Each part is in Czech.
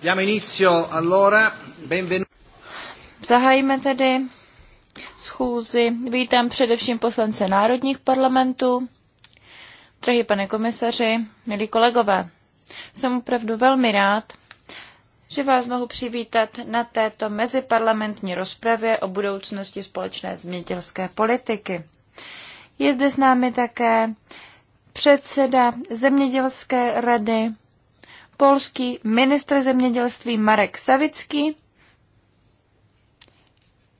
Diamo inizio allora. Benvenuti. Zahajíme tedy schůzi. Vítám především poslance národních parlamentů. Drahý pane komisaři, milí kolegové, jsem opravdu velmi rád, že vás mohu přivítat na této meziparlamentní rozpravě o budoucnosti společné zemědělské politiky. Je zde s námi také předseda Zemědělské rady polský ministr zemědělství Marek Savický,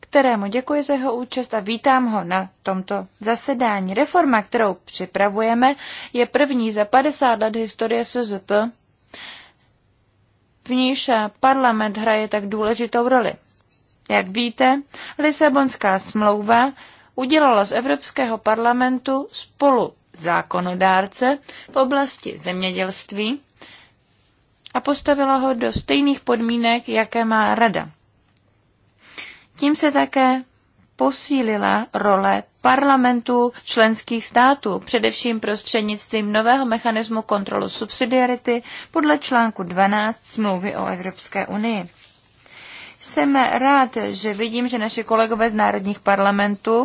kterému děkuji za jeho účast a vítám ho na tomto zasedání. Reforma, kterou připravujeme, je první za 50 let historie SZP, v níž parlament hraje tak důležitou roli. Jak víte, Lisabonská smlouva udělala z Evropského parlamentu spolu zákonodárce v oblasti zemědělství a postavila ho do stejných podmínek, jaké má rada. Tím se také posílila role parlamentů členských států, především prostřednictvím nového mechanismu kontrolu subsidiarity podle článku 12 smlouvy o Evropské unii. Jsem rád, že vidím, že naše kolegové z národních parlamentů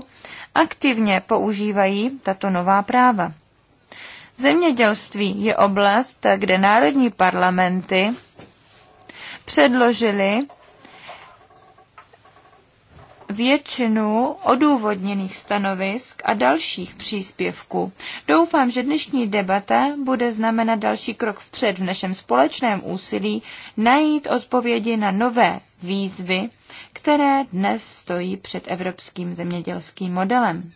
aktivně používají tato nová práva. Zemědělství je oblast, kde národní parlamenty předložili většinu odůvodněných stanovisk a dalších příspěvků. Doufám, že dnešní debata bude znamenat další krok vpřed v našem společném úsilí najít odpovědi na nové výzvy, které dnes stojí před evropským zemědělským modelem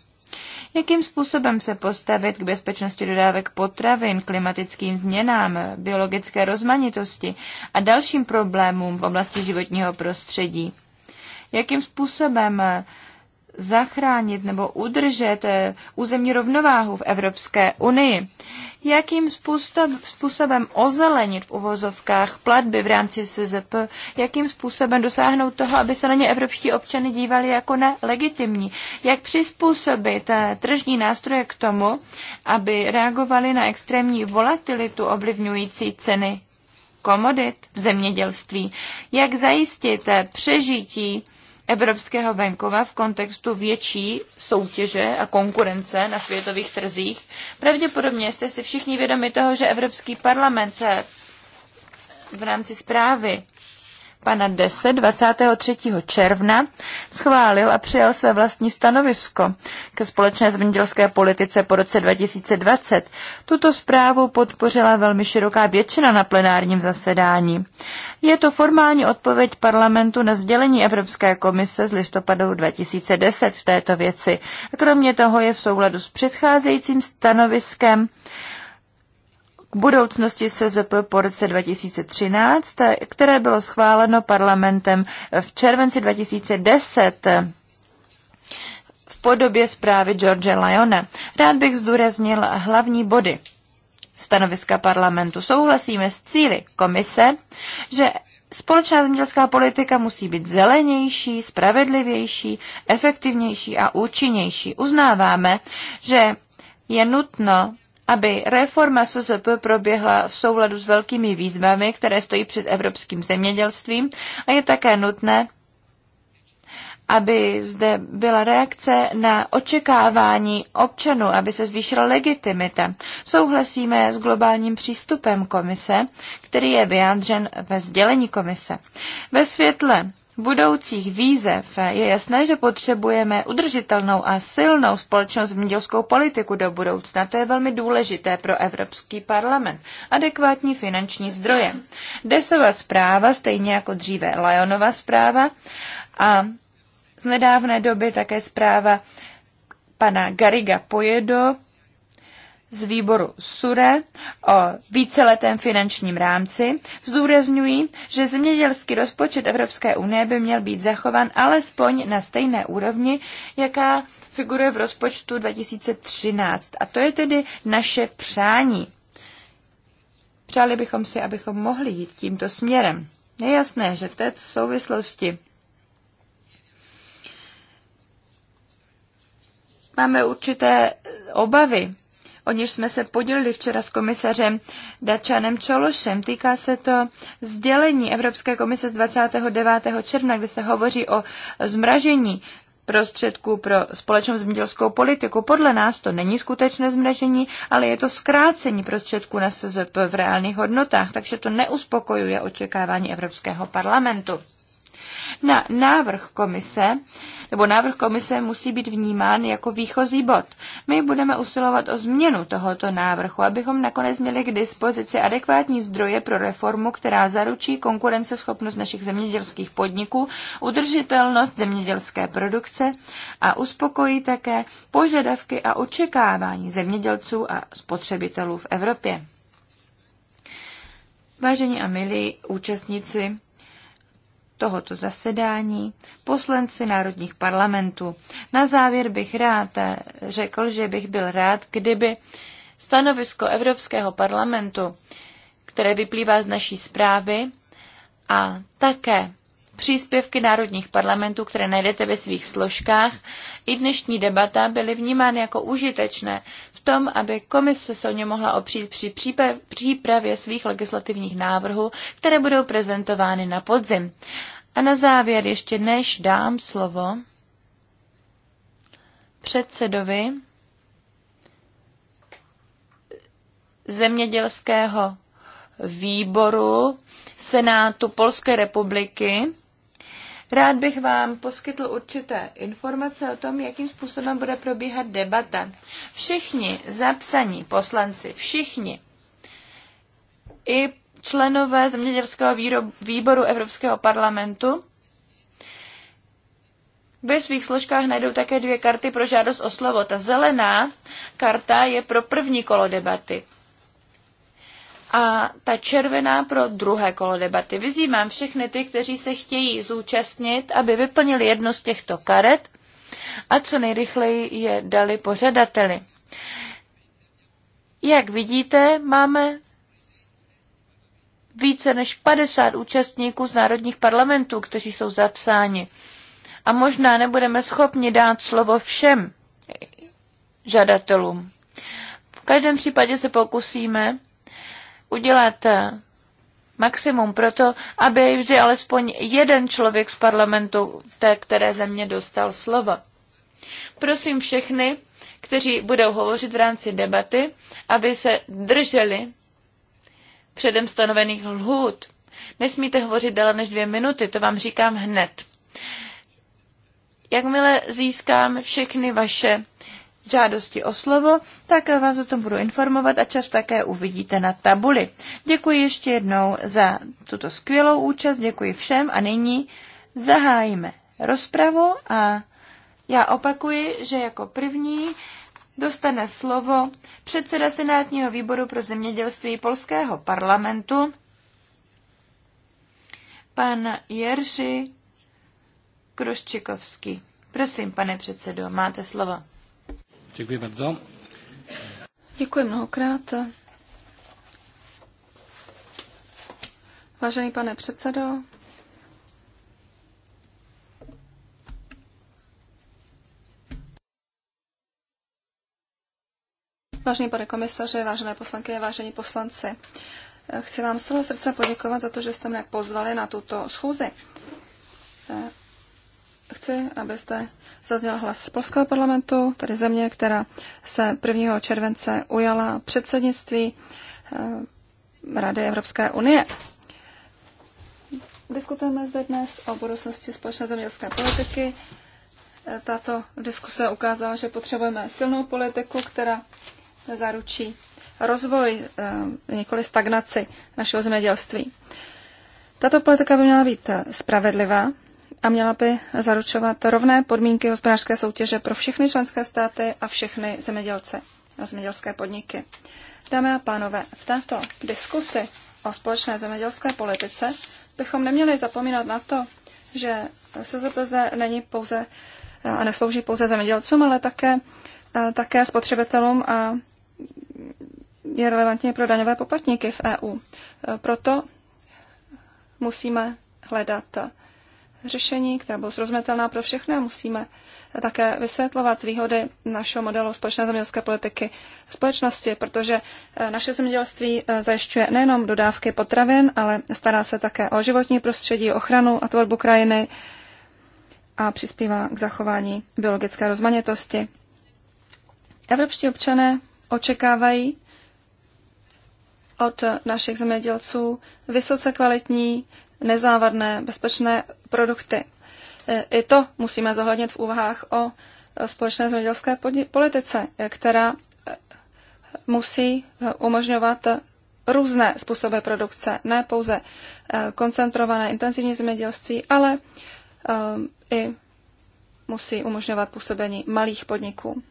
jakým způsobem se postavit k bezpečnosti dodávek potravin, klimatickým změnám, biologické rozmanitosti a dalším problémům v oblasti životního prostředí. Jakým způsobem zachránit nebo udržet eh, územní rovnováhu v Evropské unii. Jakým způsobem ozelenit v uvozovkách platby v rámci SZP, jakým způsobem dosáhnout toho, aby se na ně evropští občany dívali jako na legitimní, jak přizpůsobit eh, tržní nástroje k tomu, aby reagovali na extrémní volatilitu ovlivňující ceny komodit v zemědělství, jak zajistit eh, přežití evropského venkova v kontextu větší soutěže a konkurence na světových trzích. Pravděpodobně jste si všichni vědomi toho, že Evropský parlament v rámci zprávy pana Dese 23. června schválil a přijal své vlastní stanovisko ke společné zemědělské politice po roce 2020. Tuto zprávu podpořila velmi široká většina na plenárním zasedání. Je to formální odpověď parlamentu na sdělení Evropské komise z listopadu 2010 v této věci. kromě toho je v souladu s předcházejícím stanoviskem budoucnosti SZP po roce 2013, které bylo schváleno parlamentem v červenci 2010 v podobě zprávy George Lyona. Rád bych zdůraznil hlavní body stanoviska parlamentu. Souhlasíme s cíly komise, že Společná zemědělská politika musí být zelenější, spravedlivější, efektivnější a účinnější. Uznáváme, že je nutno aby reforma SZP proběhla v souladu s velkými výzvami, které stojí před evropským zemědělstvím a je také nutné, aby zde byla reakce na očekávání občanů, aby se zvýšila legitimita. Souhlasíme s globálním přístupem komise, který je vyjádřen ve sdělení komise. Ve světle budoucích výzev je jasné, že potřebujeme udržitelnou a silnou společnost zemědělskou politiku do budoucna. To je velmi důležité pro Evropský parlament. Adekvátní finanční zdroje. Desova zpráva, stejně jako dříve Lajonova zpráva a z nedávné doby také zpráva pana Gariga Pojedo z výboru SURE o víceletém finančním rámci zdůrazňují, že zemědělský rozpočet Evropské unie by měl být zachovan alespoň na stejné úrovni, jaká figuruje v rozpočtu 2013. A to je tedy naše přání. Přáli bychom si, abychom mohli jít tímto směrem. Je jasné, že v této souvislosti máme určité obavy o něž jsme se podělili včera s komisařem Dačanem Čološem. Týká se to sdělení Evropské komise z 29. června, kde se hovoří o zmražení prostředků pro společnou zemědělskou politiku. Podle nás to není skutečné zmražení, ale je to zkrácení prostředků na SZP v reálných hodnotách, takže to neuspokojuje očekávání Evropského parlamentu na návrh komise, nebo návrh komise musí být vnímán jako výchozí bod. My budeme usilovat o změnu tohoto návrhu, abychom nakonec měli k dispozici adekvátní zdroje pro reformu, která zaručí konkurenceschopnost našich zemědělských podniků, udržitelnost zemědělské produkce a uspokojí také požadavky a očekávání zemědělců a spotřebitelů v Evropě. Vážení a milí účastníci tohoto zasedání poslanci národních parlamentů. Na závěr bych rád eh, řekl, že bych byl rád, kdyby stanovisko Evropského parlamentu, které vyplývá z naší zprávy, a také příspěvky národních parlamentů, které najdete ve svých složkách, i dnešní debata byly vnímány jako užitečné v tom, aby komise se o ně mohla opřít při přípravě svých legislativních návrhů, které budou prezentovány na podzim. A na závěr, ještě než dám slovo předsedovi zemědělského výboru Senátu Polské republiky, Rád bych vám poskytl určité informace o tom, jakým způsobem bude probíhat debata. Všichni zapsaní poslanci, všichni, i členové zemědělského výboru Evropského parlamentu, ve svých složkách najdou také dvě karty pro žádost o slovo. Ta zelená karta je pro první kolo debaty a ta červená pro druhé kolo debaty. Vyzývám všechny ty, kteří se chtějí zúčastnit, aby vyplnili jednu z těchto karet a co nejrychleji je dali pořadateli. Jak vidíte, máme více než 50 účastníků z národních parlamentů, kteří jsou zapsáni. A možná nebudeme schopni dát slovo všem žadatelům. V každém případě se pokusíme udělat eh, maximum pro to, aby vždy alespoň jeden člověk z parlamentu té které země dostal slovo. Prosím všechny, kteří budou hovořit v rámci debaty, aby se drželi předem stanovených lhůt. Nesmíte hovořit déle než dvě minuty, to vám říkám hned. Jakmile získám všechny vaše žádosti o slovo, tak vás o tom budu informovat a čas také uvidíte na tabuli. Děkuji ještě jednou za tuto skvělou účast, děkuji všem a nyní zahájíme rozpravu a já opakuji, že jako první dostane slovo předseda Senátního výboru pro zemědělství Polského parlamentu, pan Jerzy Kruščikovský. Prosím, pane předsedo, máte slovo. Děkuji bardzo. Děkuji mnohokrát. Vážený pane předsedo, Vážený pane komisaře, vážené poslankyně, vážení poslanci, chci vám z toho srdce poděkovat za to, že jste mě pozvali na tuto schůzi chci, abyste zazněl hlas Polského parlamentu, tedy země, která se 1. července ujala předsednictví eh, Rady Evropské unie. Diskutujeme zde dnes o budoucnosti společné zemědělské politiky. Eh, tato diskuse ukázala, že potřebujeme silnou politiku, která zaručí rozvoj, eh, nikoli stagnaci našeho zemědělství. Tato politika by měla být spravedlivá, a měla by zaručovat rovné podmínky hospodářské soutěže pro všechny členské státy a všechny zemědělce a zemědělské podniky. Dámy a pánové, v této diskusi o společné zemědělské politice bychom neměli zapomínat na to, že SZP není pouze a neslouží pouze zemědělcům, ale také, také spotřebitelům a je relevantní pro daňové poplatníky v EU. Proto musíme hledat řešení, která budou srozumitelná pro všechny. Musíme také vysvětlovat výhody našeho modelu společné zemědělské politiky společnosti, protože eh, naše zemědělství eh, zajišťuje nejenom dodávky potravin, ale stará se také o životní prostředí, ochranu a tvorbu krajiny a přispívá k zachování biologické rozmanitosti. Evropští občané očekávají od našich zemědělců vysoce kvalitní, nezávadné, bezpečné produkty. E, I to musíme zohlednit v úvahách o společné zemědělské politice, e, která e, musí umožňovat různé způsoby produkce, ne pouze koncentrované intenzivní zemědělství, ale i musí umožňovat působení malých podniků.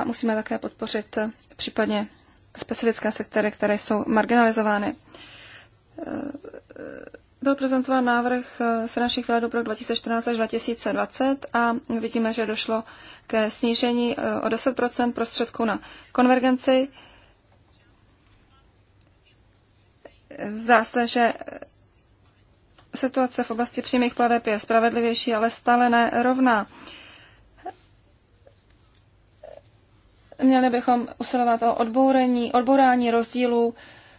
a musíme také podpořit eh, případně specifické sektory, které jsou marginalizovány. Eh, eh, byl prezentován návrh finančních výhledů pro 2014 až 2020 a vidíme, že došlo ke snížení o 10 prostředků na konvergenci. Zdá se, že situace v oblasti přímých plateb je spravedlivější, ale stále nerovná. rovná Měli bychom usilovat o odbourání, odbourání rozdílů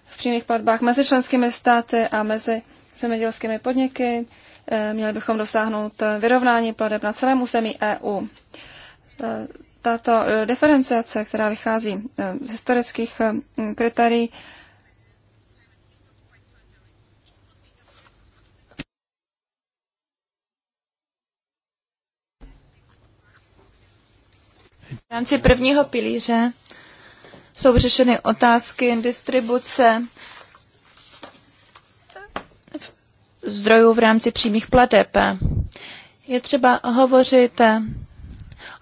v přímých platbách mezi členskými státy a mezi zemědělskými podniky. Eh, měli bychom dosáhnout eh, vyrovnání plateb na celém území EU. Eh, tato diferenciace, která vychází z historických kritérií, V rámci prvního pilíře jsou řešeny otázky distribuce zdrojů v rámci přímých plateb. Je třeba hovořit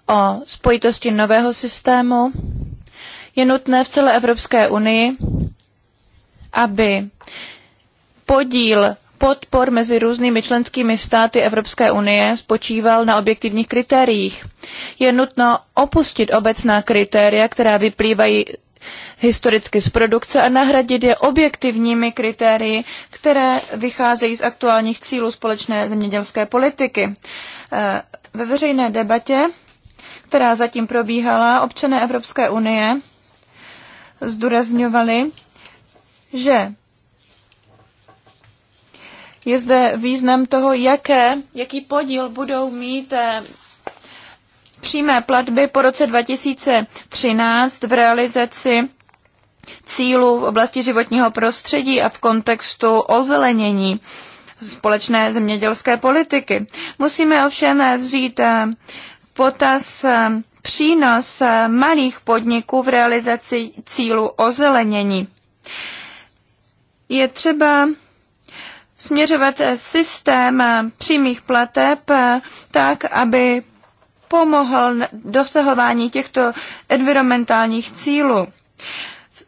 o spojitosti nového systému. Je nutné v celé Evropské unii, aby podíl podpor mezi různými členskými státy Evropské unie spočíval na objektivních kritériích. Je nutno opustit obecná kritéria, která vyplývají historicky z produkce a nahradit je objektivními kritérii, které vycházejí z aktuálních cílů společné zemědělské politiky. E, ve veřejné debatě, která zatím probíhala, občané Evropské unie zdůrazňovali, že je zde význam toho, jaké, jaký podíl budou mít eh, přímé platby po roce 2013 v realizaci cílů v oblasti životního prostředí a v kontextu ozelenění společné zemědělské politiky. Musíme ovšem vzít eh, potaz eh, přínos malých podniků v realizaci cílu ozelenění. Je třeba směřovat systém přímých plateb tak, aby pomohl dosahování těchto environmentálních cílů.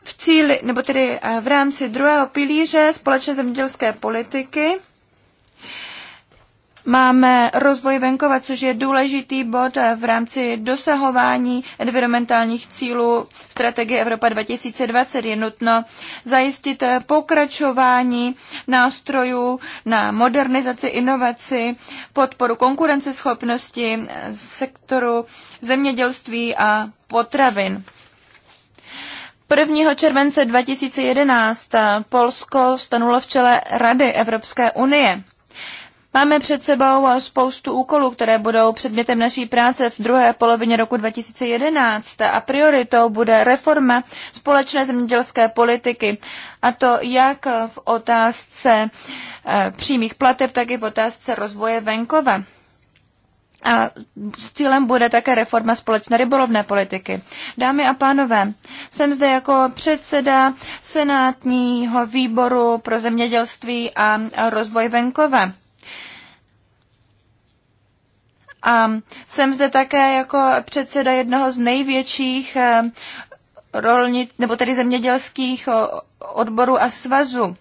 V cíli, nebo tedy eh, v rámci druhého pilíře společné zemědělské politiky Máme rozvoj venkova, což je důležitý bod v rámci dosahování environmentálních cílů strategie Evropa 2020. Je nutno zajistit pokračování nástrojů na modernizaci, inovaci, podporu konkurenceschopnosti sektoru zemědělství a potravin. 1. července 2011 Polsko stanulo v čele Rady Evropské unie. Máme před sebou eh, spoustu úkolů, které budou předmětem naší práce v druhé polovině roku 2011 a prioritou bude reforma společné zemědělské politiky a to jak v otázce eh, přímých plateb, tak i v otázce rozvoje venkova. A cílem bude také reforma společné rybolovné politiky. Dámy a pánové, jsem zde jako předseda Senátního výboru pro zemědělství a rozvoj venkova. A jsem zde také jako předseda jednoho z největších eh, rolní nebo tedy zemědělských eh, odborů a svazu.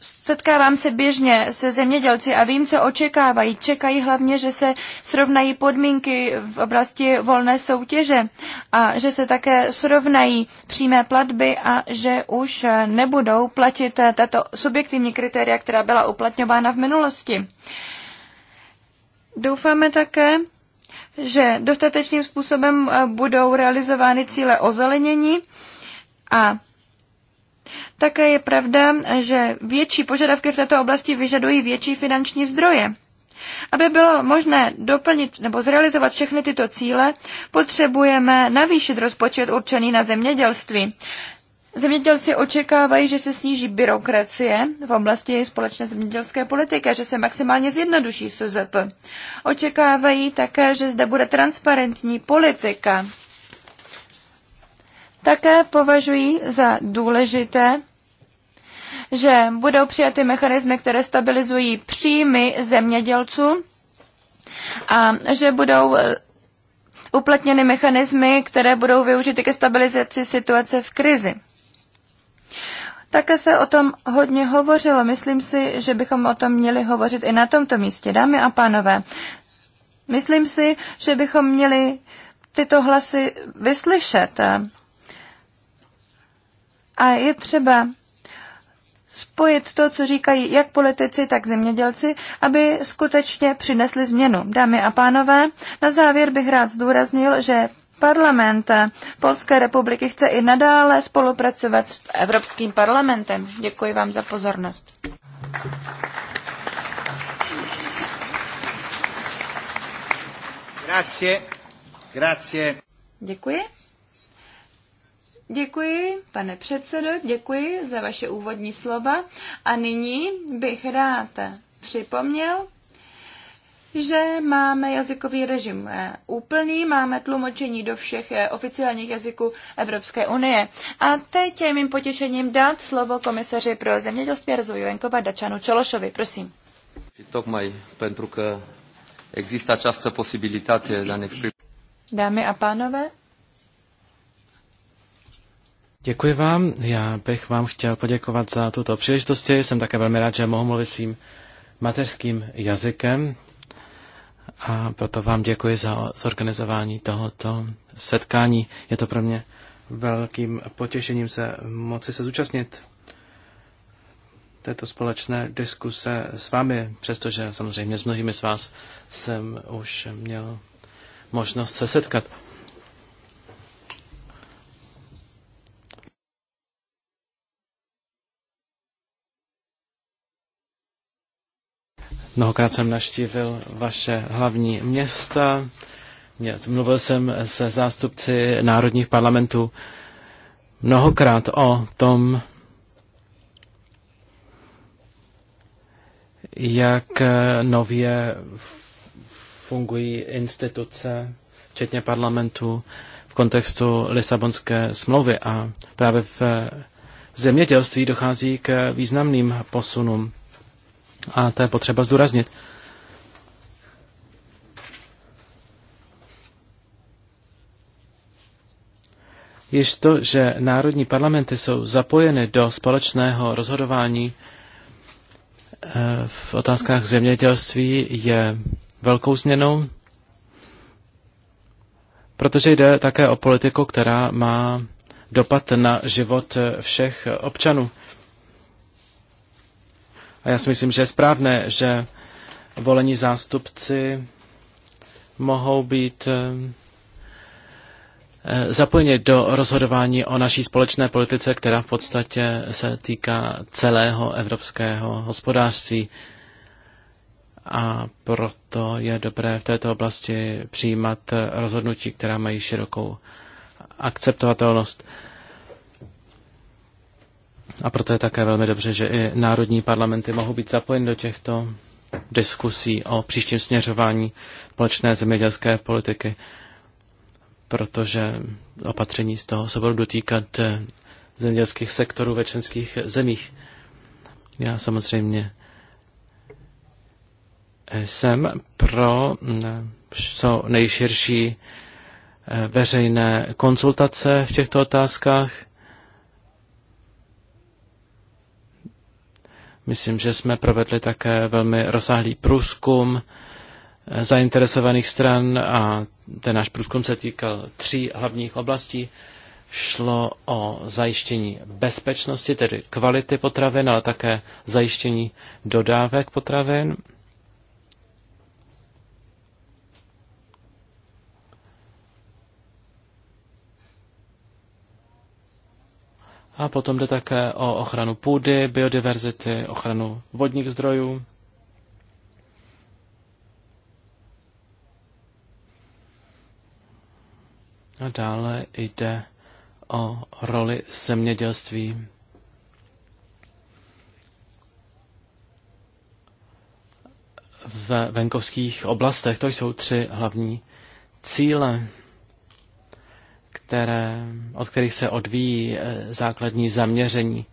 Setkávám se běžně se zemědělci a vím, co očekávají. Čekají hlavně, že se srovnají podmínky v oblasti volné soutěže a že se také srovnají přímé platby a že už eh, nebudou platit tato subjektivní kritéria, která byla uplatňována v minulosti. Doufáme také, že dostatečným způsobem eh, budou realizovány cíle ozelenění a také je pravda, že větší požadavky v této oblasti vyžadují větší finanční zdroje. Aby bylo možné doplnit nebo zrealizovat všechny tyto cíle, potřebujeme navýšit rozpočet určený na zemědělství. Zemědělci očekávají, že se sníží byrokracie v oblasti společné zemědělské politiky a že se maximálně zjednoduší SZP. Očekávají také, že zde bude transparentní politika. Také považují za důležité, že budou přijaty mechanismy, které stabilizují příjmy zemědělců a že budou eh, uplatněny mechanismy, které budou využity ke stabilizaci situace v krizi. Také se o tom hodně hovořilo. Myslím si, že bychom o tom měli hovořit i na tomto místě, dámy a pánové. Myslím si, že bychom měli tyto hlasy vyslyšet. A je třeba spojit to, co říkají jak politici, tak zemědělci, aby skutečně přinesli změnu. Dámy a pánové, na závěr bych rád zdůraznil, že Parlament Polské republiky chce i nadále spolupracovat s Evropským parlamentem. Děkuji vám za pozornost. Grazie. Grazie. Děkuji. Děkuji, pane předsedo, děkuji za vaše úvodní slova. A nyní bych rád připomněl, že máme jazykový režim eh, úplný, máme tlumočení do všech eh, oficiálních jazyků Evropské unie. A teď je mým potěšením dát slovo komisaři pro zemědělství a rozvoj venkova Dačanu Čološovi. Prosím. Dámy a pánové, Děkuji vám. Já bych vám chtěl poděkovat za tuto příležitost. Jsem také velmi rád, že mohu mluvit svým mateřským jazykem, a proto vám děkuji za zorganizování tohoto setkání. Je to pro mě velkým potěšením se moci se zúčastnit této společné diskuse s vámi, přestože samozřejmě s mnohými z vás jsem už měl možnost se setkat. Mnohokrát jsem naštívil vaše hlavní města, mluvil jsem se zástupci národních parlamentů mnohokrát o tom, jak nově fungují instituce, včetně parlamentu, v kontextu Lisabonské smlouvy. A právě v zemědělství dochází k významným posunům a to je potřeba zdůraznit. Již to, že národní parlamenty jsou zapojeny do společného rozhodování eh, v otázkách zemědělství, je velkou změnou, protože jde také o politiku, která má dopad na život všech občanů. A já si myslím, že je správné, že volení zástupci mohou být eh, zapojeni do rozhodování o naší společné politice, která v podstatě se týká celého evropského hospodářství. A proto je dobré v této oblasti přijímat rozhodnutí, která mají širokou akceptovatelnost. A proto je také velmi dobře, že i národní parlamenty mohou být zapojeny do těchto diskusí o příštím směřování společné zemědělské politiky, protože opatření z toho se budou dotýkat eh, zemědělských sektorů ve členských zemích. Já samozřejmě eh, jsem pro mm, co nejširší eh, veřejné konzultace v těchto otázkách. Myslím, že jsme provedli také velmi rozsáhlý průzkum eh, zainteresovaných stran a ten náš průzkum se týkal tří hlavních oblastí. Šlo o zajištění bezpečnosti, tedy kvality potravin, ale také zajištění dodávek potravin A potom jde také o ochranu půdy, biodiverzity, ochranu vodních zdrojů. A dále jde o roli zemědělství. v venkovských oblastech. To jsou tři hlavní cíle které, od kterých se odvíjí eh, základní zaměření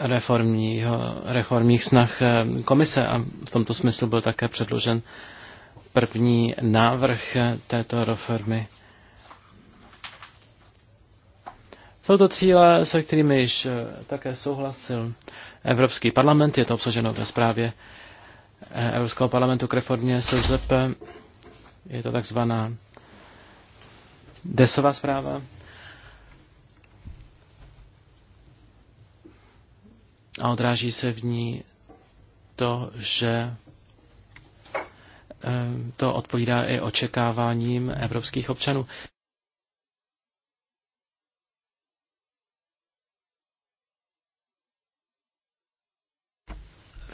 reformního, reformních snah eh, komise a v tomto smyslu byl také předložen první návrh eh, této reformy. Jsou to cíle, se kterými již také souhlasil Evropský parlament, je to obsaženo ve zprávě Evropského parlamentu k reformě SZP. Je to takzvaná desová zpráva. A odráží se v ní to, že eh, to odpovídá i očekáváním evropských občanů.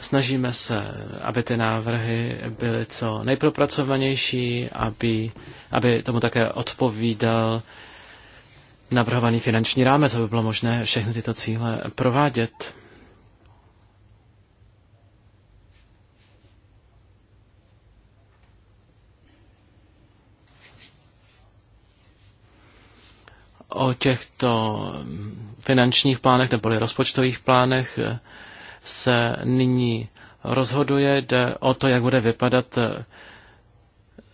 Snažíme se, aby ty návrhy byly co nejpropracovanější, aby, aby tomu také odpovídal navrhovaný finanční rámec, aby bylo možné všechny tyto cíle provádět. O těchto finančních plánech neboli rozpočtových plánech se nyní rozhoduje, jde o to, jak bude vypadat eh,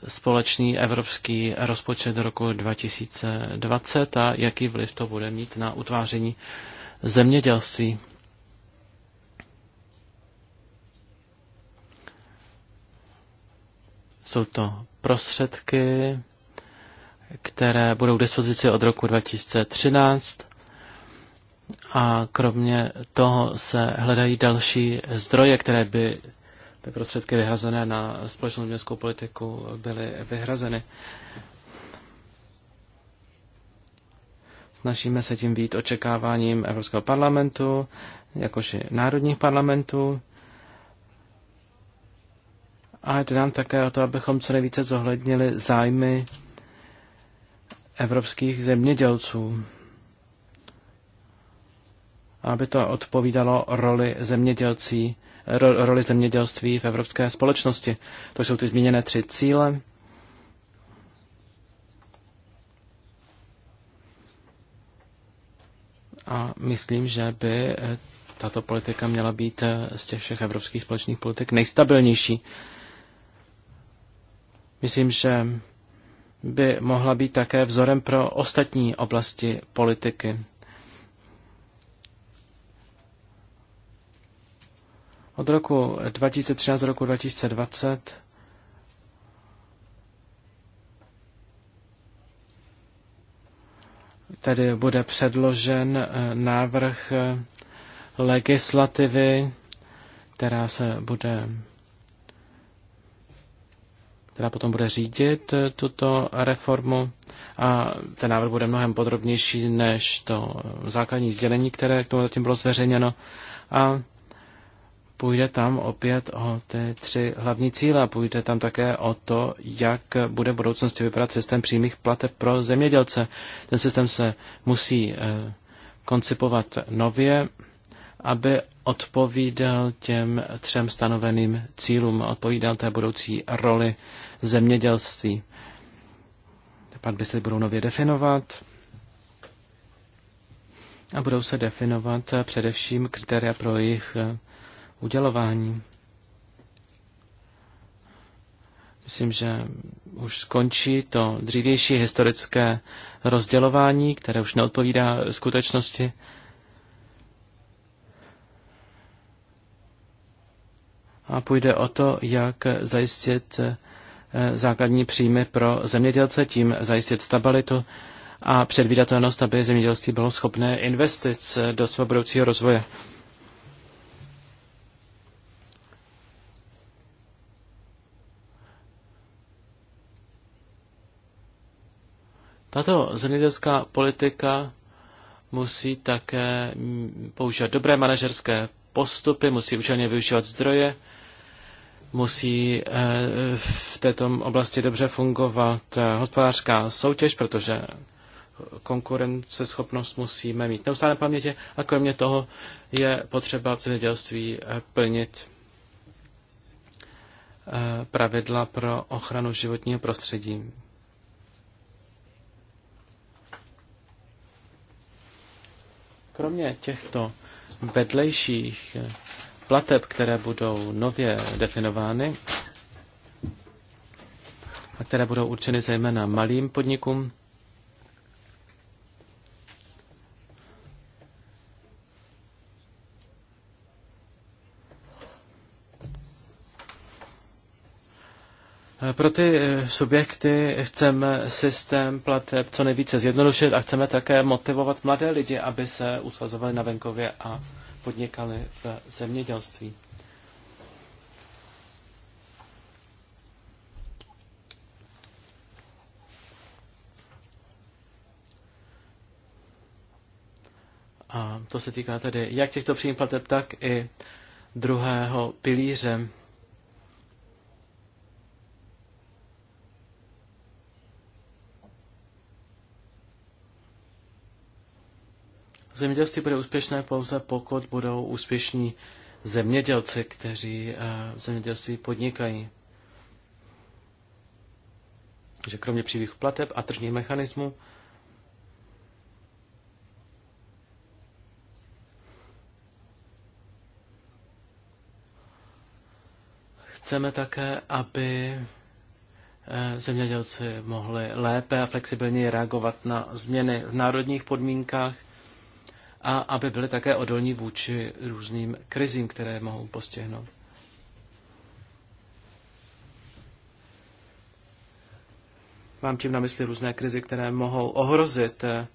společný evropský rozpočet roku 2020 a jaký vliv to bude mít na utváření zemědělství. Jsou to prostředky, které budou k dispozici od roku 2013 a kromě toho se hledají další zdroje, které by ty prostředky vyhrazené na společnou městskou politiku byly vyhrazeny. Snažíme se tím být očekáváním Evropského parlamentu, jakož i národních parlamentů. A jde nám také o to, abychom co nejvíce zohlednili zájmy evropských zemědělců aby to odpovídalo roli, zemědělcí, ro, roli zemědělství v evropské společnosti. To jsou ty zmíněné tři cíle. A myslím, že by eh, tato politika měla být eh, z těch všech evropských společných politik nejstabilnější. Myslím, že by mohla být také vzorem pro ostatní oblasti politiky. Od roku 2013 do roku 2020 tedy bude předložen eh, návrh eh, legislativy, která se bude která potom bude řídit eh, tuto reformu a ten návrh bude mnohem podrobnější než to základní sdělení, které k tomu zatím bylo zveřejněno. A Půjde tam opět o ty tři hlavní cíle a půjde tam také o to, jak bude v budoucnosti vypadat systém přímých plateb pro zemědělce. Ten systém se musí eh, koncipovat nově, aby odpovídal těm třem stanoveným cílům, odpovídal té budoucí roli zemědělství. by se budou nově definovat a budou se definovat eh, především kritéria pro jejich eh, udělování. Myslím, že už skončí to dřívější historické rozdělování, které už neodpovídá skutečnosti. A půjde o to, jak zajistit eh, základní příjmy pro zemědělce, tím zajistit stabilitu a předvídatelnost, aby zemědělství bylo schopné investic eh, do svobodoucího rozvoje. Tato zemědělská politika musí také používat dobré manažerské postupy, musí účelně využívat zdroje, musí eh, v této oblasti dobře fungovat eh, hospodářská soutěž, protože konkurenceschopnost musíme mít neustále paměti a kromě toho je potřeba v zemědělství eh, plnit pravidla pro ochranu životního prostředí. Kromě těchto vedlejších eh, plateb, které budou nově definovány a které budou určeny zejména malým podnikům, Eh, pro ty eh, subjekty chceme systém plateb co nejvíce zjednodušit a chceme také motivovat mladé lidi, aby se usazovali na venkově a podnikali v zemědělství. A to se týká tedy jak těchto příjmů plateb, tak i druhého pilíře. Zemědělství bude úspěšné pouze, pokud budou úspěšní zemědělci, kteří eh, v zemědělství podnikají. Že kromě přívých plateb a tržních mechanismů chceme také, aby eh, zemědělci mohli lépe a flexibilně reagovat na změny v národních podmínkách a aby byly také odolní vůči různým krizím, které mohou postihnout. Mám tím na mysli různé krizi, které mohou ohrozit eh,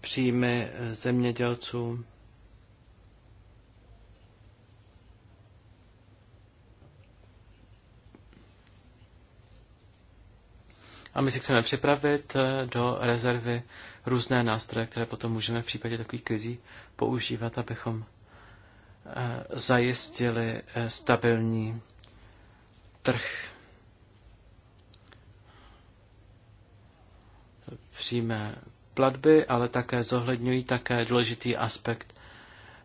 příjmy eh, zemědělců. A my si chceme připravit eh, do rezervy různé nástroje, které potom můžeme v případě takových krizí používat, abychom eh, zajistili eh, stabilní trh. Přímé platby, ale také zohledňují také důležitý aspekt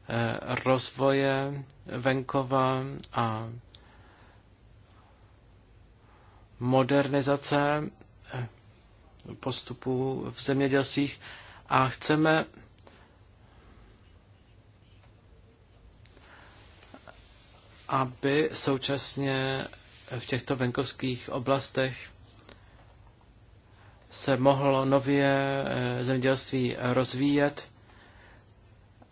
eh, rozvoje venkova a modernizace postupů v zemědělstvích a chceme aby současně v těchto venkovských oblastech se mohlo nově eh, zemědělství rozvíjet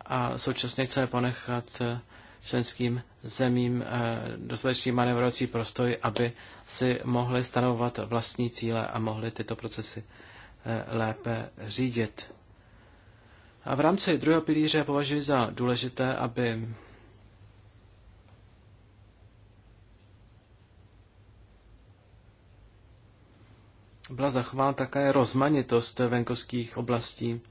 a současně chceme ponechat eh, členským zemím eh, dostatečný manevrovací prostoj, aby si mohli stanovovat vlastní cíle a mohli tyto procesy eh, lépe řídit. A v rámci druhého pilíře považuji za důležité, aby byla zachována také rozmanitost venkovských oblastí.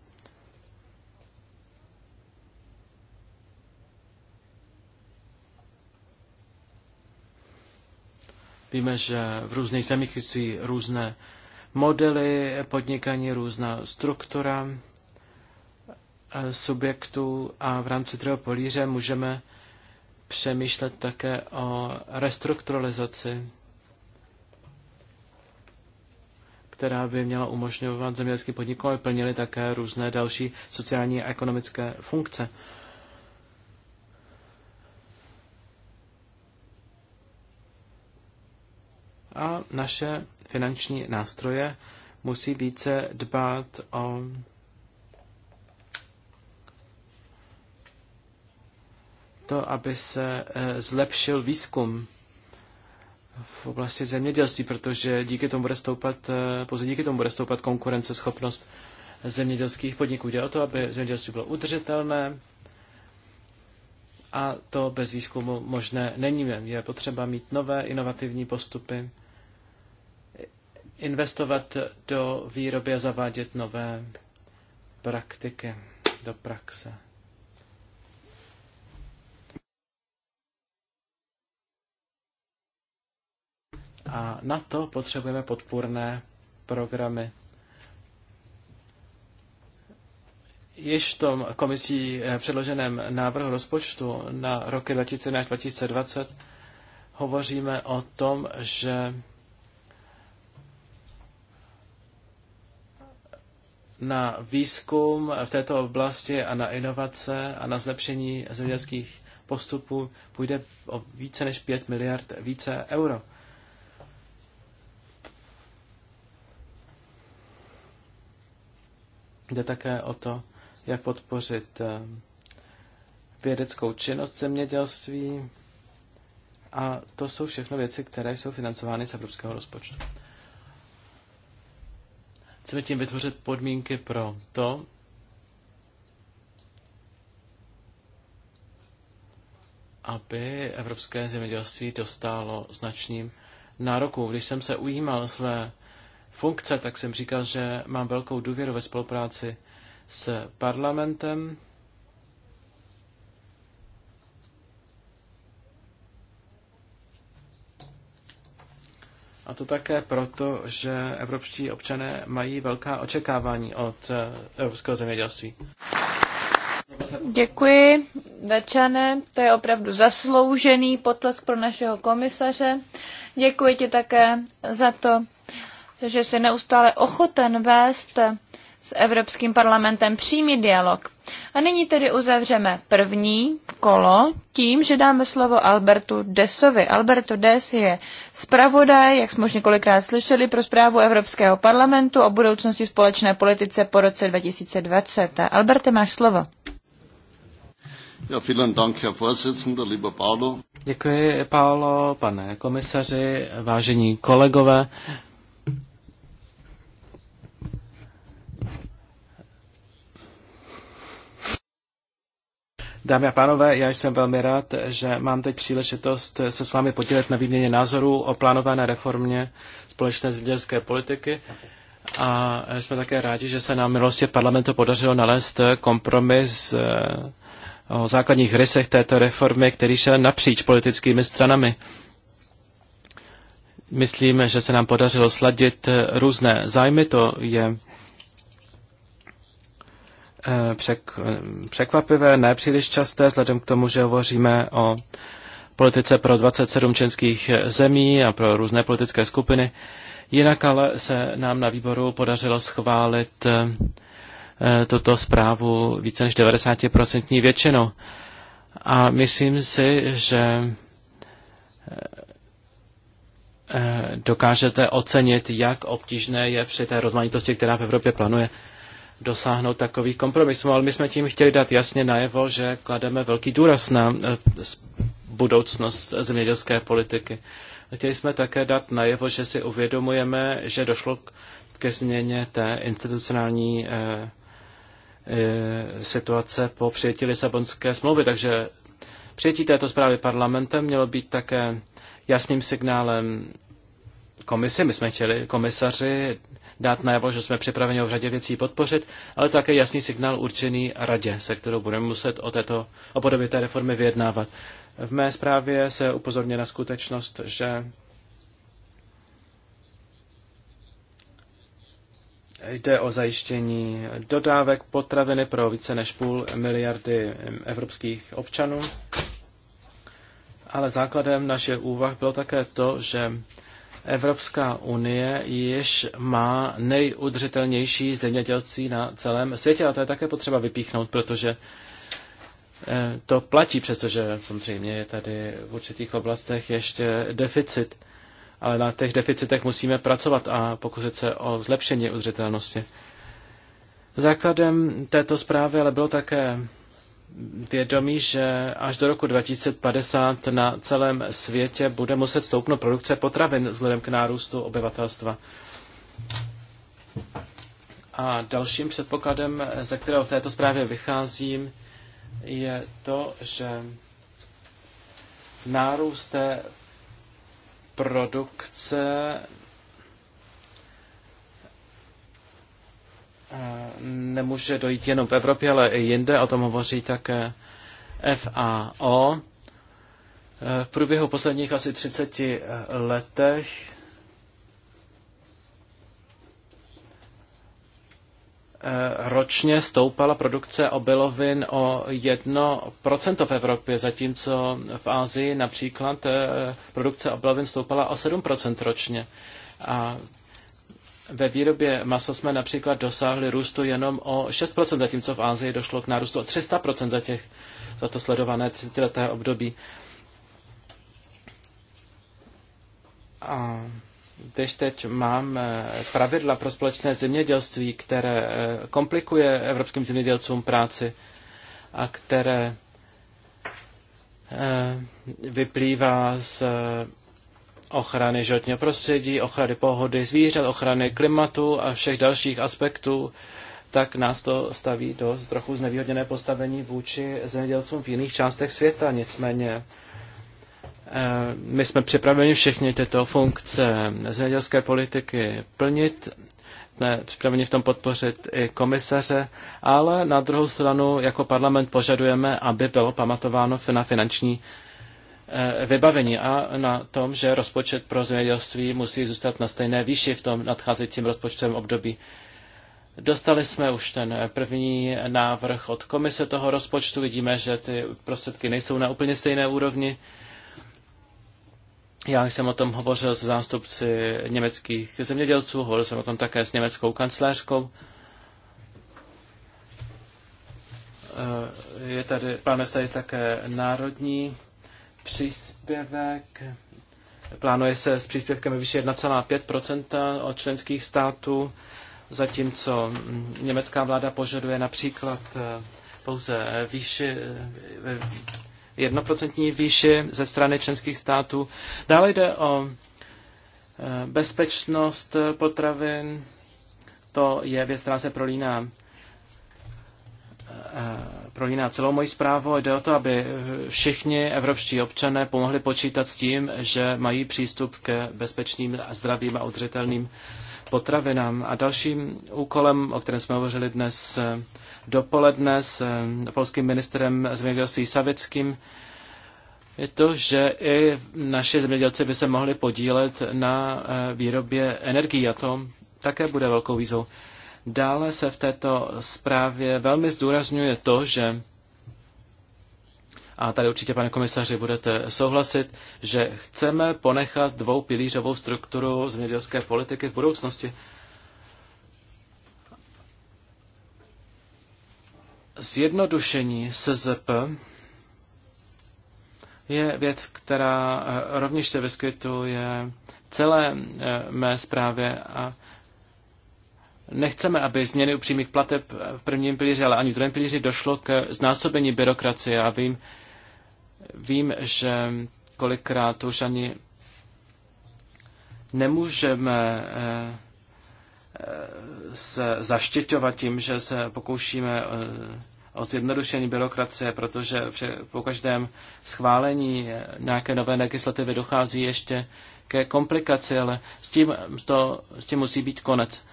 Víme, že v různých zemích existují různé modely podnikání, různá struktura eh, subjektů a v rámci druhého políře můžeme přemýšlet také o restrukturalizaci, která by měla umožňovat zemědělským podnikům, aby plnili také různé další sociální a ekonomické funkce. a naše finanční nástroje musí více dbát o to, aby se eh, zlepšil výzkum v oblasti zemědělství, protože díky tomu bude stoupat, eh, pouze díky tomu bude stoupat konkurenceschopnost zemědělských podniků. Jde o to, aby zemědělství bylo udržitelné a to bez výzkumu možné není. Je potřeba mít nové inovativní postupy, investovat do výroby a zavádět nové praktiky do praxe. A na to potřebujeme podpůrné programy. Již v tom komisí eh, předloženém návrhu rozpočtu na roky 2013-2020 hovoříme o tom, že na výzkum v této oblasti a na inovace a na zlepšení zemědělských postupů půjde o více než 5 miliard více euro. Jde také o to, jak podpořit eh, vědeckou činnost zemědělství. A to jsou všechno věci, které jsou financovány z evropského rozpočtu. Chceme tím vytvořit podmínky pro to, aby evropské zemědělství dostálo značným nárokům. Když jsem se ujímal své funkce, tak jsem říkal, že mám velkou důvěru ve spolupráci s parlamentem A to také proto, že evropští občané mají velká očekávání od eh, evropského zemědělství. Děkuji, Dačane. To je opravdu zasloužený potlesk pro našeho komisaře. Děkuji ti také za to, že jsi neustále ochoten vést s Evropským parlamentem přímý dialog. A nyní tedy uzavřeme první kolo tím, že dáme slovo Albertu Desovi. Alberto Des je zpravodaj, jak jsme už několikrát slyšeli, pro zprávu Evropského parlamentu o budoucnosti společné politice po roce 2020. Alberte, máš slovo. Ja, vielen Dank, Herr Vorsitzender, lieber Paolo. Děkuji, Paolo, pane komisaři, vážení kolegové. Dámy a pánové, já jsem velmi rád, že mám teď příležitost se s vámi podělit na výměně názorů o plánované reformě společné zemědělské politiky. A jsme také rádi, že se nám milosti parlamentu podařilo nalézt kompromis eh, o základních rysech této reformy, který šel napříč politickými stranami. Myslím, že se nám podařilo sladit různé zájmy, to je Eh, překvapivé, nepříliš časté, vzhledem k tomu, že hovoříme o politice pro 27 členských zemí a pro různé politické skupiny. Jinak ale se nám na výboru podařilo schválit eh, tuto zprávu více než 90% většinou. A myslím si, že eh, dokážete ocenit, jak obtížné je při té rozmanitosti, která v Evropě planuje, dosáhnout takových kompromisů, ale my jsme tím chtěli dát jasně najevo, že klademe velký důraz na eh, budoucnost zemědělské politiky. Chtěli jsme také dát najevo, že si uvědomujeme, že došlo ke změně té institucionální eh, eh, situace po přijetí Lisabonské smlouvy, takže přijetí této zprávy parlamentem mělo být také jasným signálem komisi. My jsme chtěli komisaři dát najevo, že jsme připraveni v řadě věcí podpořit, ale také jasný signál určený radě, se kterou budeme muset o, této, o podobě té reformy vyjednávat. V mé zprávě se upozorně na skutečnost, že Jde o zajištění dodávek potraviny pro více než půl miliardy evropských občanů. Ale základem naše úvah bylo také to, že Evropská unie již má nejudřitelnější zemědělství na celém světě a to je také potřeba vypíchnout, protože eh, to platí, přestože samozřejmě je tady v určitých oblastech ještě deficit. Ale na těch deficitech musíme pracovat a pokusit se o zlepšení udržitelnosti. Základem této zprávy ale bylo také vědomí, že až do roku 2050 na celém světě bude muset stoupnout produkce potravin vzhledem k nárůstu obyvatelstva. A dalším předpokladem, ze kterého v této zprávě vycházím, je to, že nárůst té produkce nemůže dojít jenom v Evropě, ale i jinde, o tom hovoří také FAO. V průběhu posledních asi 30 letech ročně stoupala produkce obilovin o 1% v Evropě, zatímco v Ázii například produkce obilovin stoupala o 7% ročně. A ve výrobě masa jsme například dosáhli růstu jenom o 6%, zatímco v Ázii došlo k nárůstu o 300% za, těch, za to sledované 30 období. A když teď mám eh, pravidla pro společné zemědělství, které eh, komplikuje evropským zemědělcům práci a které eh, vyplývá z ochrany životního prostředí, ochrany pohody zvířat, ochrany klimatu a všech dalších aspektů, tak nás to staví do trochu znevýhodněné postavení vůči zemědělcům v jiných částech světa. Nicméně eh, my jsme připraveni všechny tyto funkce zemědělské politiky plnit, jsme připraveni v tom podpořit i komisaře, ale na druhou stranu jako parlament požadujeme, aby bylo pamatováno na finanční Eh, vybavení a na tom, že rozpočet pro zemědělství musí zůstat na stejné výši v tom nadcházejícím rozpočtovém období. Dostali jsme už ten první návrh od komise toho rozpočtu. Vidíme, že ty prostředky nejsou na úplně stejné úrovni. Já jsem o tom hovořil s zástupci německých zemědělců, hovořil jsem o tom také s německou kancléřkou. Eh, je tady, plánuje tady také národní příspěvek. Plánuje se s příspěvkem vyšší 1,5 od členských států, zatímco německá vláda požaduje například eh, pouze výši, eh, jednoprocentní výši ze strany členských států. Dále jde o eh, bezpečnost potravin. To je věc, která se prolíná prolíná celou moji zprávu. Jde o to, aby všichni evropští občané pomohli počítat s tím, že mají přístup k bezpečným, zdravým a udržitelným potravinám. A dalším úkolem, o kterém jsme hovořili dnes eh, dopoledne s eh, polským ministrem zemědělství Savickým, je to, že i naši zemědělci by se mohli podílet na eh, výrobě energií a to také bude velkou výzvou. Dále se v této zprávě velmi zdůrazňuje to, že a tady určitě, pane komisaři, budete souhlasit, že chceme ponechat dvoupilířovou strukturu zemědělské politiky v budoucnosti. Zjednodušení SZP je věc, která eh, rovněž se vyskytuje celé eh, mé zprávě a Nechceme, aby změny u přímých plateb v prvním pilíři, ale ani v druhém pilíři došlo k znásobení byrokracie. Já vím, vím, že kolikrát už ani nemůžeme eh, se zaštěťovat tím, že se pokoušíme eh, o zjednodušení byrokracie, protože při, po každém schválení eh, nějaké nové legislativy dochází ještě ke komplikaci, ale s tím, to, s tím musí být konec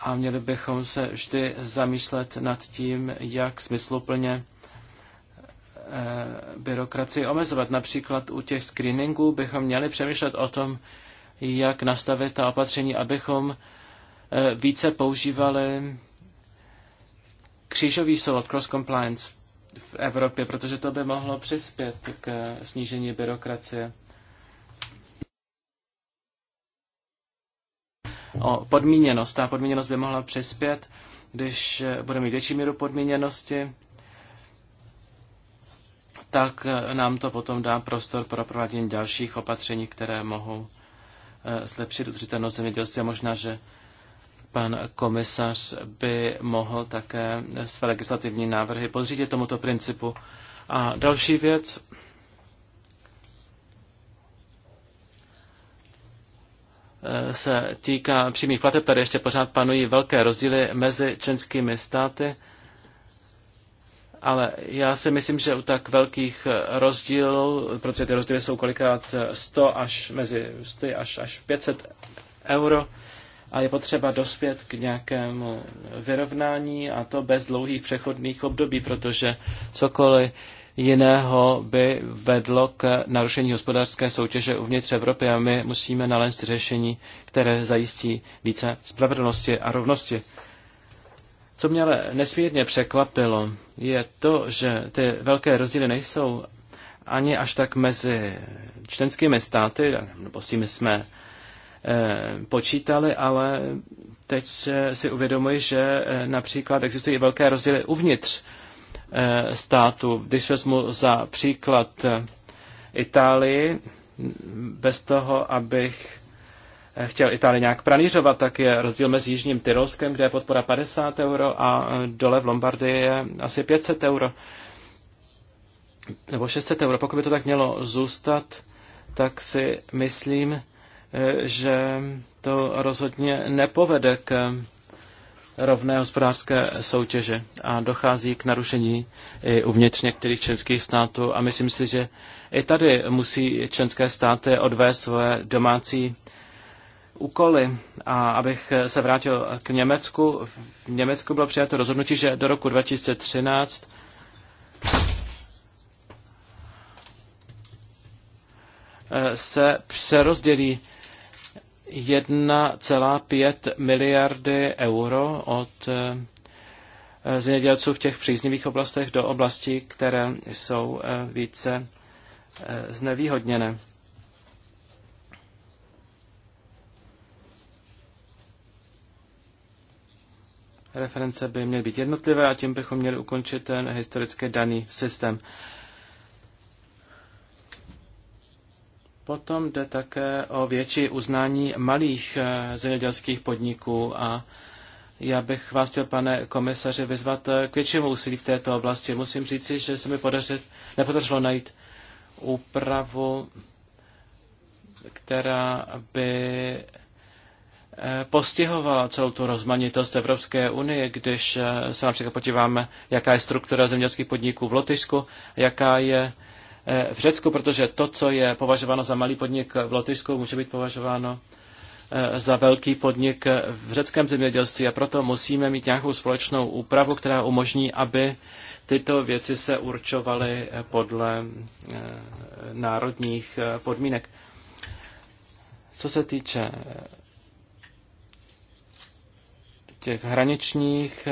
a měli bychom se vždy zamýšlet nad tím, jak smysluplně eh, byrokracii omezovat. Například u těch screeningů bychom měli přemýšlet o tom, jak nastavit ta opatření, abychom eh, více používali křížový soud cross compliance v Evropě, protože to by mohlo přispět k snížení byrokracie. o podmíněnost. Ta podmíněnost by mohla přispět, když budeme mít větší míru podmíněnosti, tak nám to potom dá prostor pro provádění dalších opatření, které mohou eh, zlepšit udržitelnost zemědělství. A možná, že pan komisař by mohl také své legislativní návrhy podřídit tomuto principu. A další věc, Eh, se týká přímých plateb, tady ještě pořád panují velké rozdíly mezi členskými státy, ale já si myslím, že u tak velkých rozdílů, protože ty rozdíly jsou kolikrát 100 až mezi 100 až, až 500 euro, a je potřeba dospět k nějakému vyrovnání a to bez dlouhých přechodných období, protože cokoliv jiného by vedlo k narušení hospodářské soutěže uvnitř Evropy a my musíme nalézt řešení, které zajistí více spravedlnosti a rovnosti. Co mě ale nesmírně překvapilo, je to, že ty velké rozdíly nejsou ani až tak mezi členskými státy, nebo s tím jsme eh, počítali, ale teď si uvědomuji, že eh, například existují velké rozdíly uvnitř Eh, státu. Když vezmu za příklad eh, Itálii, bez toho, abych eh, chtěl Itálii nějak pranířovat, tak je rozdíl mezi Jižním Tyrolskem, kde je podpora 50 euro a dole v Lombardii je asi 500 euro nebo 600 euro. Pokud by to tak mělo zůstat, tak si myslím, že to rozhodně nepovede k rovné hospodářské soutěže a dochází k narušení i uvnitř některých členských států a myslím si, že i tady musí členské státy odvést svoje domácí úkoly. A abych se vrátil k Německu, v Německu bylo přijato rozhodnutí, že do roku 2013 se přerozdělí 1,5 miliardy euro od eh, zemědělců v těch příznivých oblastech do oblastí, které jsou eh, více eh, znevýhodněné. Reference by měly být jednotlivé a tím bychom měli ukončit ten historicky daný systém. Potom jde také o větší uznání malých eh, zemědělských podniků a já bych vás chtěl, pane komisaři, vyzvat eh, k většímu úsilí v této oblasti. Musím říci, že se mi podařit, nepodařilo najít úpravu, která by eh, postihovala celou tu rozmanitost Evropské unie, když se například podíváme, jaká je struktura zemědělských podniků v Lotyšsku, jaká je Eh, v Řecku, protože to, co je považováno za malý podnik v Lotyšsku, může být považováno eh, za velký podnik v řeckém zemědělství a proto musíme mít nějakou společnou úpravu, která umožní, aby tyto věci se určovaly eh, podle národních podmínek. Co se týče těch hraničních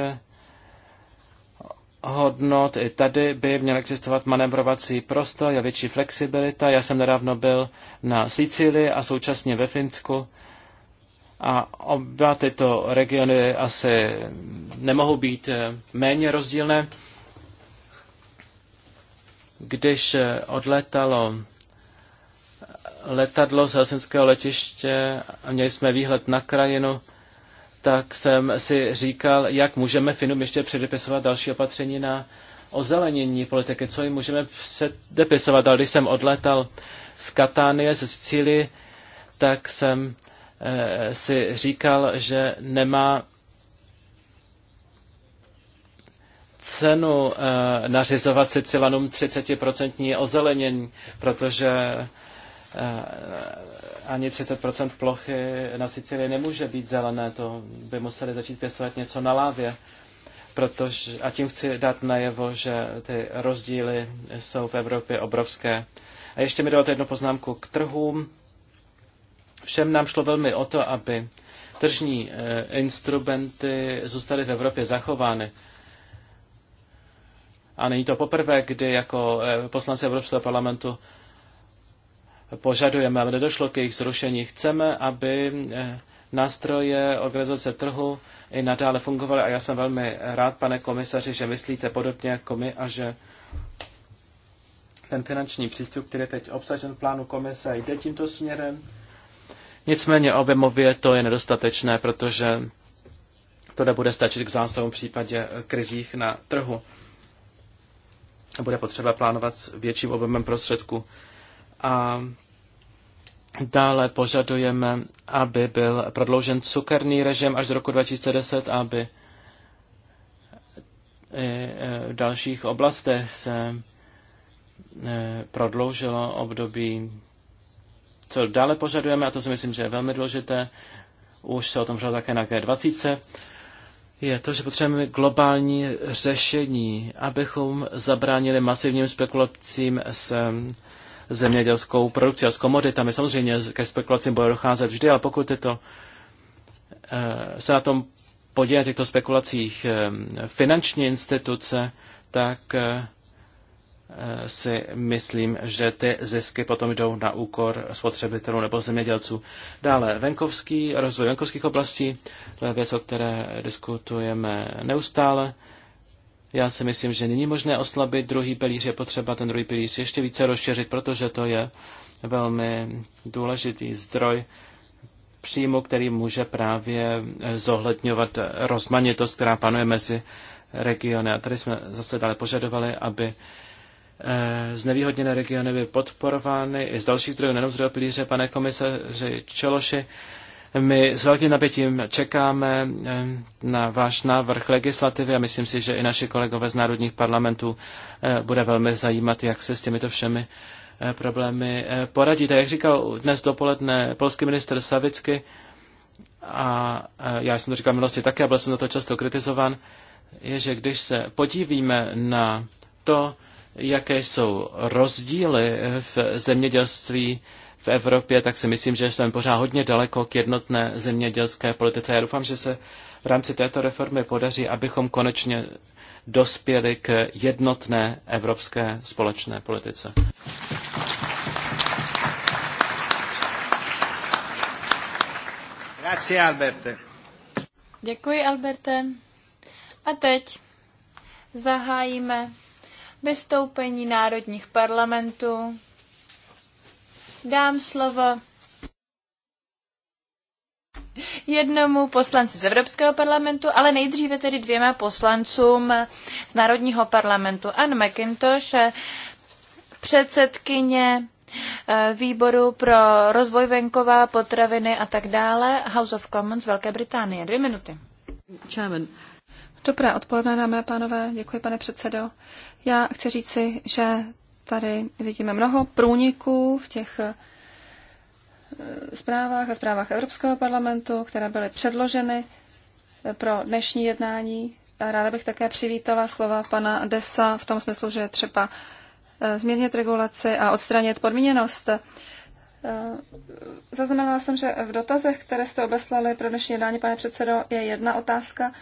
hodnot. I tady by měl existovat manevrovací prostor, je větší flexibilita. Já jsem nedávno byl na Sicílii a současně ve Finsku. A oba tyto regiony asi nemohou být eh, méně rozdílné. Když eh, odletalo eh, letadlo z Helsinského letiště a měli jsme výhled na krajinu, tak jsem si říkal, jak můžeme Finům ještě předepisovat další opatření na ozelenění politiky, co jim můžeme předepisovat. Ale když jsem odletal z Katánie, ze Sicílie, tak jsem e, si říkal, že nemá cenu e, nařizovat Sicilanům 30% ozelenění, protože Eh, ani 30 plochy na Sicílii nemůže být zelené, to by museli začít pěstovat něco na lávě. Protože, a tím chci dát najevo, že ty rozdíly jsou v Evropě obrovské. A ještě mi dovolte jednu poznámku k trhům. Všem nám šlo velmi o to, aby tržní eh, instrumenty zůstaly v Evropě zachovány. A není to poprvé, kdy jako eh, poslanci Evropského parlamentu požadujeme, aby nedošlo k jejich zrušení. Chceme, aby eh, nástroje organizace trhu i nadále fungovaly a já jsem velmi rád, pane komisaři, že myslíte podobně jako my a že ten finanční přístup, který je teď obsažen v plánu komise, jde tímto směrem. Nicméně objemově to je nedostatečné, protože to nebude stačit k zásahům v případě eh, krizích na trhu. Bude potřeba plánovat s větším objemem prostředků a dále požadujeme, aby byl prodloužen cukerný režim až do roku 2010, aby e, v dalších oblastech se e, prodloužilo období, co dále požadujeme, a to si myslím, že je velmi důležité, už se o tom říkal také na G20, je to, že potřebujeme globální řešení, abychom zabránili masivním spekulacím s zemědělskou produkci a s komoditami. Samozřejmě ke spekulacím bude docházet vždy, ale pokud tyto, eh, se na tom podílet těchto spekulacích eh, finanční instituce, tak eh, si myslím, že ty zisky potom jdou na úkor spotřebitelů nebo zemědělců. Dále venkovský rozvoj venkovských oblastí, to je věc, o které diskutujeme neustále. Já si myslím, že není možné oslabit druhý pilíř, je potřeba ten druhý pilíř ještě více rozšířit, protože to je velmi důležitý zdroj příjmu, který může právě zohledňovat rozmanitost, která panuje mezi regiony. A tady jsme zase dále požadovali, aby eh, znevýhodněné regiony byly podporovány i z dalších zdrojů, nejenom z druhého pilíře, pane komisaři Čeloši. My s velkým napětím čekáme eh, na váš návrh legislativy a myslím si, že i naši kolegové z národních parlamentů eh, bude velmi zajímat, jak se s těmito všemi eh, problémy poradíte. Jak říkal dnes dopoledne polský minister Savicky, a já jsem to říkal milosti také, a byl jsem na to často kritizovan, je, že když se podívíme na to, jaké jsou rozdíly v zemědělství v Evropě, tak si myslím, že jsme pořád hodně daleko k jednotné zemědělské politice. Já doufám, že se v rámci této reformy podaří, abychom konečně dospěli k jednotné evropské společné politice. Grazie, Alberte. Děkuji, Alberte. A teď zahájíme vystoupení národních parlamentů dám slovo jednomu poslanci z Evropského parlamentu, ale nejdříve tedy dvěma poslancům z Národního parlamentu. Anne McIntosh, předsedkyně eh, výboru pro rozvoj venkova, potraviny a tak dále, House of Commons Velké Británie. Dvě minuty. Chairman. Dobré odpoledne, dámy a pánové. Děkuji, pane předsedo. Já chci říci, že Tady vidíme mnoho průniků v těch eh, zprávách a zprávách Evropského parlamentu, které byly předloženy eh, pro dnešní jednání. Ráda bych také přivítala slova pana Desa v tom smyslu, že je třeba eh, zmírnit regulaci a odstranit podmíněnost. Zaznamenala jsem, že v dotazech, které jste obeslali pro dnešní jednání, pane předsedo, je jedna otázka,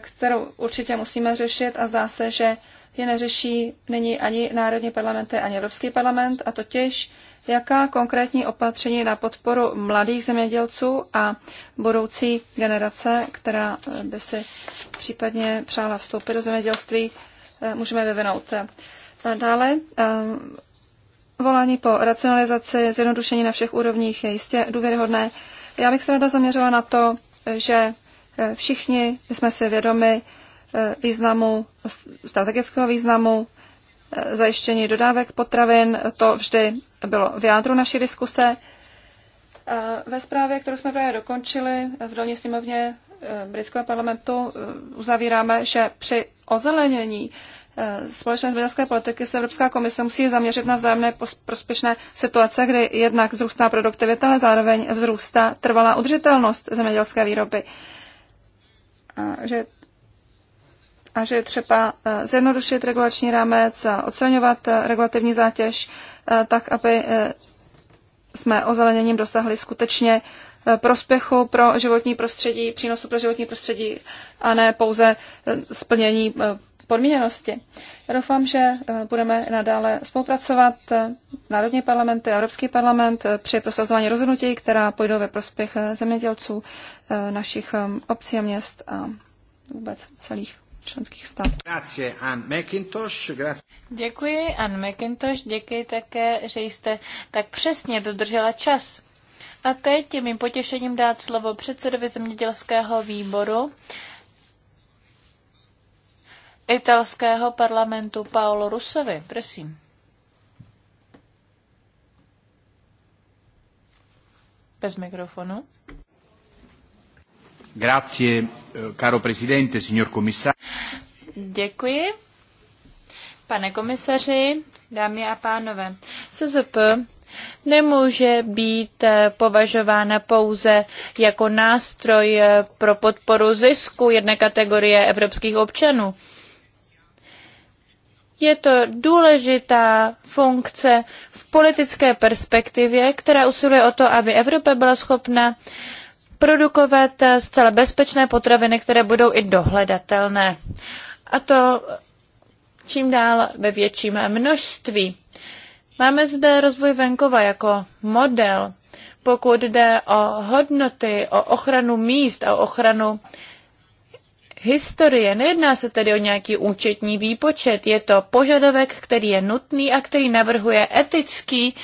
kterou určitě musíme řešit a zdá se, že je neřeší není ani národní parlamenty, ani Evropský parlament, a totiž jaká konkrétní opatření na podporu mladých zemědělců a budoucí generace, která eh, by si případně přála vstoupit do zemědělství, eh, můžeme vyvinout. Dále eh, volání po racionalizaci, zjednodušení na všech úrovních je jistě důvěryhodné. Já bych se ráda zaměřila na to, že všichni jsme si vědomi významu, strategického významu, eh, zajištění dodávek potravin, to vždy bylo v jádru naší diskuse. Eh, ve zprávě, kterou jsme právě dokončili eh, v dolní sněmovně britského parlamentu, uzavíráme, že při ozelenění společné zemědělské politiky se Evropská komise musí zaměřit na vzájemné prospěšné situace, kdy jednak vzrůstá produktivita, ale zároveň vzrůstá trvalá udržitelnost zemědělské výroby. A že a že je třeba eh, zjednodušit regulační rámec a odstraňovat eh, regulativní zátěž eh, tak, aby jsme ozeleněním dosáhli skutečně prospěchu pro životní prostředí, přínosu pro životní prostředí a ne pouze splnění podmíněnosti. Já doufám, že budeme nadále spolupracovat Národní parlamenty a Evropský parlament při prosazování rozhodnutí, která půjdou ve prospěch zemědělců našich obcí a měst a vůbec celých členských států. Děkuji, Anne McIntosh. Děkuji také, že jste tak přesně dodržela čas. A teď je mým potěšením dát slovo předsedovi zemědělského výboru italského parlamentu Paolo Rusovi. Prosím. Bez mikrofonu. Grazie, eh, caro presidente, signor commissario. Děkuji. Pane komisaři, dámy a pánové, SZP nemůže být eh, považována pouze jako nástroj eh, pro podporu zisku jedné kategorie evropských občanů. Je to důležitá funkce v politické perspektivě, která usiluje o to, aby Evropa byla schopna uh, produkovat eh, zcela bezpečné potraviny, které budou i dohledatelné. A to čím dál ve větším množství. Máme zde rozvoj venkova jako model, pokud jde o hodnoty, o ochranu míst a ochranu historie. Nejedná se tedy o nějaký účetní výpočet, je to požadavek, který je nutný a který navrhuje etický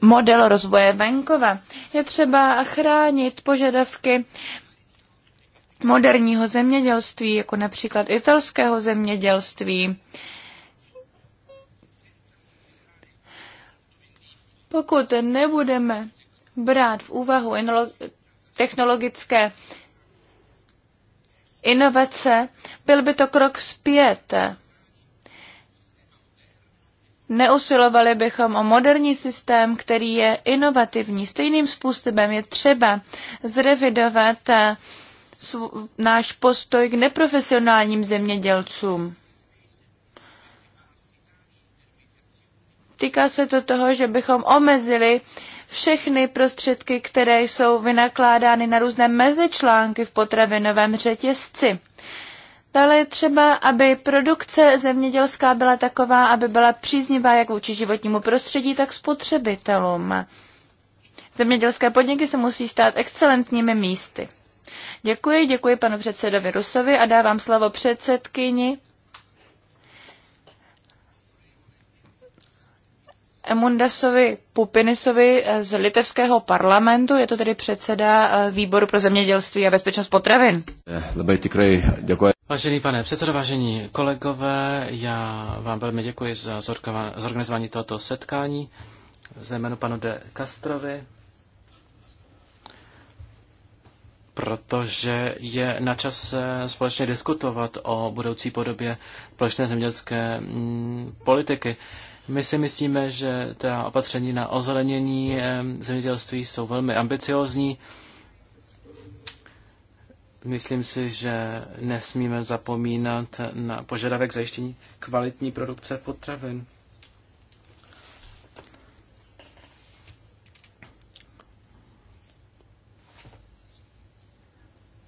model rozvoje venkova. Je třeba chránit požadavky moderního zemědělství, jako například italského zemědělství. Pokud nebudeme brát v úvahu technologické inovace, byl by to krok zpět neusilovali bychom o moderní systém, který je inovativní. Stejným způsobem je třeba zrevidovat eh, náš postoj k neprofesionálním zemědělcům. Týká se to toho, že bychom omezili všechny prostředky, které jsou vynakládány na různé mezičlánky v potravinovém řetězci. Dále je třeba, aby produkce zemědělská byla taková, aby byla příznivá jak vůči životnímu prostředí, tak spotřebitelům. Zemědělské podniky se musí stát excelentními místy. Děkuji, děkuji panu předsedovi Rusovi a dávám slovo předsedkyni Emundasovi Pupinisovi eh, z litevského parlamentu, je to tedy předseda eh, výboru pro zemědělství a bezpečnost potravin. Vážený pane předsedo, vážení kolegové, já vám velmi děkuji za zorganizování tohoto setkání, zejména panu de Castrovi, protože je na čas společně diskutovat o budoucí podobě společné zemědělské mm, politiky. My si myslíme, že ta opatření na ozelenění eh, zemědělství jsou velmi ambiciozní. Myslím si, že nesmíme zapomínat na požadavek zajištění kvalitní produkce potravin.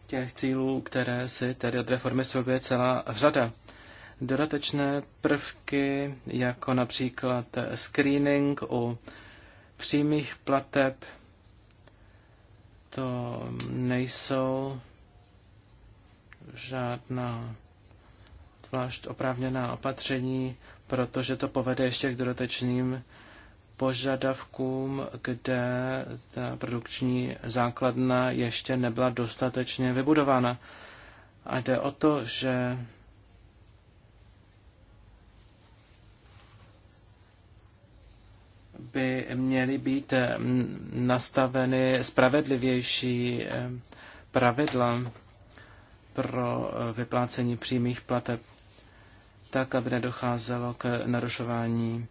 Těch cílů, které si tedy od reformy sleduje celá řada dodatečné prvky, jako například screening u přímých plateb. To nejsou žádná zvlášť oprávněná opatření, protože to povede ještě k dodatečným požadavkům, kde ta produkční základna ještě nebyla dostatečně vybudována. A jde o to, že by měly být eh, nastaveny spravedlivější eh, pravidla pro eh, vyplácení přímých plateb, tak, aby nedocházelo k narušování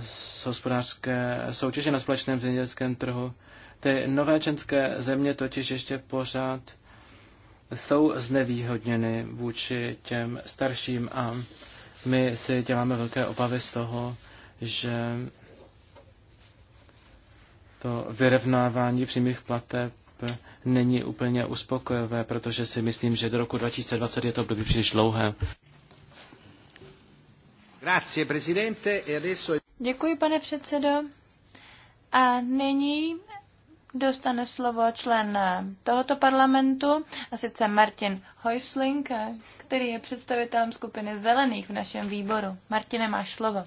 z hospodářské soutěže na společném zemědělském trhu. Ty nové čenské země totiž ještě pořád jsou znevýhodněny vůči těm starším a my si děláme velké obavy z toho, že to vyrovnávání přímých plateb není úplně uspokojivé, protože si myslím, že do roku 2020 je to období příliš dlouhé. E Děkuji, pane předsedo. A nyní dostane slovo člen tohoto parlamentu, a sice Martin Heusling, který je představitelem skupiny Zelených v našem výboru. Martine, máš slovo.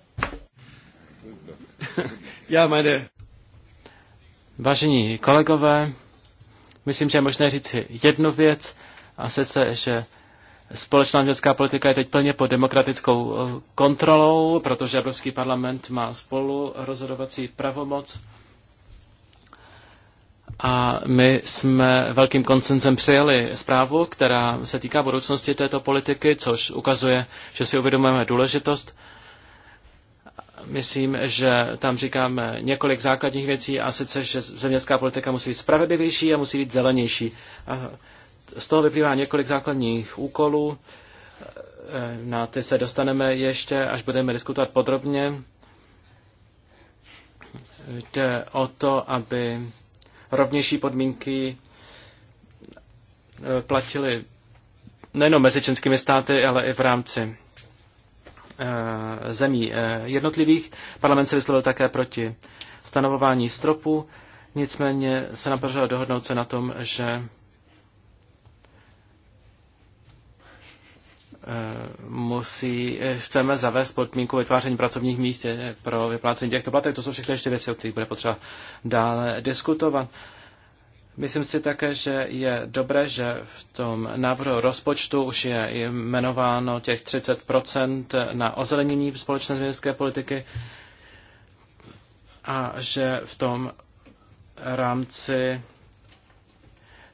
Já, meine... Vážení kolegové, myslím, že je možné říct jednu věc, a sice, že společná městská politika je teď plně pod demokratickou eh, kontrolou, protože Evropský parlament má spolu rozhodovací pravomoc. A my jsme velkým koncenzem přijali zprávu, která se týká budoucnosti této politiky, což ukazuje, že si uvědomujeme důležitost myslím, že tam říkáme několik základních věcí a sice, že zeměstská politika musí být spravedlivější a musí být zelenější. A z toho vyplývá několik základních úkolů. Na ty se dostaneme ještě, až budeme diskutovat podrobně. Jde o to, aby rovnější podmínky eh, platily nejenom mezi členskými státy, ale i v rámci Eh, zemí eh, jednotlivých. Parlament se vyslovil také proti stanovování stropu, nicméně se nám podařilo dohodnout se na tom, že eh, musí, chceme zavést podmínku vytváření pracovních míst pro vyplácení těchto platek. To jsou všechny ještě věci, o kterých bude potřeba dále diskutovat. Myslím si také, že je dobré, že v tom návrhu rozpočtu už je jmenováno těch 30 na ozelenění společné zemědělské politiky a že v tom rámci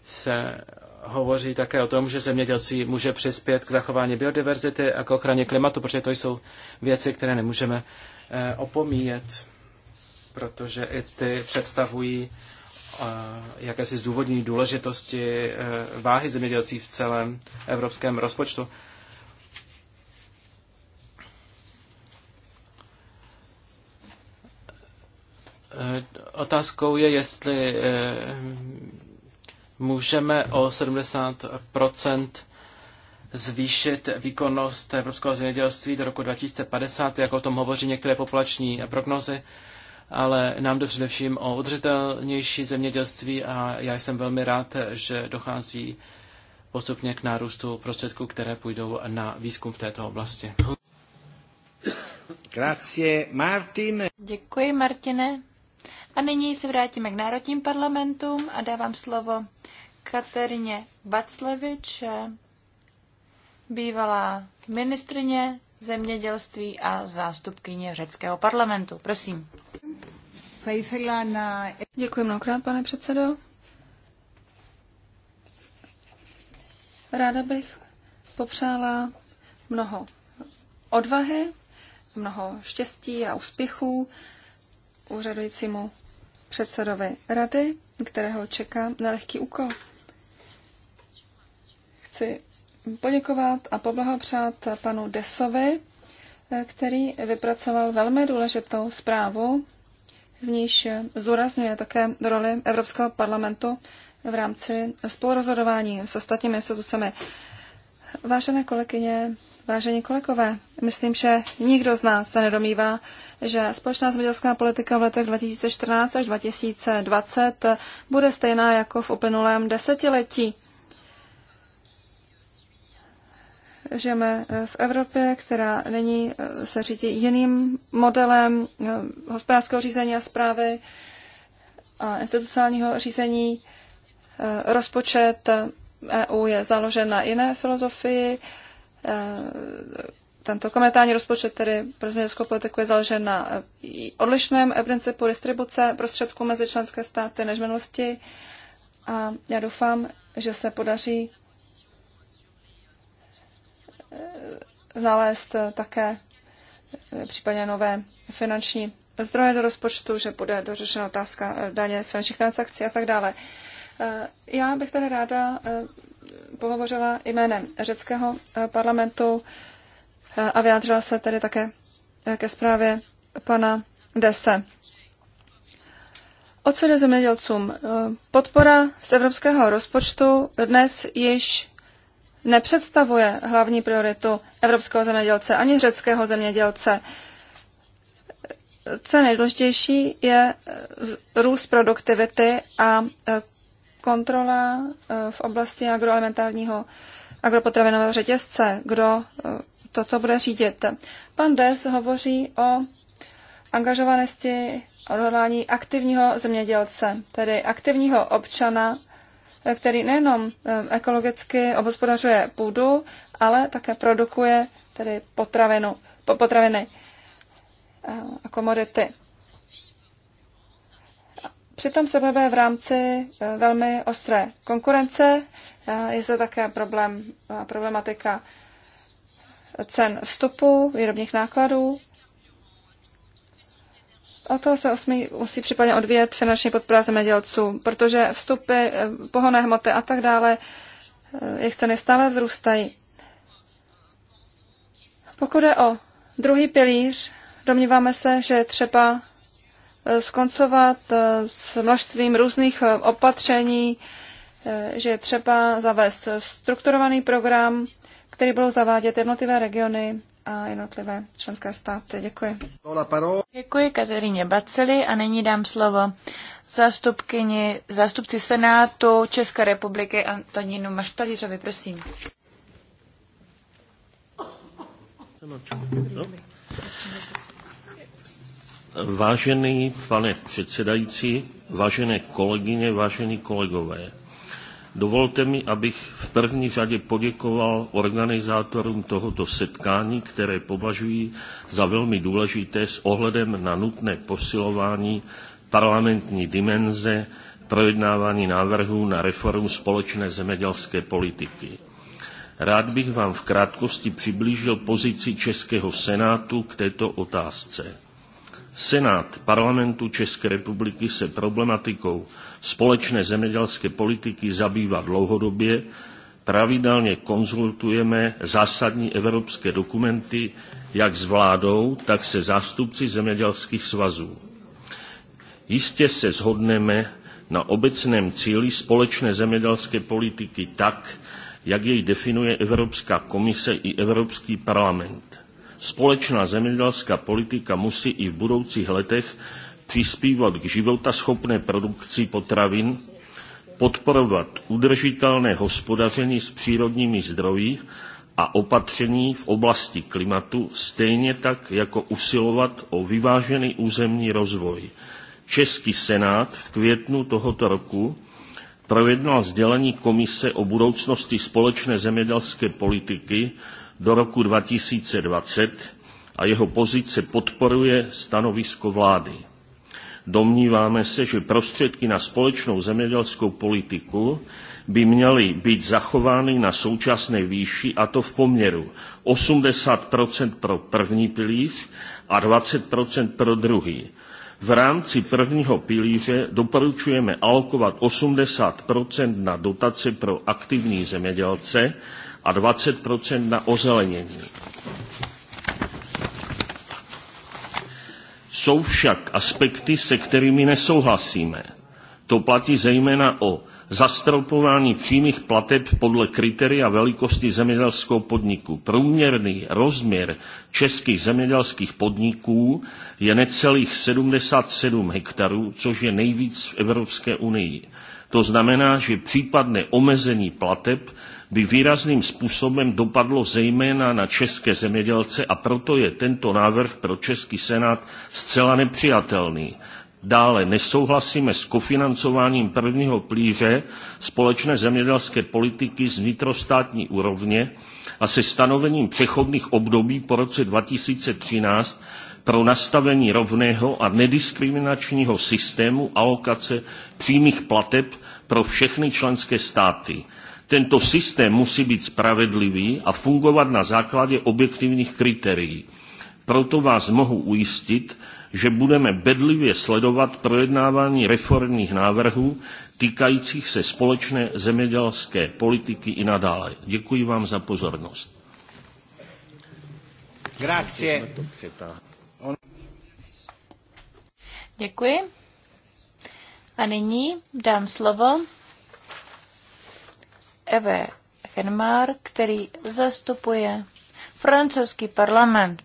se hovoří také o tom, že zemědělci může přispět k zachování biodiverzity a k ochraně klimatu, protože to jsou věci, které nemůžeme eh, opomíjet, protože i ty představují jakési zdůvodnění důležitosti eh, váhy zemědělcí v celém evropském rozpočtu. Eh, otázkou je, jestli eh, můžeme o 70 zvýšit výkonnost evropského zemědělství do roku 2050, jak o tom hovoří některé populační prognozy ale nám jde především o udržitelnější zemědělství a já jsem velmi rád, že dochází postupně k nárůstu prostředků, které půjdou na výzkum v této oblasti. Grazie, Martin. Děkuji, Martine. A nyní se vrátíme k národním parlamentům a dávám slovo Katerině Baclevič, bývalá ministrině zemědělství a zástupkyně řeckého parlamentu. Prosím. Děkuji mnohokrát, pane předsedo. Ráda bych popřála mnoho odvahy, mnoho štěstí a úspěchů úřadujícímu předsedovi rady, kterého čeká nelehký úkol. Chci poděkovat a poblahopřát panu Desovi, eh, který vypracoval velmi důležitou zprávu, v níž zdůrazňuje také roli Evropského parlamentu v rámci spolurozhodování s ostatními institucemi. Vážené kolegyně, vážení kolegové, myslím, že nikdo z nás se nedomývá, že společná zemědělská politika v letech 2014 až 2020 bude stejná jako v uplynulém desetiletí. Žijeme eh, v Evropě, která není, eh, se řídí jiným modelem eh, hospodářského řízení a zprávy a institucionálního řízení. Rozpočet EU e je založen na jiné filozofii. Tento komentární rozpočet, tedy pro zemědělskou politiku, je založen na odlišném principu distribuce prostředků mezi členské státy než minulosti. A já doufám, že se podaří Eh, nalézt eh, také eh, případně nové finanční zdroje do rozpočtu, že bude dořešena otázka daně z finančních transakcí a tak dále. Já bych tady ráda pohovořila jménem řeckého parlamentu a vyjádřila se tedy také ke zprávě pana Dese. O co jde zemědělcům? Podpora z evropského rozpočtu dnes již nepředstavuje hlavní prioritu evropského zemědělce ani řeckého zemědělce. Co je nejdůležitější, je eh, růst produktivity a eh, kontrola eh, v oblasti agroalimentárního agropotravinového řetězce, kdo toto bude řídit. Pan Des hovoří o angažovanosti odhodlání aktivního zemědělce, tedy aktivního občana který nejenom eh, ekologicky obhospodařuje půdu, ale také produkuje tedy potravinu, potraviny eh, a komodity. Přitom se v rámci eh, velmi ostré konkurence. Je zde také problém, problematika cen vstupu, výrobních nákladů O to se osmí, musí případně odvíjet finanční podpora zemědělců, protože vstupy, eh, pohonné hmoty a tak dále, eh, jejich ceny stále vzrůstají. Pokud je o druhý pilíř, domníváme se, že je třeba eh, skoncovat s množstvím různých opatření, že je třeba zavést strukturovaný program, který budou zavádět jednotlivé regiony a jednotlivé členské státy. Děkuji. Děkuji Kateřině Baceli a nyní dám slovo zástupkyni, zástupci Senátu České republiky Antonínu Maštalířovi, prosím. Vážený pane předsedající, vážené kolegyně, vážení kolegové, Dovolte mi, abych v první řadě poděkoval organizátorům tohoto setkání, které považuji za velmi důležité s ohledem na nutné posilování parlamentní dimenze projednávání návrhů na reformu společné zemědělské politiky. Rád bych vám v krátkosti přiblížil pozici Českého senátu k této otázce. Senát parlamentu České republiky se problematikou společné zemědělské politiky zabývá dlouhodobě, pravidelně konzultujeme zásadní evropské dokumenty jak s vládou, tak se zástupci zemědělských svazů. Jistě se shodneme na obecném cíli společné zemědělské politiky tak, jak jej definuje Evropská komise i Evropský parlament. Společná zemědělská politika musí i v budoucích letech přispívat k životaschopné produkci potravin, podporovat udržitelné hospodaření s přírodními zdroji a opatření v oblasti klimatu, stejně tak jako usilovat o vyvážený územní rozvoj. Český senát v květnu tohoto roku projednal sdělení Komise o budoucnosti společné zemědělské politiky do roku 2020 a jeho pozice podporuje stanovisko vlády. Domníváme se, že prostředky na společnou zemědělskou politiku by měly být zachovány na současné výši, a to v poměru 80 pro první pilíř a 20 pro druhý. V rámci prvního pilíře doporučujeme alokovat 80 na dotace pro aktivní zemědělce a 20 na ozelenění. Jsou však aspekty, se kterými nesouhlasíme. To platí zejména o zastropování přímých plateb podle kritéria velikosti zemědělského podniku. Průměrný rozměr českých zemědělských podniků je necelých 77 hektarů, což je nejvíc v Evropské unii. To znamená, že případné omezení plateb by výrazným způsobem dopadlo zejména na české zemědělce a proto je tento návrh pro Český senát zcela nepřijatelný. Dále nesouhlasíme s kofinancováním prvního plíře společné zemědělské politiky z vnitrostátní úrovně a se stanovením přechodných období po roce 2013 pro nastavení rovného a nediskriminačního systému alokace přímých plateb pro všechny členské státy. Tento systém musí být spravedlivý a fungovat na základě objektivních kritérií. Proto vás mohu ujistit, že budeme bedlivě sledovat projednávání reformních návrhů týkajících se společné zemědělské politiky i nadále. Děkuji vám za pozornost. Grazie. Děkuji. A nyní dám slovo Eve Henmar, který zastupuje francouzský parlament.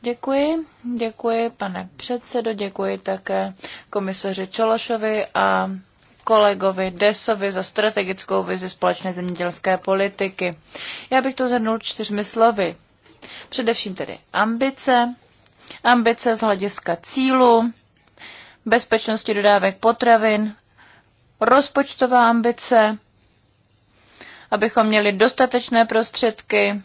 Děkuji, děkuji pane předsedo, děkuji také komisaři Čološovi a kolegovi Desovi za strategickou vizi společné zemědělské politiky. Já bych to zhrnul čtyřmi slovy. Především tedy ambice, ambice z hlediska cílu, bezpečnosti dodávek potravin, rozpočtová ambice abychom měli dostatečné prostředky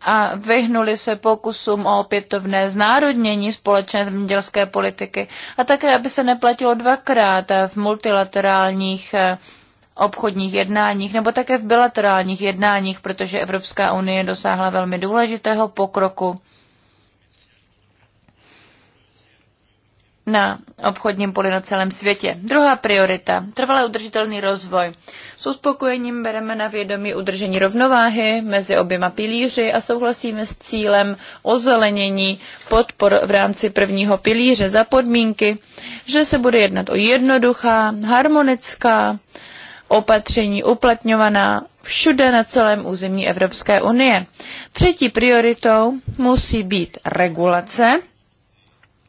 a vyhnuli se pokusům o opětovné znárodnění společné zemědělské politiky a také, aby se neplatilo dvakrát v multilaterálních eh, obchodních jednáních nebo také v bilaterálních jednáních, protože Evropská unie dosáhla velmi důležitého pokroku na obchodním poli na celém světě. Druhá priorita, trvalé udržitelný rozvoj. S uspokojením bereme na vědomí udržení rovnováhy mezi oběma pilíři a souhlasíme s cílem ozelenění podpor v rámci prvního pilíře za podmínky, že se bude jednat o jednoduchá, harmonická opatření uplatňovaná všude na celém území Evropské unie. Třetí prioritou musí být regulace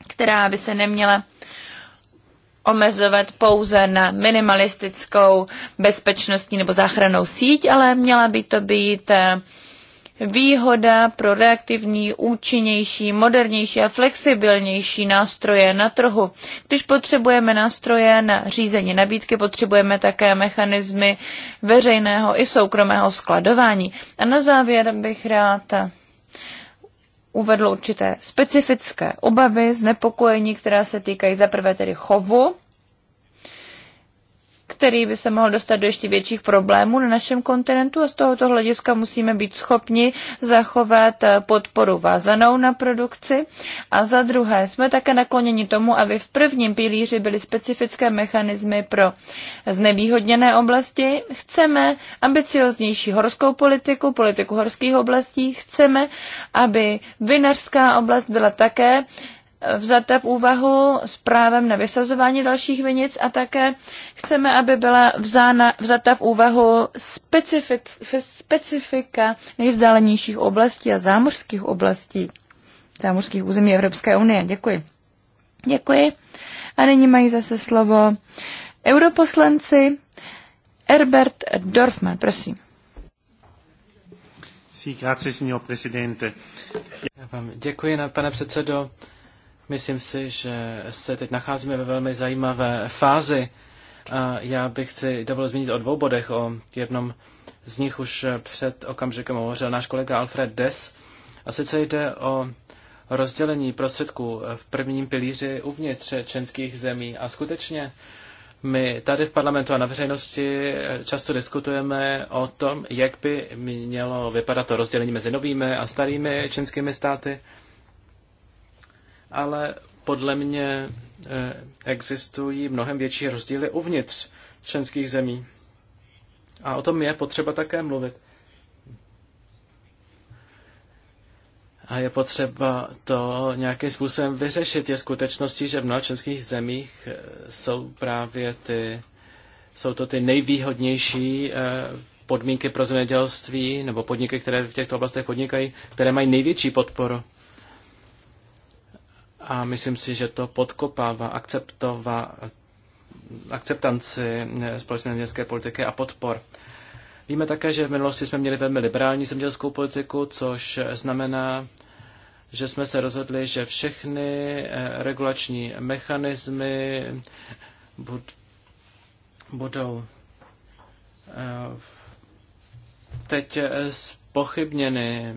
která by se neměla omezovat pouze na minimalistickou bezpečnostní nebo záchranou síť, ale měla by to být eh, výhoda pro reaktivní, účinnější, modernější a flexibilnější nástroje na trhu. Když potřebujeme nástroje na řízení nabídky, potřebujeme také mechanismy veřejného i soukromého skladování. A na závěr bych ráda uvedl určité specifické obavy, znepokojení, která se týkají zaprvé tedy chovu který by se mohl dostat do ještě větších problémů na našem kontinentu a z tohoto hlediska musíme být schopni zachovat eh, podporu vázanou na produkci. A za druhé, jsme také nakloněni tomu, aby v prvním pilíři byly specifické mechanismy pro znevýhodněné oblasti. Chceme ambicioznější horskou politiku, politiku horských oblastí. Chceme, aby vinařská oblast byla také vzata v úvahu s právem na vysazování dalších vinic a také chceme, aby byla vzána, vzata v úvahu specific, specifika nejvzdálenějších oblastí a zámořských oblastí, zámořských území Evropské unie. Děkuji. Děkuji. A nyní mají zase slovo europoslanci Herbert Dorfman, prosím. Já vám děkuji, pane předsedo. Myslím si, že se teď nacházíme ve velmi zajímavé fázi. A já bych si dovolil zmínit o dvou bodech. O jednom z nich už před okamžikem hovořil náš kolega Alfred Des. A sice jde o rozdělení prostředků v prvním pilíři uvnitř členských zemí. A skutečně my tady v parlamentu a na veřejnosti často diskutujeme o tom, jak by mělo vypadat to rozdělení mezi novými a starými členskými státy ale podle mě eh, existují mnohem větší rozdíly uvnitř členských zemí. A o tom je potřeba také mluvit. A je potřeba to nějakým způsobem vyřešit. Je skutečností, že v mnoha členských zemích eh, jsou právě ty, jsou to ty nejvýhodnější eh, podmínky pro zemědělství nebo podniky, které v těchto oblastech podnikají, které mají největší podporu a myslím si, že to podkopává akceptova, akceptanci eh, společné zemědělské politiky a podpor. Víme také, že v minulosti jsme měli velmi liberální zemědělskou politiku, což znamená, že jsme se rozhodli, že všechny eh, regulační mechanismy bud, budou eh, teď spochybněny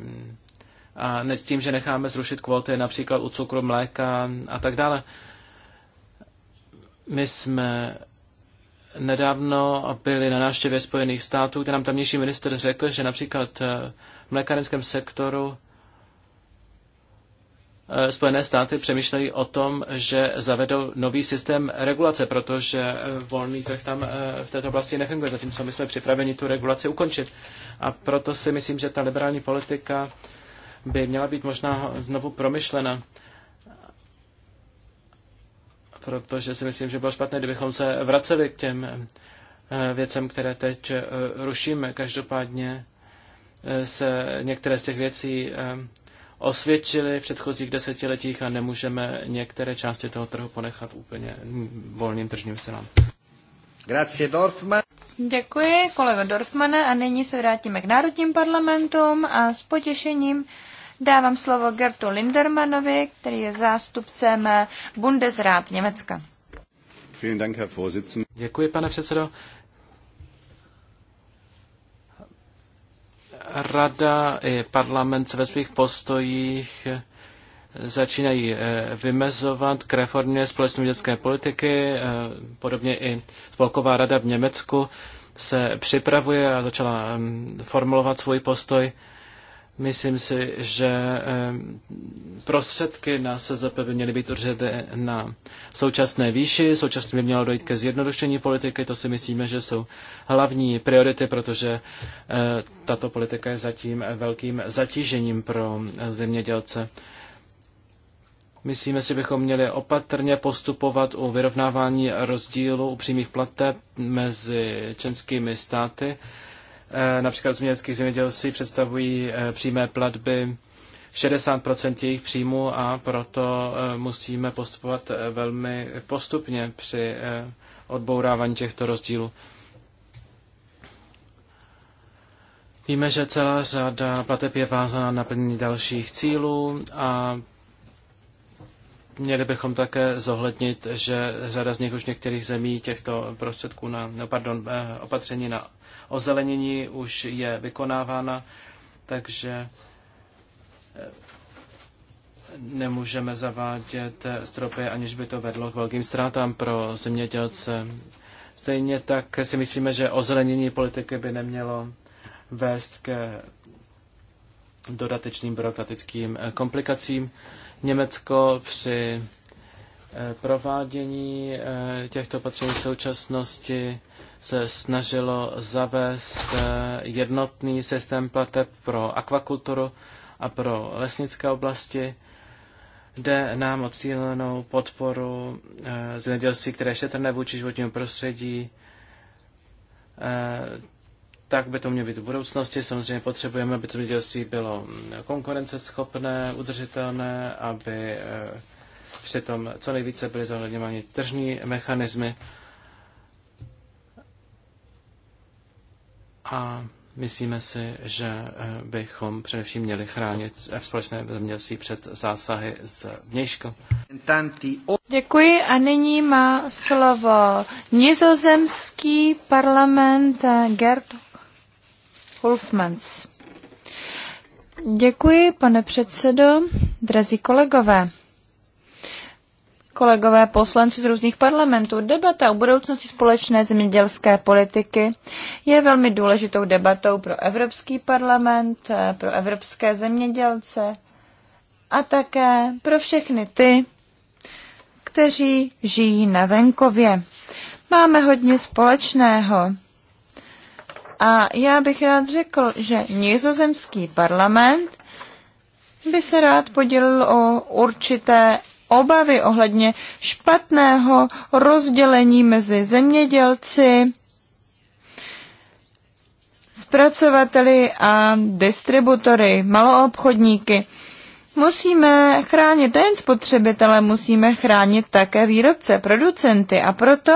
a ne s tím, že necháme zrušit kvóty například u cukru, mléka a tak dále. My jsme nedávno byli na návštěvě Spojených států, kde nám tamnější minister řekl, že například eh, v mlékárenském sektoru eh, Spojené státy přemýšlejí o tom, že zavedou nový systém regulace, protože eh, volný trh tam v této oblasti nefunguje, zatímco my jsme připraveni tu regulaci ukončit. A proto si myslím, že ta liberální politika by měla být možná znovu promyšlena, protože si myslím, že bylo špatné, kdybychom se vraceli k těm eh, věcem, které teď eh, rušíme. Každopádně eh, se některé z těch věcí osvědčily v předchozích desetiletích a nemůžeme některé části toho trhu ponechat úplně volným tržním silám. Grazie, Dorfman. Děkuji, kolego Dorfmane, a nyní se vrátíme k národním parlamentům a s potěšením dávám slovo Gertu Lindermanovi, který je zástupcem Bundesrat Německa. Děkuji, pane předsedo. Rada i parlament ve svých postojích začínají eh, vymezovat k reformě společné dětské politiky. Eh, podobně i Spolková rada v Německu se připravuje a začala mm, formulovat svůj postoj. Myslím si, že eh, prostředky na SZP by měly být určité na současné výši, současně by mělo dojít ke zjednodušení politiky, to si myslíme, že jsou hlavní priority, protože eh, tato politika je zatím velkým zatížením pro zemědělce. Myslíme si, bychom měli opatrně postupovat u vyrovnávání rozdílu u přímých plateb mezi členskými státy Eh, například změnských zemědělci představují eh, přímé platby 60 jejich příjmu a proto eh, musíme postupovat velmi postupně při odbourávání těchto rozdílů. Víme, že celá řada plateb je vázaná na plnění dalších cílů a měli bychom také zohlednit, že řada z nich už v některých zemí těchto prostředků na, no pardon, opatření na ozelenění už je vykonávána, takže eh, nemůžeme zavádět eh, stropy, aniž by to vedlo k velkým ztrátám pro zemědělce. Stejně tak si myslíme, že ozelenění politiky by nemělo vést ke dodatečným byrokratickým eh, komplikacím. Německo při provádění těchto opatření v současnosti se snažilo zavést eh, jednotný systém plateb pro akvakulturu a pro lesnické oblasti. Jde nám o cílenou podporu eh, zemědělství, které je šetrné vůči životnímu prostředí. Eh, tak by to mělo být v budoucnosti. Samozřejmě potřebujeme, aby zemědělství bylo mm, konkurenceschopné, udržitelné, aby přitom co nejvíce byly zohledňovány tržní mechanismy A myslíme si, že eh, bychom především měli chránit v eh, společné zemědělství před zásahy z vnějška. Děkuji a nyní má slovo nizozemský parlament eh, Gerd Hulfmans. Děkuji, pane předsedo, drazí kolegové kolegové poslanci z různých parlamentů. Debata o budoucnosti společné zemědělské politiky je velmi důležitou debatou pro Evropský parlament, pro evropské zemědělce a také pro všechny ty, kteří žijí na venkově. Máme hodně společného. A já bych rád řekl, že nizozemský parlament by se rád podělil o určité obavy ohledně špatného rozdělení mezi zemědělci, zpracovateli a distributory, maloobchodníky. Musíme chránit nejen spotřebitele, musíme chránit také výrobce, producenty a proto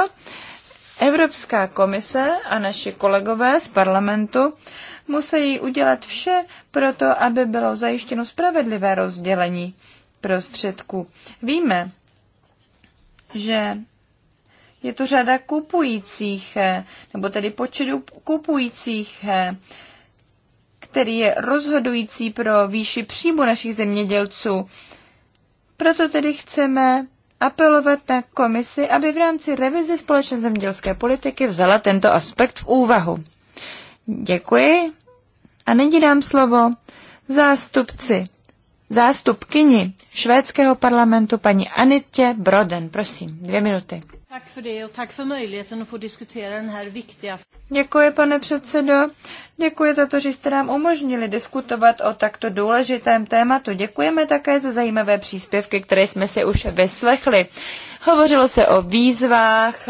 Evropská komise a naši kolegové z parlamentu musí udělat vše pro to, aby bylo zajištěno spravedlivé rozdělení prostředku. Víme, že je to řada kupujících, eh, nebo tedy počet kupujících, eh, který je rozhodující pro výši příjmu našich zemědělců. Proto tedy chceme apelovat na komisi, aby v rámci revize společné zemědělské politiky vzala tento aspekt v úvahu. Děkuji a nyní dám slovo zástupci zástupkyni švédského parlamentu paní Anitě Broden. Prosím, dvě minuty. Děkuji, pane předsedo. Děkuji za to, že jste nám umožnili diskutovat o takto důležitém tématu. Děkujeme také za zajímavé příspěvky, které jsme si už vyslechli. Hovořilo se o výzvách,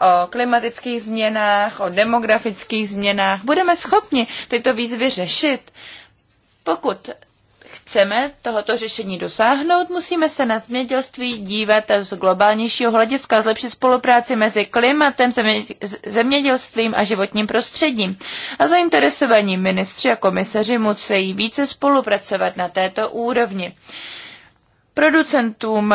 o klimatických změnách, o demografických změnách. Budeme schopni tyto výzvy řešit, pokud chceme tohoto řešení dosáhnout, musíme se na zemědělství dívat z globálnějšího hlediska, zlepšit spolupráci mezi klimatem, zemědělstvím a životním prostředím. A zainteresovaní ministři a komisaři musí více spolupracovat na této úrovni. Producentům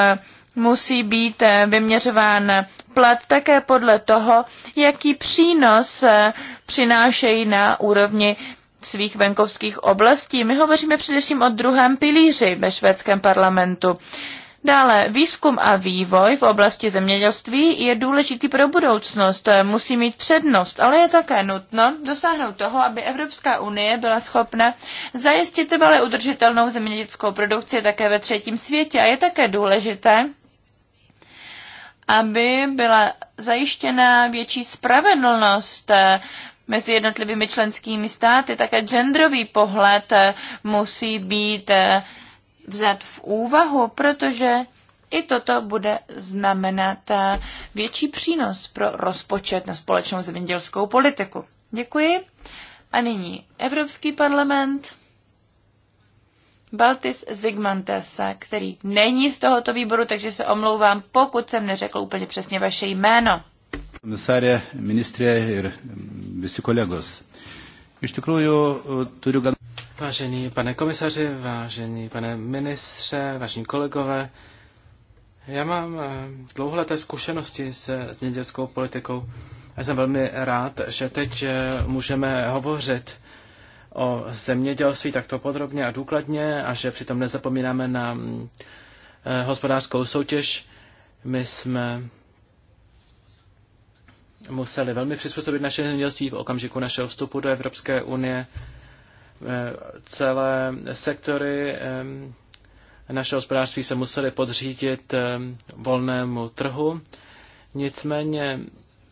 musí být vyměřován plat také podle toho, jaký přínos přinášejí na úrovni svých venkovských oblastí. My hovoříme především o druhém pilíři ve švédském parlamentu. Dále výzkum a vývoj v oblasti zemědělství je důležitý pro budoucnost, musí mít přednost, ale je také nutno dosáhnout toho, aby Evropská unie byla schopna zajistit trvale udržitelnou zemědělskou produkci také ve třetím světě a je také důležité, aby byla zajištěna větší spravedlnost mezi jednotlivými členskými státy, také genderový pohled eh, musí být eh, vzat v úvahu, protože i toto bude znamenat eh, větší přínos pro rozpočet na společnou zemědělskou politiku. Děkuji. A nyní Evropský parlament. Baltis Zigmantes, který není z tohoto výboru, takže se omlouvám, pokud jsem neřekl úplně přesně vaše jméno. Komisarė, ministrė ir visi kolegos. Iš tikrųjų turiu gan... Vážení pane komisaři, vážení pane ministře, vážení kolegové, já mám eh, dlouholeté zkušenosti se zemědělskou politikou a jsem velmi rád, že teď eh, můžeme hovořit o zemědělství takto podrobně a důkladně a že přitom nezapomínáme na mm, eh, hospodářskou soutěž. My jsme museli velmi přizpůsobit naše zemědělství v okamžiku našeho vstupu do Evropské unie. Eh, celé sektory eh, našeho hospodářství se museli podřídit eh, volnému trhu. Nicméně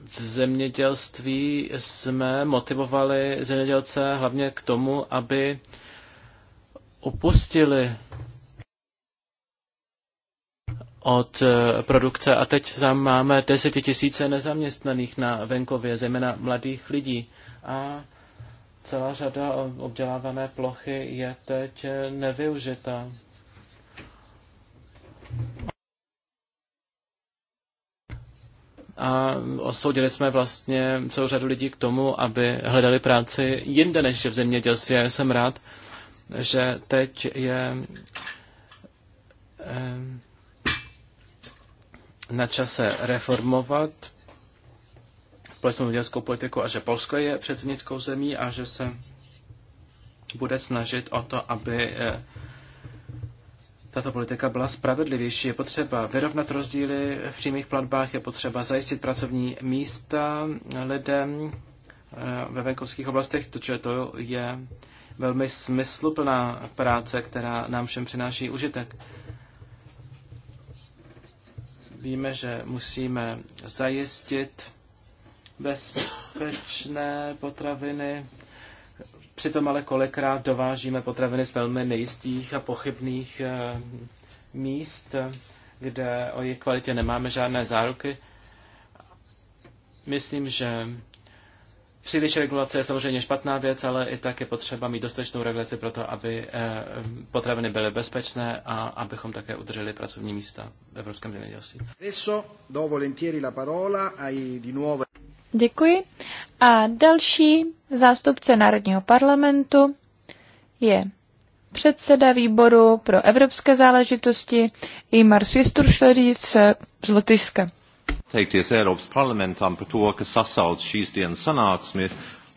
v zemědělství jsme motivovali zemědělce hlavně k tomu, aby opustili od eh, produkce a teď tam máme desetitisíce nezaměstnaných na venkově, zejména mladých lidí. A celá řada obdělávané plochy je teď eh, nevyužita. A osoudili jsme vlastně celou řadu lidí k tomu, aby hledali práci jinde než v zemědělství. Já jsem rád, že teď je eh, na čase reformovat společnou zemědělskou politiku a že Polsko je předsednickou zemí a že se bude snažit o to, aby eh, tato politika byla spravedlivější. Je potřeba vyrovnat rozdíly v přímých platbách, je potřeba zajistit pracovní místa lidem eh, ve venkovských oblastech, protože to je velmi smysluplná práce, která nám všem přináší užitek. Víme, že musíme zajistit bezpečné potraviny. Přitom ale kolikrát dovážíme potraviny z velmi nejistých a pochybných eh, míst, kde o jejich kvalitě nemáme žádné záruky. Myslím, že Příliš regulace je samozřejmě špatná věc, ale i tak je potřeba mít dostatečnou regulaci pro to, aby eh, potraviny byly bezpečné a abychom také udrželi pracovní místa v evropském zemědělství. Děkuji. A další zástupce Národního parlamentu je předseda výboru pro evropské záležitosti Imar Svisturšleríc z Lotyšska. Teikties Eiropas parlamentam par to, ka sasauc šīs dienas sanāksmi,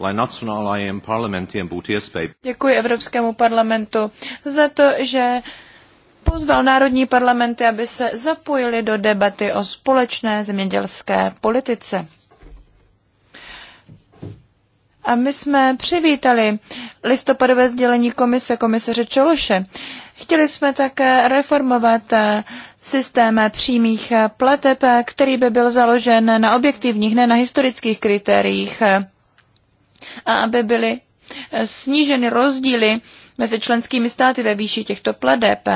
lai nacionālajiem parlamentiem būtu iespēja. Děkuji Evropskému parlamentu za to, že pozval národní parlamenty, aby se zapojili do debaty o společné zemědělské politice. A my jsme přivítali listopadové sdělení komise komisaře Čološe. Chtěli jsme také reformovat eh, systém přímých eh, plateb, eh, který by byl založen na objektivních, ne na historických kritériích a aby byly sníženy rozdíly mezi členskými státy ve výši těchto pladeb.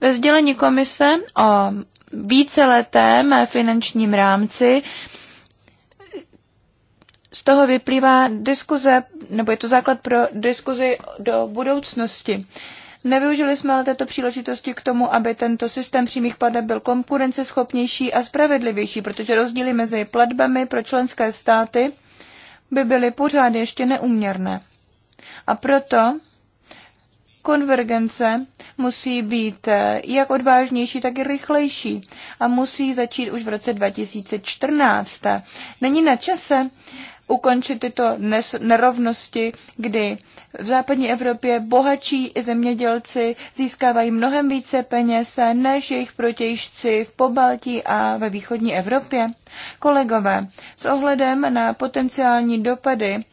Ve sdělení komise o víceletém finančním rámci z toho vyplývá diskuze, nebo je to základ pro diskuzi do budoucnosti. Nevyužili jsme ale této příležitosti k tomu, aby tento systém přímých plateb byl konkurenceschopnější a spravedlivější, protože rozdíly mezi platbami pro členské státy by byly pořád ještě neuměrné. A proto konvergence musí být eh, jak odvážnější, tak i rychlejší a musí začít už v roce 2014. Není na čase, ukončit tyto nerovnosti, kdy v západní Evropě bohatší zemědělci získávají mnohem více peněz než jejich protějšci v Pobaltí a ve východní Evropě? Kolegové, s ohledem na potenciální dopady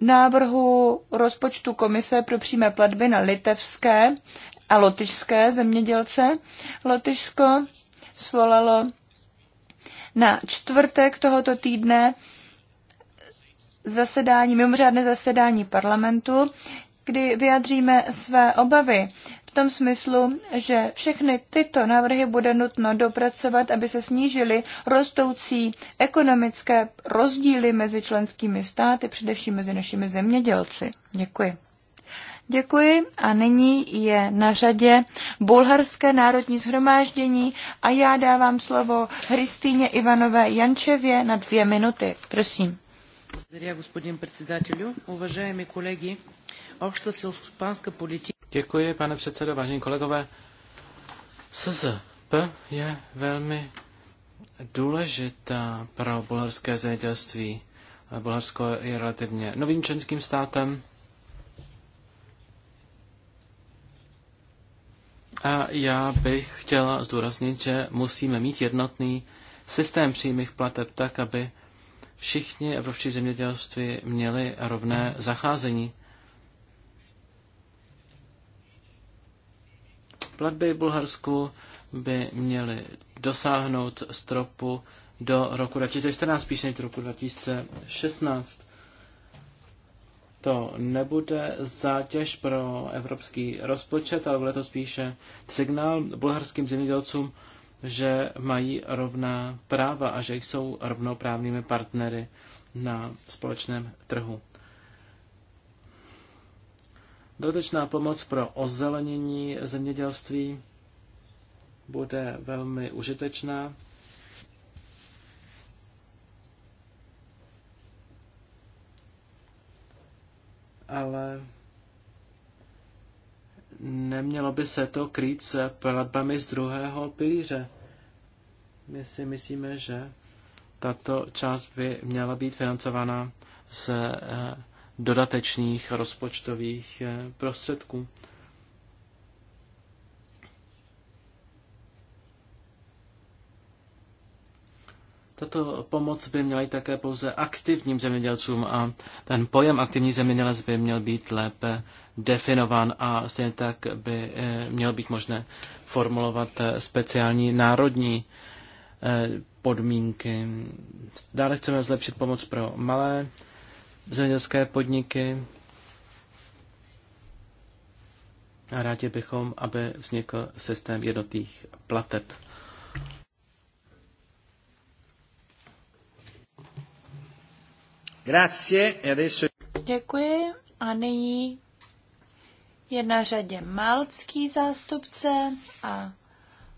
návrhu rozpočtu Komise pro přímé platby na litevské a lotyšské zemědělce, Lotyšsko svolalo na čtvrtek tohoto týdne zasedání, mimořádné zasedání parlamentu, kdy vyjadříme své obavy v tom smyslu, že všechny tyto návrhy bude nutno dopracovat, aby se snížily rostoucí ekonomické rozdíly mezi členskými státy, především mezi našimi zemědělci. Děkuji. Děkuji a nyní je na řadě Bulharské národní zhromáždění a já dávám slovo Hristýně Ivanové Jančevě na dvě minuty. Prosím. Děkuji, pane předsedo, vážení kolegové. SZP je velmi důležitá pro bulharské zemědělství. Bulharsko je relativně novým členským státem A já bych chtěla zdůraznit, že musíme mít jednotný systém přímých plateb tak, aby všichni evropští zemědělství měli rovné zacházení. Platby Bulharsku by měly dosáhnout stropu do roku 2014, spíš než do roku 2016 to nebude zátěž pro evropský rozpočet, ale bude to spíše signál bulharským zemědělcům, že mají rovná práva a že jsou rovnoprávnými partnery na společném trhu. Dodatečná pomoc pro ozelenění zemědělství bude velmi užitečná. ale nemělo by se to krýt s platbami z druhého pilíře. My si myslíme, že tato část by měla být financována z eh, dodatečných rozpočtových eh, prostředků. Tato pomoc by měla jít také pouze aktivním zemědělcům a ten pojem aktivní zemědělec by měl být lépe definován a stejně tak by eh, měl být možné formulovat eh, speciální národní eh, podmínky. Dále chceme zlepšit pomoc pro malé zemědělské podniky a rádi bychom, aby vznikl systém jednotných plateb. Grazie e adesso... Děkuji a nyní je na řadě malcký zástupce a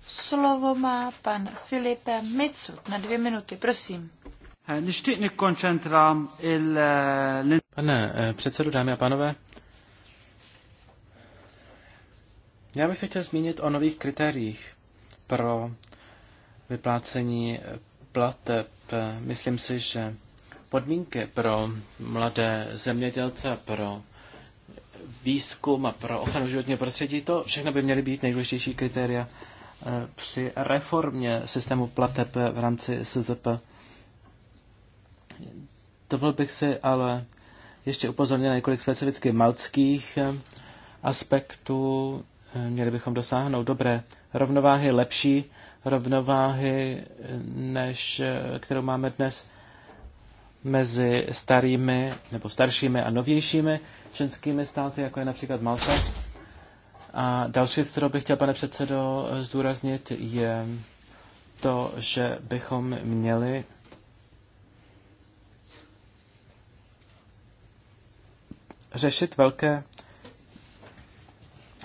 slovo má pan Filipe Micu na dvě minuty, prosím. Eh, Pane eh, předsedo, dámy a pánové, já bych se chtěl zmínit o nových kritériích pro vyplácení eh, plateb. Myslím si, že podmínky pro mladé zemědělce, pro výzkum a pro ochranu životního prostředí, to všechno by měly být nejdůležitější kritéria eh, při reformě systému plateb v rámci SZP. Dovolil bych si ale ještě upozornit na několik specificky malckých eh, aspektů. Eh, měli bychom dosáhnout dobré rovnováhy, lepší rovnováhy, než kterou máme dnes mezi starými nebo staršími a novějšími členskými státy, jako je například Malta. A další věc, kterou bych chtěl, pane předsedo, zdůraznit, je to, že bychom měli řešit velké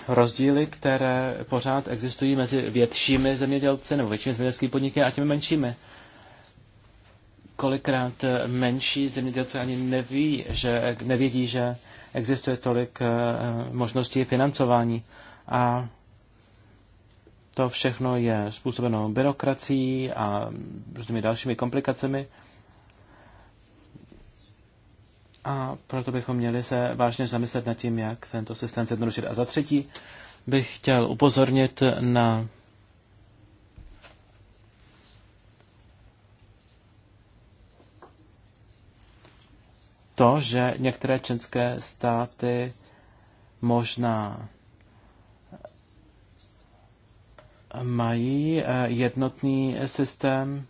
rozdíly, které pořád existují mezi většími zemědělci nebo většími zemědělskými podniky a těmi menšími kolikrát menší zemědělci ani neví, že, nevědí, že existuje tolik eh, možností financování. A to všechno je způsobeno byrokracií a různými dalšími komplikacemi. A proto bychom měli se vážně zamyslet nad tím, jak tento systém zjednodušit. A za třetí bych chtěl upozornit na to, že některé členské státy možná eh, mají eh, jednotný systém,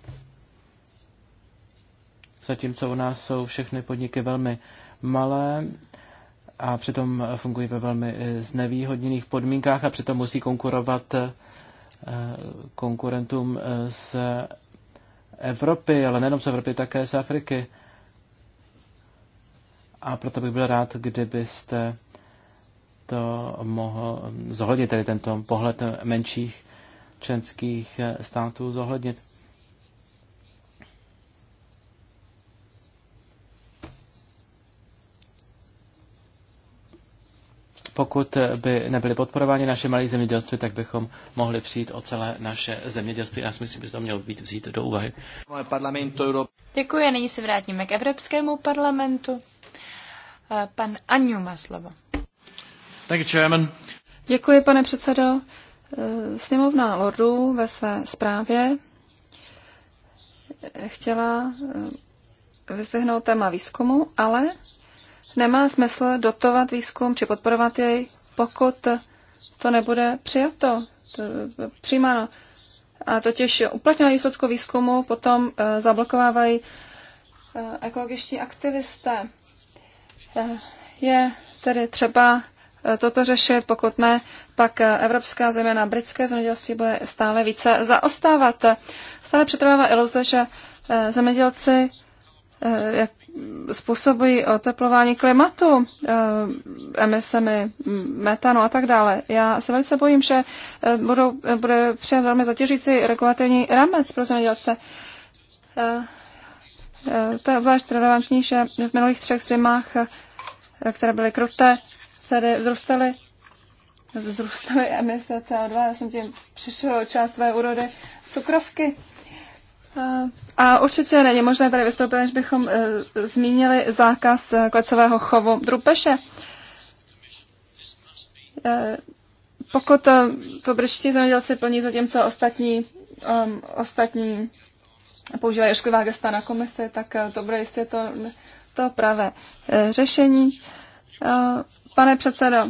zatímco u nás jsou všechny podniky velmi malé a přitom fungují ve velmi eh, znevýhodněných podmínkách a přitom musí konkurovat konkurentům z Evropy, ale nejenom z Evropy, také z Afriky. A proto bych byl rád, kdybyste to mohl zohlednit, tedy tento pohled menších členských států zohlednit. Pokud by nebyly podporováni naše malé zemědělství, tak bychom mohli přijít o celé naše zemědělství. Já si myslím, že to mělo být vzít do úvahy. Děkuji, nyní se vrátíme k Evropskému parlamentu. Pan má slovo. Thank you, chairman. Děkuji, pane předsedo. Sněmovna Lordů ve své zprávě chtěla vyzdvihnout téma výzkumu, ale nemá smysl dotovat výzkum či podporovat jej, pokud to nebude přijato, přijímáno. A totiž uplatňování výsledku výzkumu potom eh, zablokovávají eh, ekologičtí aktivisté. Eh, je tedy třeba eh, toto řešit, pokud ne, pak eh, evropská na britské zemědělství bude stále více zaostávat. Stále přetrvává iluze, že zemědělci jak způsobují oteplování klimatu emisemi metanu a tak dále. Já se velice bojím, že budou, bude přijat velmi zatěžující regulativní rámec pro zemědělce. Eh, to je zvlášť relevantní, že v minulých třech zimách, eh, které byly kruté, tady vzrůstaly vzrůstaly emise CO2, já jsem tím přišel část své úrody cukrovky. Eh, a určitě není možné tady vystoupit, než bychom zmínili zákaz klecového chovu drupeše. Pokud to britští zemědělci plní zatímco ostatní, um, ostatní používají ošklivá gesta na komise, tak eh, to bude jistě to, to pravé eh, řešení. Eh, pane předsedo,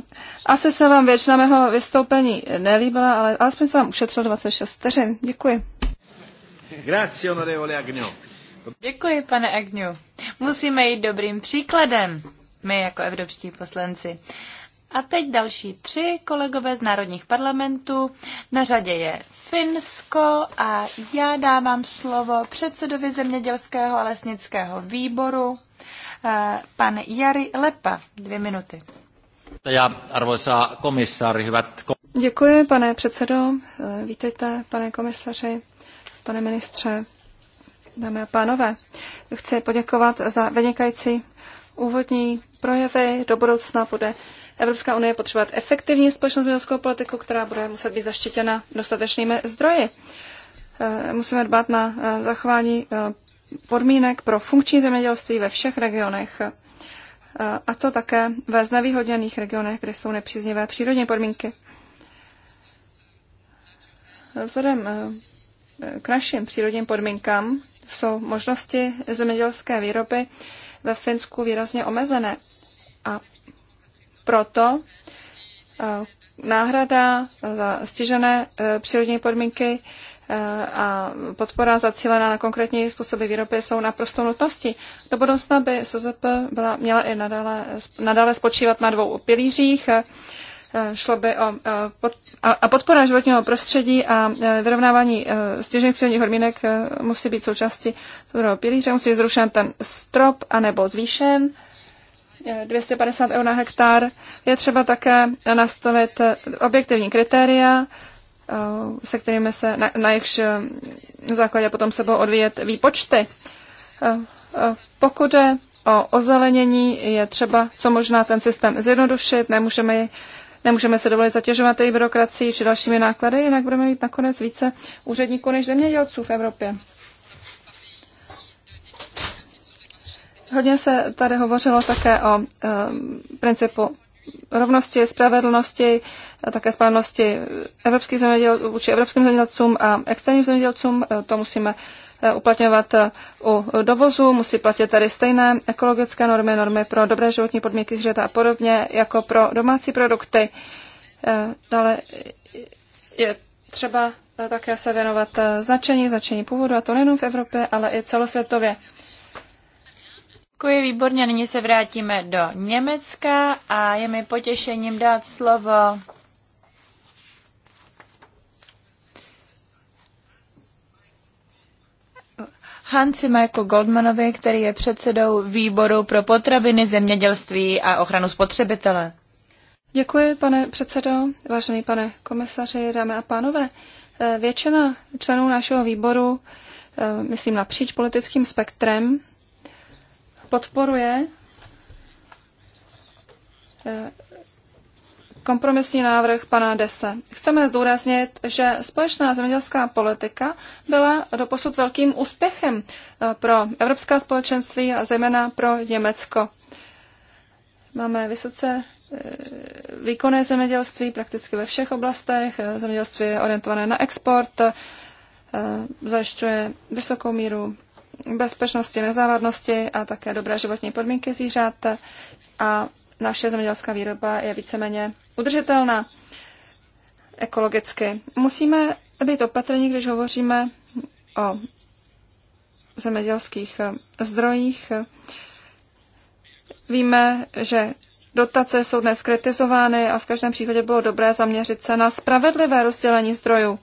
asi se vám většina mého vystoupení nelíbila, ale alespoň se vám ušetřil 26 vteřin. Děkuji. Děkuji, pane Agňu. Musíme jít dobrým příkladem, my jako evropští poslanci. A teď další tři kolegové z národních parlamentů. Na řadě je Finsko a já dávám slovo předsedovi zemědělského a lesnického výboru, eh, pan Jari Lepa. Dvě minuty. Já, arvoisa komissaari, hyvät... Děkuji, pane předsedo. Eh, vítejte, pane komisaři, pane ministře, dámy a pánové. Chci poděkovat za vynikající úvodní projevy. Do budoucna bude Evropská unie potřebovat efektivní společnou zemědělskou politiku, která bude muset být zaštítěna dostatečnými zdroji. Eh, musíme dbát na eh, zachování eh, podmínek pro funkční zemědělství ve všech regionech a to také ve znevýhodněných regionech, kde jsou nepříznivé přírodní podmínky. Vzhledem k našim přírodním podmínkám jsou možnosti zemědělské výroby ve Finsku výrazně omezené a proto eh, náhrada za stěžené eh, přírodní podmínky eh, a podpora zacílená na konkrétní způsoby výroby jsou naprosto nutností. Do budoucna by SZP byla, měla i nadále, nadále spočívat na dvou pilířích. Šlo by o pod, a podpora životního prostředí a vyrovnávání stěžených přírodních hormínek musí být součástí druhého pilíře. Musí být zrušen ten strop anebo zvýšen. 250 eur na hektar, je třeba také nastavit objektivní kritéria, eh, se kterými se, na, na jejichž eh, základě potom se budou odvíjet výpočty. Eh, pokud je o ozelenění, je třeba co možná ten systém zjednodušit, nemůžeme, nemůžeme se dovolit zatěžovat i byrokracii či dalšími náklady, jinak budeme mít nakonec více úředníků než zemědělců v Evropě. Hodně se tady hovořilo také o e, principu rovnosti, spravedlnosti, a také spravedlnosti evropských zemědělců, vůči evropským zemědělcům a externím zemědělcům. E, to musíme e, uplatňovat e, u dovozu, musí platit tady stejné ekologické normy, normy pro dobré životní podmínky zvířata a podobně, jako pro domácí produkty. Dále je třeba také se věnovat značení, značení původu, a to nejenom v Evropě, ale i celosvětově. Děkuji, výborně. Nyní se vrátíme do Německa a je mi potěšením dát slovo Hansi Michael Goldmanovi, který je předsedou výboru pro potraviny, zemědělství a ochranu spotřebitele. Děkuji, pane předsedo, vážený pane komisaři, dámy a pánové. Eh, většina členů našeho výboru, eh, myslím napříč politickým spektrem, podporuje eh, kompromisní návrh pana Dese. Chceme zdůraznit, že společná zemědělská politika byla doposud velkým úspěchem eh, pro evropská společenství a zejména pro Německo. Máme vysoce eh, výkonné zemědělství prakticky ve všech oblastech. Zemědělství je orientované na export, zajišťuje vysokou míru bezpečnosti, nezávadnosti a také dobré životní podmínky zvířat a naše zemědělská výroba je víceméně udržitelná ekologicky. Musíme být opatrní, když hovoříme o zemědělských zdrojích. Víme, že dotace jsou dnes kritizovány a v každém případě bylo dobré zaměřit se na spravedlivé rozdělení zdrojů.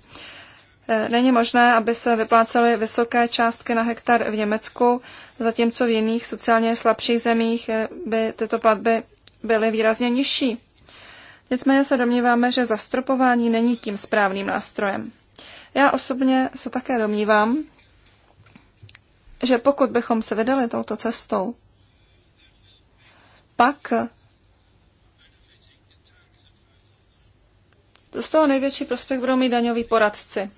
E, není možné, aby se vyplácely vysoké částky na hektar v Německu, zatímco v jiných sociálně slabších zemích e, by tyto platby byly výrazně nižší. Nicméně se domníváme, že zastropování není tím správným nástrojem. Já osobně se také domnívám, že pokud bychom se vydali touto cestou, pak z toho největší prospekt budou mít daňoví poradci.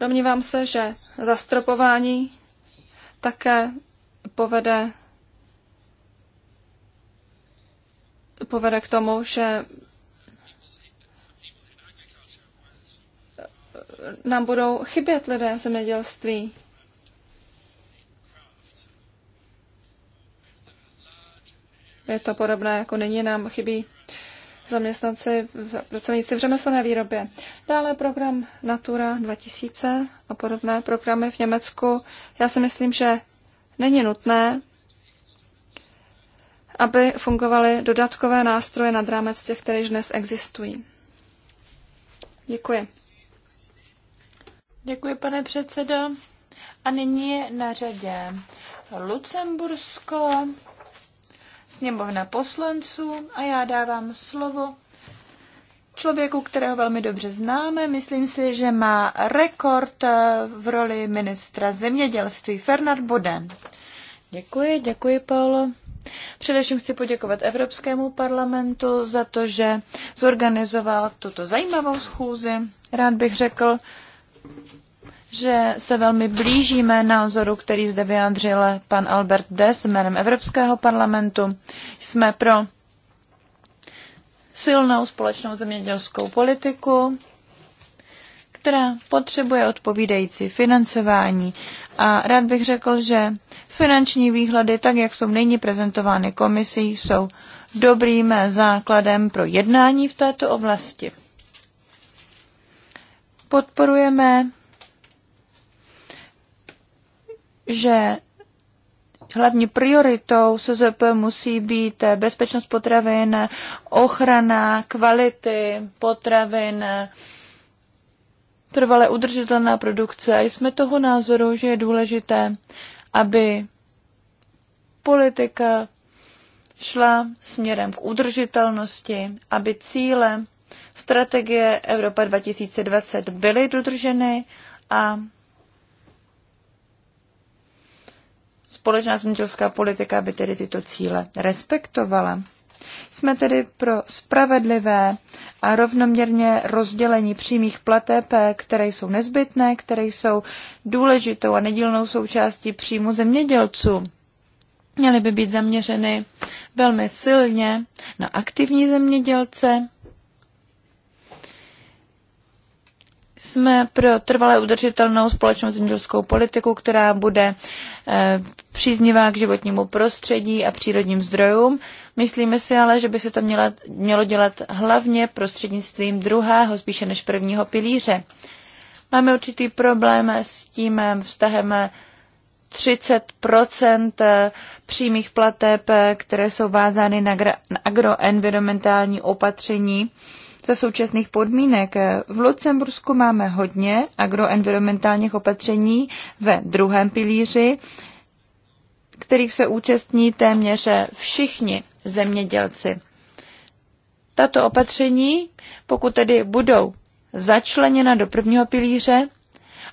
Domnívám se, že zastropování také povede, povede k tomu, že nám budou chybět lidé v zemědělství. Je to podobné, jako nyní nám chybí zaměstnanci pracovníci v řemeslné výrobě. Dále program Natura 2000 a podobné programy v Německu. Já si myslím, že není nutné, aby fungovaly dodatkové nástroje nad rámec těch, které již dnes existují. Děkuji. Děkuji, pane předsedo. A nyní je na řadě Lucembursko sněmovna poslanců a já dávám slovo člověku, kterého velmi dobře známe. Myslím si, že má rekord eh, v roli ministra zemědělství Fernand Boden. Děkuji, děkuji, Paolo. Především chci poděkovat Evropskému parlamentu za to, že zorganizoval tuto zajímavou schůzi. Rád bych řekl, že se velmi blížíme názoru, který zde vyjádřil pan Albert Des jménem Evropského parlamentu. Jsme pro silnou společnou zemědělskou politiku, která potřebuje odpovídající financování. A rád bych řekl, že finanční výhledy, tak jak jsou nyní prezentovány komisí, jsou dobrým základem pro jednání v této oblasti. Podporujeme že hlavní prioritou SZP musí být bezpečnost potravin, ochrana kvality potravin, trvale udržitelná produkce. A jsme toho názoru, že je důležité, aby politika šla směrem k udržitelnosti, aby cíle strategie Evropa 2020 byly dodrženy a Společná zemědělská politika by tedy tyto cíle respektovala. Jsme tedy pro spravedlivé a rovnoměrně rozdělení přímých plateb, které jsou nezbytné, které jsou důležitou a nedílnou součástí příjmu zemědělců. Měly by být zaměřeny velmi silně na aktivní zemědělce, jsme pro trvale udržitelnou společnou zemědělskou politiku, která bude eh, příznivá k životnímu prostředí a přírodním zdrojům. Myslíme si ale, že by se to měla, mělo dělat hlavně prostřednictvím druhého, spíše než prvního pilíře. Máme určitý problém s tím vztahem 30 eh, přímých plateb, eh, které jsou vázány na agroenvironmentální opatření za současných podmínek. V Lucembursku máme hodně agroenvironmentálních opatření ve druhém pilíři, kterých se účastní téměř všichni zemědělci. Tato opatření, pokud tedy budou začleněna do prvního pilíře,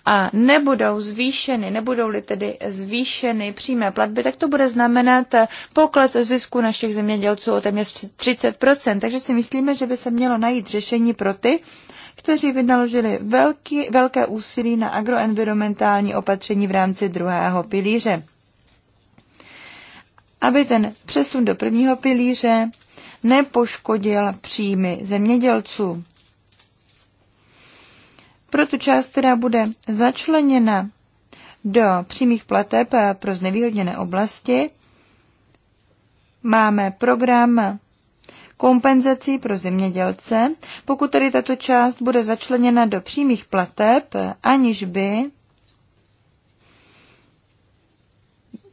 a nebudou zvýšeny, nebudou-li tedy zvýšeny přímé platby, tak to bude znamenat eh, pokles zisku našich zemědělců o téměř 30%. Takže si myslíme, že by se mělo najít řešení pro ty, kteří vynaložili velký, velké úsilí na agroenvironmentální opatření v rámci druhého pilíře. Aby ten přesun do prvního pilíře nepoškodil příjmy zemědělců. Pro tu část, která bude začleněna do přímých plateb pro znevýhodněné oblasti, máme program kompenzací pro zemědělce, pokud tedy tato část bude začleněna do přímých plateb, aniž by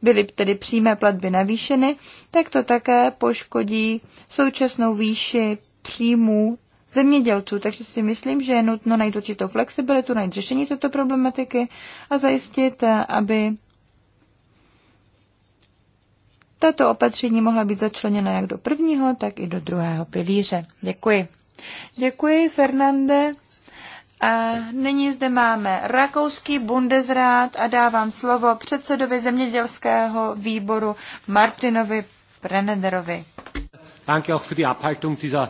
byly tedy přímé platby navýšeny, tak to také poškodí současnou výši příjmů zemědělců, takže si myslím, že je nutno najít určitou flexibilitu, najít řešení této problematiky a zajistit, aby tato opatření mohla být začleněna jak do prvního, tak i do druhého pilíře. Děkuji. Děkuji, Fernande. A nyní zde máme rakouský Bundesrat a dávám slovo předsedovi zemědělského výboru Martinovi Prenederovi. Danke auch für die Abhaltung dieser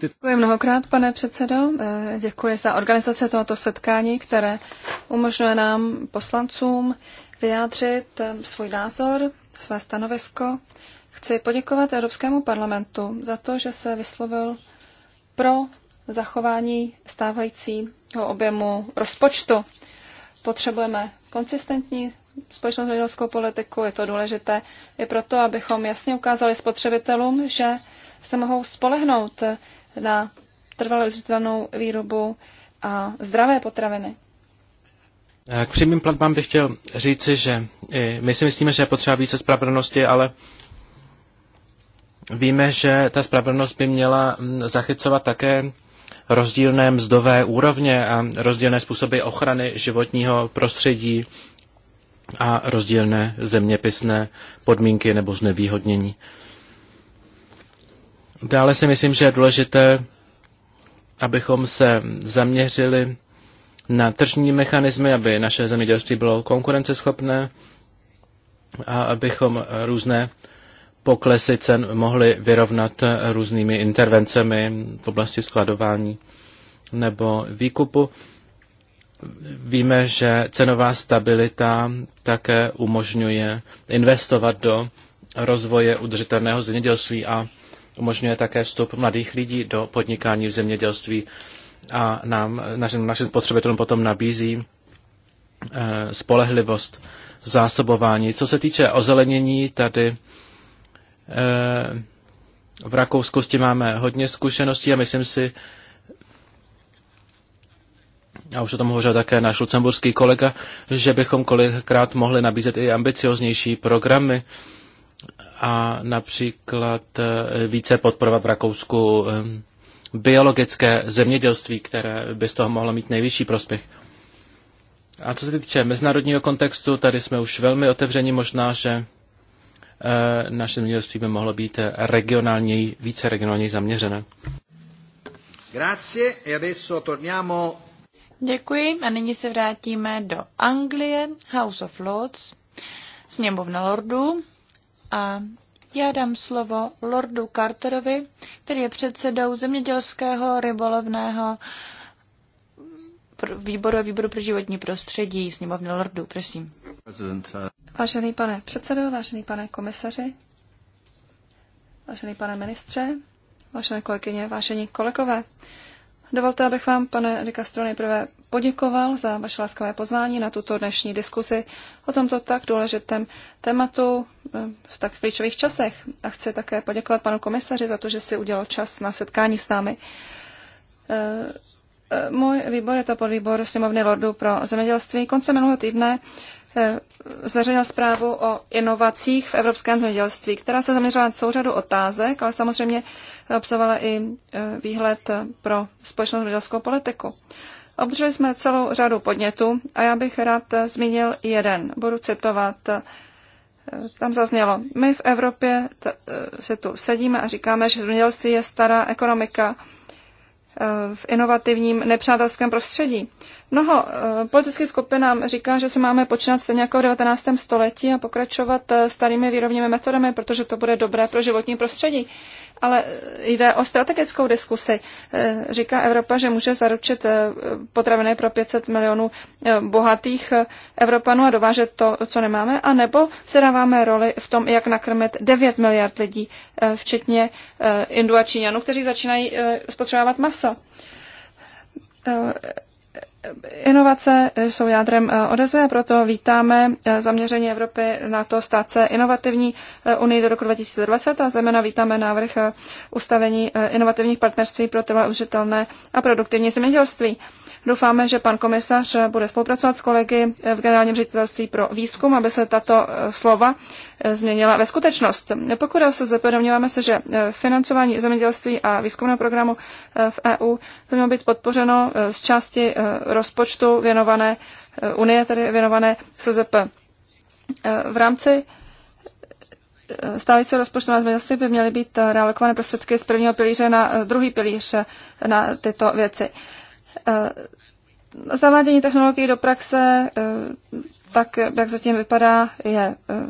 Děkuji mnohokrát, pane předsedo. Eh, děkuji za organizaci tohoto setkání, které umožňuje nám poslancům vyjádřit eh, svůj názor, své stanovisko. Chci poděkovat Evropskému parlamentu za to, že se vyslovil pro zachování stávajícího objemu rozpočtu. Potřebujeme konsistentní společnou zemědělskou politiku, je to důležité i proto, abychom jasně ukázali spotřebitelům, že se mohou spolehnout na trvalou udržitelnou výrobu a zdravé potraviny. Eh, k přímým platbám bych chtěl říci, že eh, my si myslíme, že je potřeba více spravedlnosti, ale víme, že ta spravedlnost by měla mm, zachycovat také rozdílné mzdové úrovně a rozdílné způsoby ochrany životního prostředí a rozdílné zeměpisné podmínky nebo znevýhodnění. Dále si myslím, že je důležité, abychom se zaměřili na tržní mechanismy, aby naše zemědělství bylo konkurenceschopné a abychom různé poklesy cen mohli vyrovnat různými intervencemi v oblasti skladování nebo výkupu. Víme, že cenová stabilita také umožňuje investovat do rozvoje udržitelného zemědělství a umožňuje také vstup mladých lidí do podnikání v zemědělství a nám, našim, našim spotřebitelům potom nabízí e, spolehlivost zásobování. Co se týče ozelenění, tady e, v Rakousku s tím máme hodně zkušeností a myslím si, a už o tom hovořil také náš lucemburský kolega, že bychom kolikrát mohli nabízet i ambicioznější programy, a například e, více podporovat v Rakousku e, biologické zemědělství, které by z toho mohlo mít nejvyšší prospěch. A co se týče mezinárodního kontextu, tady jsme už velmi otevřeni, možná, že e, naše zemědělství by mohlo být regionálně, více regionálně zaměřené. Děkuji a nyní se vrátíme do Anglie, House of Lords, sněmovna lordů a já dám slovo Lordu Carterovi, který je předsedou zemědělského rybolovného výboru a výboru pro životní prostředí sněmovny lordu, Prosím. Vážený pane předsedo, vážený pane komisaři, vážený pane ministře, vážené kolegyně, vážení kolegové, dovolte, abych vám, pane Rikastro, nejprve poděkoval za vaše laskavé pozvání na tuto dnešní diskusi o tomto tak důležitém tématu eh, v tak klíčových časech. A chci také poděkovat panu komisaři za to, že si udělal čas na setkání s námi. Eh, eh, můj výbor je to podvýbor Sněmovny Lordu pro zemědělství. Konce minulého týdne zveřejnil zprávu o inovacích v evropském zemědělství, která se zaměřila na souřadu otázek, ale samozřejmě obsahovala i výhled pro společnou zemědělskou politiku. Obdrželi jsme celou řadu podnětů a já bych rád zmínil jeden. Budu citovat. Eh, tam zaznělo, my v Evropě eh, se tu sedíme a říkáme, že zemědělství je stará ekonomika eh, v inovativním nepřátelském prostředí. Mnoho politických skupin nám říká, že se máme počínat stejně jako v 19. století a pokračovat starými výrobními metodami, protože to bude dobré pro životní prostředí ale eh, jde o strategickou diskusi. Eh, říká Evropa, že může zaručit eh, potraviny pro 500 milionů bohatých Evropanů a dovážet to, co nemáme, anebo se dáváme roli v tom, jak nakrmit 9 miliard lidí, včetně Indu a Číňanů, kteří začínají spotřebovat maso Inovace jsou jádrem eh, odezvy a proto vítáme eh, zaměření Evropy na to stát se inovativní eh, unii do roku 2020 a zejména vítáme návrh ustavení inovativních partnerství pro trvalé udržitelné a produktivní zemědělství. Doufáme, že pan komisař bude spolupracovat s kolegy v Generálním ředitelství pro výzkum, aby se tato eh, slova eh, změnila ve skutečnost. Pokud se SZP, se, že eh, financování zemědělství a výzkumného programu v EU by mělo být podpořeno z části rozpočtu věnované Unie, tedy věnované SZP. V rámci stávajícího rozpočtu na zemědělství by měly být realokované prostředky z prvního pilíře na druhý pilíř na tyto věci. Eh, zavádění technologií do praxe, eh, tak jak zatím vypadá, je, eh,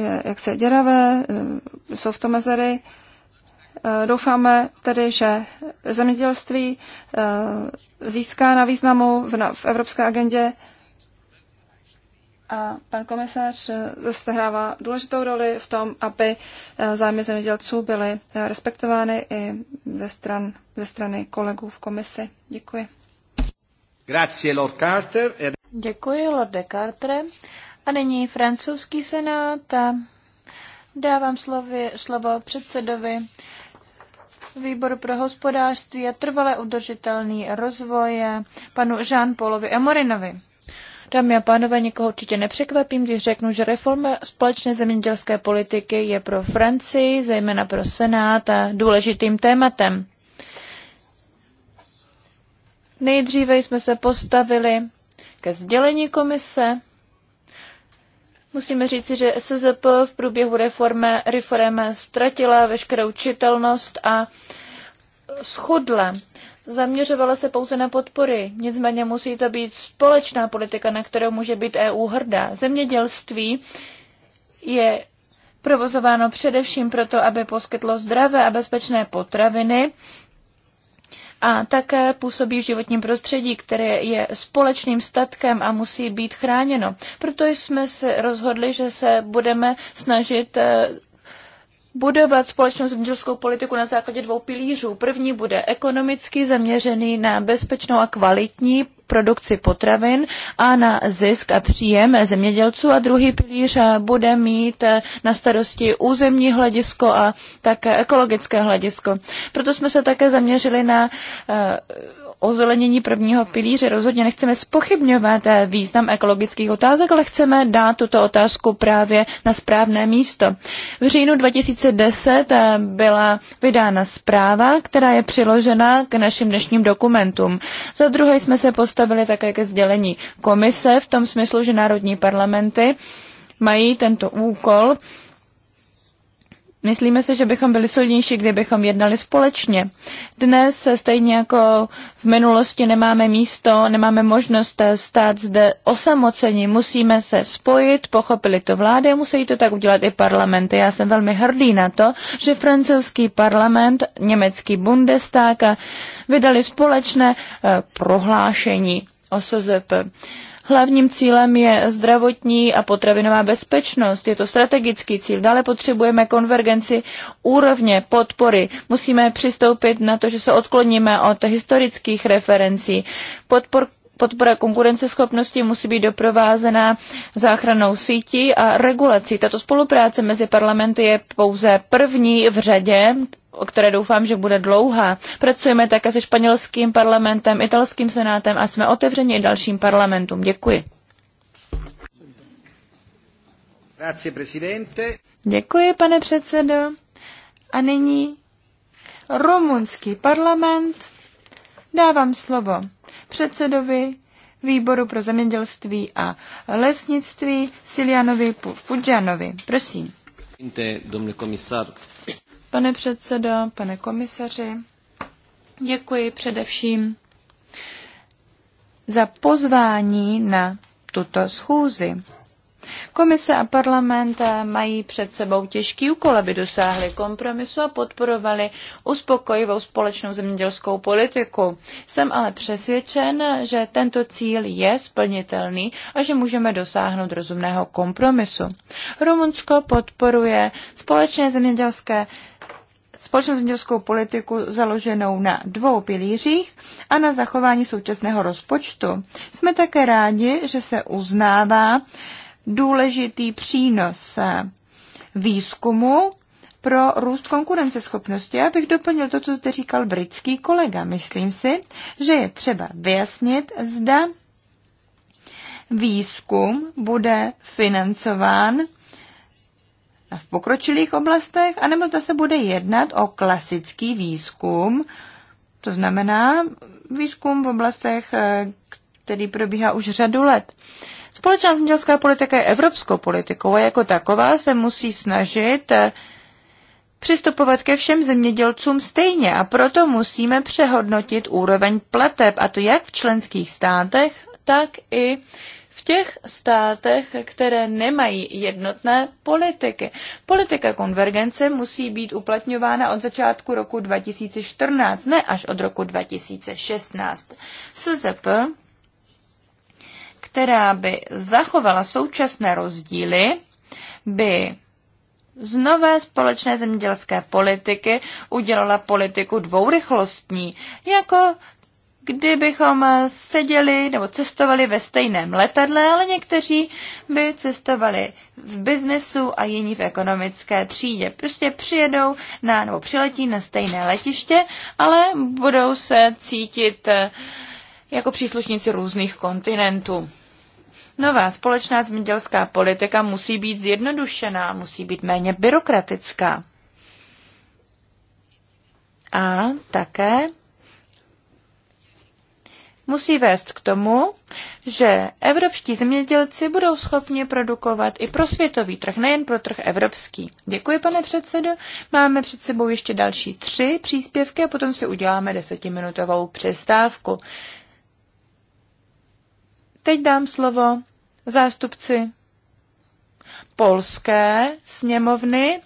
je jak se děravé, jsou v tom mezery. Doufáme tedy, že zemědělství získá na významu v, v evropské agendě a pan komisař eh, zahrává důležitou roli v tom, aby eh, zájmy zemědělců byly eh, respektovány i ze, stran, ze strany kolegů v komisi. Děkuji. Grazie, Lord Carter. E- Děkuji, Lorde Carter. A nyní francouzský senát a dávám slovo předsedovi výboru pro hospodářství a trvale udržitelný rozvoj panu Jean-Paulovi Emorinovi. Dámy a pánové, nikoho určitě nepřekvapím, když řeknu, že reforma společné zemědělské politiky je pro Francii, zejména pro Senát, a důležitým tématem. Nejdříve jsme se postavili ke sdělení komise. Musíme říci, že SZP v průběhu reformy, reform ztratila veškerou čitelnost a schudla zaměřovala se pouze na podpory. Nicméně musí to být společná politika, na kterou může být EU hrdá. Zemědělství je provozováno především proto, aby poskytlo zdravé a bezpečné potraviny a také působí v životním prostředí, které je společným statkem a musí být chráněno. Proto jsme se rozhodli, že se budeme snažit eh, budovat společnou zemědělskou politiku na základě dvou pilířů. První bude ekonomicky zaměřený na bezpečnou a kvalitní produkci potravin a na zisk a příjem zemědělců a druhý pilíř bude mít na starosti územní hledisko a také ekologické hledisko. Proto jsme se také zaměřili na eh, ozelenění prvního pilíře. Rozhodně nechceme spochybňovat eh, význam ekologických otázek, ale chceme dát tuto otázku právě na správné místo. V říjnu 2010 eh, byla vydána zpráva, která je přiložena k našim dnešním dokumentům. Za druhé jsme se postavili také ke sdělení komise v tom smyslu, že národní parlamenty mají tento úkol Myslíme si, že bychom byli silnější, kdybychom jednali společně. Dnes, stejně jako v minulosti, nemáme místo, nemáme možnost stát zde osamocení. Musíme se spojit, pochopili to vlády a musí to tak udělat i parlamenty. Já jsem velmi hrdý na to, že francouzský parlament, německý Bundestag vydali společné eh, prohlášení o SZP. Hlavním cílem je zdravotní a potravinová bezpečnost. Je to strategický cíl. Dále potřebujeme konvergenci úrovně podpory. Musíme přistoupit na to, že se odkloníme od historických referencí. Podpor Podpora konkurenceschopnosti musí být doprovázena záchranou sítí a regulací. Tato spolupráce mezi parlamenty je pouze první v řadě o které doufám, že bude dlouhá. Pracujeme také se španělským parlamentem, italským senátem a jsme otevřeni i dalším parlamentům. Děkuji. Děkuji, pane předsedo. A nyní rumunský parlament. Dávám slovo předsedovi výboru pro zemědělství a lesnictví Silianovi Pudžanovi. Prosím. Domnule komisar, Pane předsedo, pane komisaři, děkuji především za pozvání na tuto schůzi. Komise a parlament mají před sebou těžký úkol, aby dosáhli kompromisu a podporovali uspokojivou společnou zemědělskou politiku. Jsem ale přesvědčen, že tento cíl je splnitelný a že můžeme dosáhnout rozumného kompromisu. Rumunsko podporuje společné zemědělské společnou zemědělskou politiku založenou na dvou pilířích a na zachování současného rozpočtu. Jsme také rádi, že se uznává důležitý přínos výzkumu pro růst konkurenceschopnosti. Já bych doplnil to, co zde říkal britský kolega. Myslím si, že je třeba vyjasnit, zda výzkum bude financován v pokročilých oblastech, anebo zda se bude jednat o klasický výzkum, to znamená výzkum v oblastech, eh, který probíhá už řadu let. Společná zemědělská politika je evropskou politikou a jako taková se musí snažit eh, přistupovat ke všem zemědělcům stejně a proto musíme přehodnotit úroveň plateb, a to jak v členských státech, tak i těch státech, které nemají jednotné politiky. Politika konvergence musí být uplatňována od začátku roku 2014, ne až od roku 2016. SZP která by zachovala současné rozdíly, by z nové společné zemědělské politiky udělala politiku dvourychlostní, jako kdybychom eh, seděli nebo cestovali ve stejném letadle, ale někteří by cestovali v biznesu a jiní v ekonomické třídě. Prostě přijedou na, nebo přiletí na stejné letiště, ale budou se cítit eh, jako příslušníci různých kontinentů. Nová společná zemědělská politika musí být zjednodušená, musí být méně byrokratická. A také musí vést k tomu, že evropští zemědělci budou schopni produkovat i pro světový trh, nejen pro trh evropský. Děkuji, pane předsedo. Máme před sebou ještě další tři příspěvky a potom si uděláme desetiminutovou přestávku. Teď dám slovo zástupci polské sněmovny,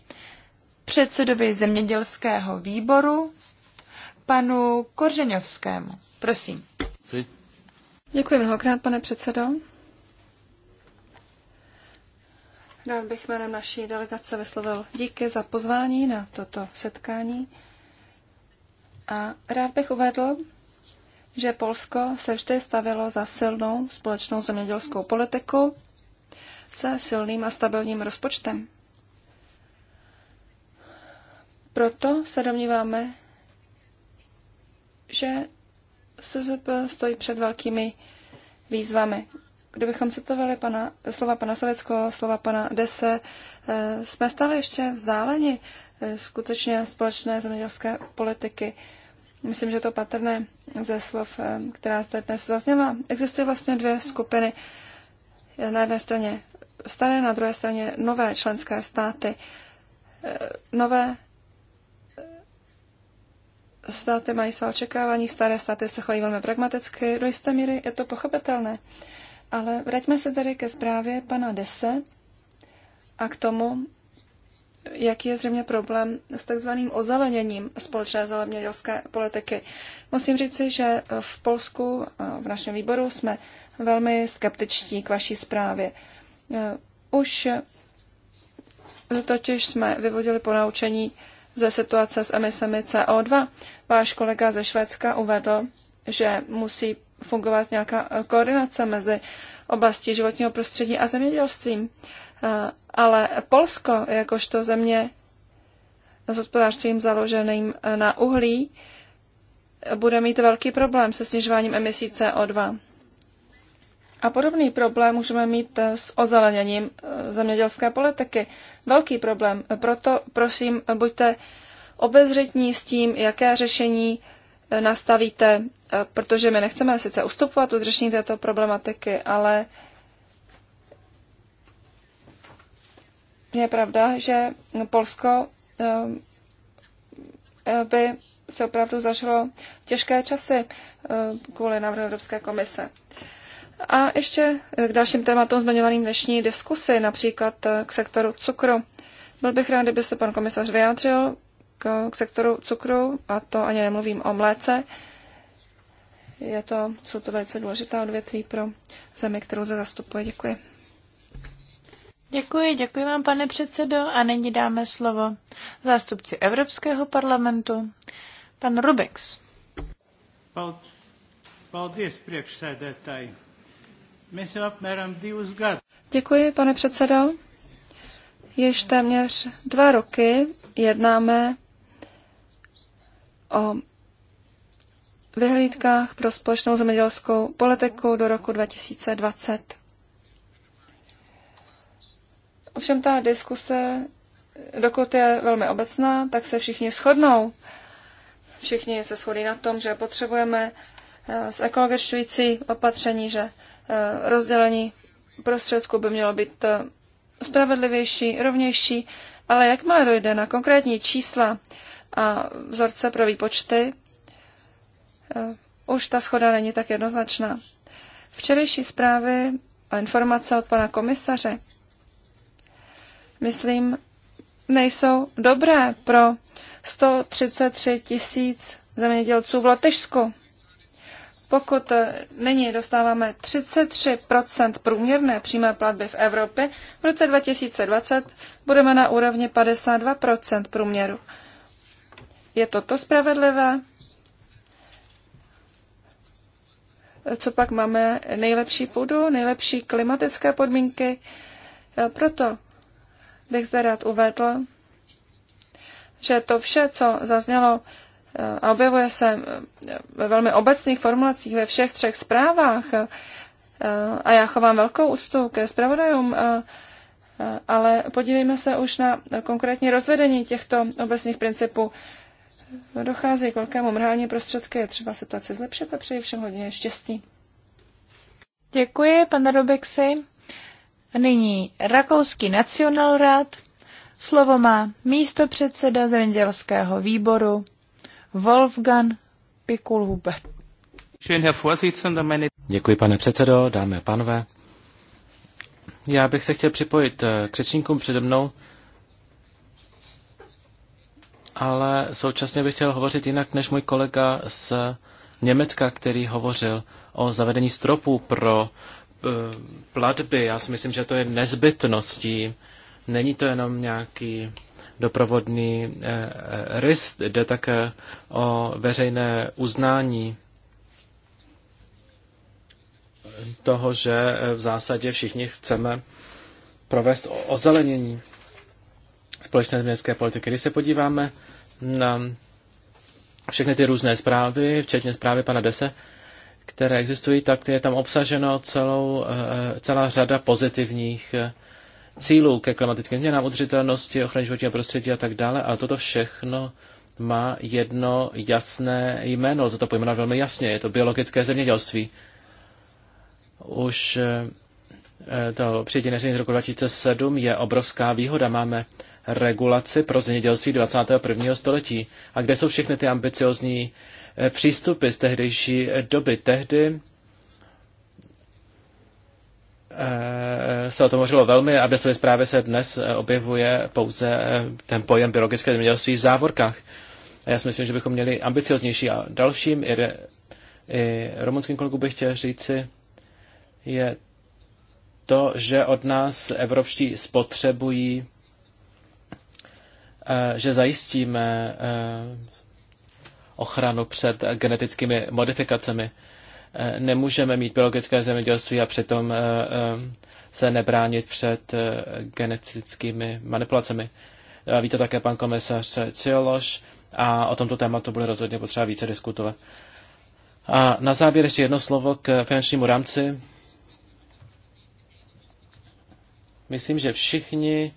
předsedovi zemědělského výboru, panu Kořeňovskému. Prosím věci. Děkuji mnohokrát, pane předsedo. Rád bych jménem naší delegace vyslovil díky za pozvání na toto setkání a rád bych uvedl, že Polsko se vždy stavilo za silnou společnou zemědělskou politiku se silným a stabilním rozpočtem. Proto se domníváme, že SZP stojí před velkými výzvami. Kdybychom citovali pana, slova pana Sovětského, slova pana Dese, eh, jsme stále ještě vzdáleni eh, skutečně společné zemědělské politiky. Myslím, že to patrné ze slov, eh, která zde dnes zazněla. Existují vlastně dvě skupiny. Na jedné straně staré, na druhé straně nové členské státy. Nové státy mají svá očekávání, staré státy se chovají velmi pragmaticky, do jisté míry je to pochopitelné. Ale vraťme se tedy ke zprávě pana Dese a k tomu, jaký je zřejmě problém s takzvaným ozeleněním společné zelenědělské politiky. Musím říci, že v Polsku, v našem výboru, jsme velmi skeptičtí k vaší zprávě. Už totiž jsme vyvodili ponaučení ze situace s emisemi CO2. Váš kolega ze Švédska uvedl, že musí fungovat nějaká eh, koordinace mezi oblastí životního prostředí a zemědělstvím. Eh, ale Polsko, jakožto země s hospodářstvím založeným eh, na uhlí, bude mít velký problém se snižováním emisí CO2. A podobný problém můžeme mít s ozeleněním zemědělské politiky velký problém. Proto prosím, buďte obezřetní s tím, jaké řešení eh, nastavíte, eh, protože my nechceme sice ustupovat od řešení této problematiky, ale je pravda, že Polsko eh, by se opravdu zažilo těžké časy kvůli návrhu Evropské komise. A ještě k dalším tématům zmiňovaným dnešní diskusy, například eh, k sektoru cukru. Byl bych rád, kdyby se pan komisař vyjádřil k, k sektoru cukru, a to ani nemluvím o mléce. Je to, jsou to velice důležitá odvětví pro zemi, kterou se zastupuje. Děkuji. Děkuji, děkuji vám, pane předsedo, a nyní dáme slovo zástupci Evropského parlamentu, pan Rubiks. Paldies, priekšsēdētāji. Děkuji, pane předsedo. Již téměř dva roky jednáme o vyhlídkách pro společnou zemědělskou politiku do roku 2020. Ovšem ta diskuse, dokud je velmi obecná, tak se všichni shodnou. Všichni se shodí na tom, že potřebujeme eh, z ekologičující opatření, že Eh, rozdělení prostředků by mělo být eh, spravedlivější, rovnější, ale jakmile dojde na konkrétní čísla a vzorce pro výpočty, eh, už ta schoda není tak jednoznačná. Včerejší zprávy a informace od pana komisaře, myslím, nejsou dobré pro 133 tisíc zemědělců v Lotyšsku. Pokud eh, nyní dostáváme 33 průměrné přímé platby v Evropě, v roce 2020 budeme na úrovni 52 průměru. Je toto spravedlivé? Co pak máme nejlepší půdu, nejlepší klimatické podmínky? Eh, Proto bych zde rád uvedl, že to vše, co zaznělo a objevuje se eh, ve velmi obecných formulacích ve všech třech zprávách eh, a já chovám velkou úctu ke zpravodajům, eh, ale podívejme se už na konkrétní rozvedení těchto obecných principů. Dochází k velkému mrhání prostředky, je třeba situaci zlepšit a přeji všem hodně štěstí. Děkuji, pane Robexy. Nyní rakouský nacionalrát. Slovo má místo předseda zemědělského výboru Wolfgang Pikulhuber. Děkuji, pane předsedo, dámy a pánové. Já bych se chtěl připojit eh, k řečníkům přede mnou, ale současně bych chtěl hovořit jinak než můj kolega z Německa, který hovořil o zavedení stropu pro eh, platby. Já si myslím, že to je nezbytností. Není to jenom nějaký doprovodný eh, eh, rys, jde také o veřejné uznání toho, že eh, v zásadě všichni chceme provést ozelenění společné městské politiky. Když se podíváme na všechny ty různé zprávy, včetně zprávy pana Dese, které existují, tak je tam obsaženo celou, celá řada pozitivních cílů ke klimatickým změnám, udržitelnosti, ochraně životního prostředí a tak dále, ale toto všechno má jedno jasné jméno, za to pojmenovat velmi jasně, je to biologické zemědělství. Už eh, eh, to přijetí nařízení z roku 2007 je obrovská výhoda. Máme regulaci pro zemědělství 21. století. A kde jsou všechny ty ambiciozní eh, přístupy z tehdejší doby? Tehdy Eh, se o tom hovořilo velmi a v zprávě se dnes eh, objevuje pouze eh, ten pojem biologické zemědělství v závorkách. A já si myslím, že bychom měli ambicioznější. A dalším i, re, i rumunským kolegům bych chtěl říci, je to, že od nás evropští spotřebují, že zajistíme ochranu před genetickými modifikacemi. Eh, nemůžeme mít biologické zemědělství a přitom eh, eh, se nebránit před genetickými manipulacemi. Ví to také pan komisař Ciološ a o tomto tématu bude rozhodně potřeba více diskutovat. A na závěr ještě jedno slovo k finančnímu rámci. Myslím, že všichni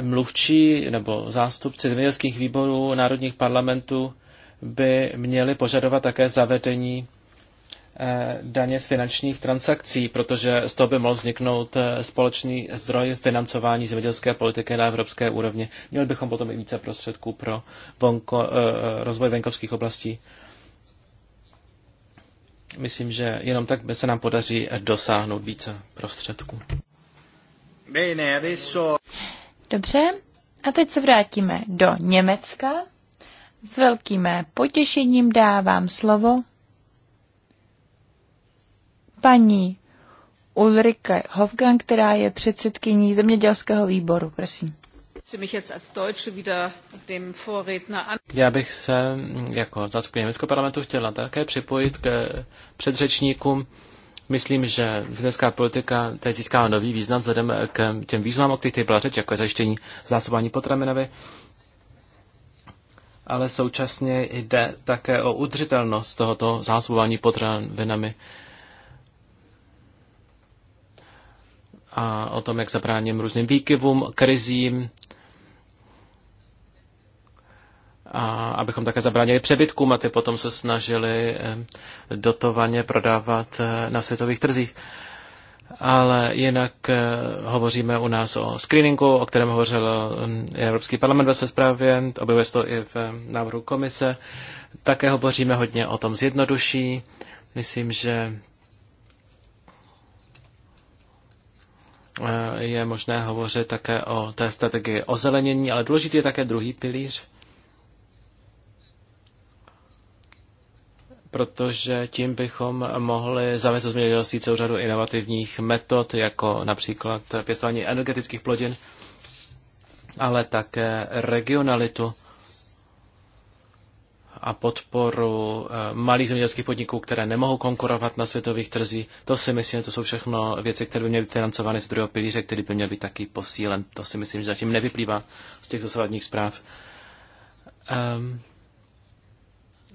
mluvčí nebo zástupci zemědělských výborů národních parlamentů by měli požadovat také zavedení Eh, daně z finančních transakcí, protože z toho by mohl vzniknout eh, společný zdroj financování zemědělské politiky na evropské úrovni. Měli bychom potom i více prostředků pro vonko, eh, rozvoj venkovských oblastí. Myslím, že jenom tak by se nám podaří dosáhnout více prostředků. Dobře, a teď se vrátíme do Německa. S velkým potěšením dávám slovo paní Ulrike Hofgang, která je předsedkyní zemědělského výboru. Prosím. Já bych se jako zástupce Německého parlamentu chtěla také připojit k předřečníkům. Myslím, že zemědělská politika teď získává nový význam vzhledem k těm významům, o kterých byla řeč, jako je zajištění zásobování potravinami, ale současně jde také o udržitelnost tohoto zásobování potravinami. a o tom, jak zabráním různým výkyvům, krizím, a abychom také zabránili přebytkům a ty potom se snažili eh, dotovaně prodávat eh, na světových trzích. Ale jinak eh, hovoříme u nás o screeningu, o kterém hovořil mm, Evropský parlament ve své zprávě, objevuje se to i v návrhu komise. Také hovoříme hodně o tom zjednoduší. Myslím, že Eh, je možné hovořit také o té strategii ozelenění, ale důležitý je také druhý pilíř, protože tím bychom mohli zavést do zemědělství celou řadu inovativních metod, jako například pěstování energetických plodin, ale také regionalitu a podporu eh, malých zemědělských podniků, které nemohou konkurovat na světových trzích. To si myslím, že to jsou všechno věci, které by měly být financovány z druhého pilíře, který by měl být taky posílen. To si myslím, že zatím nevyplývá z těch dosavadních zpráv. Um,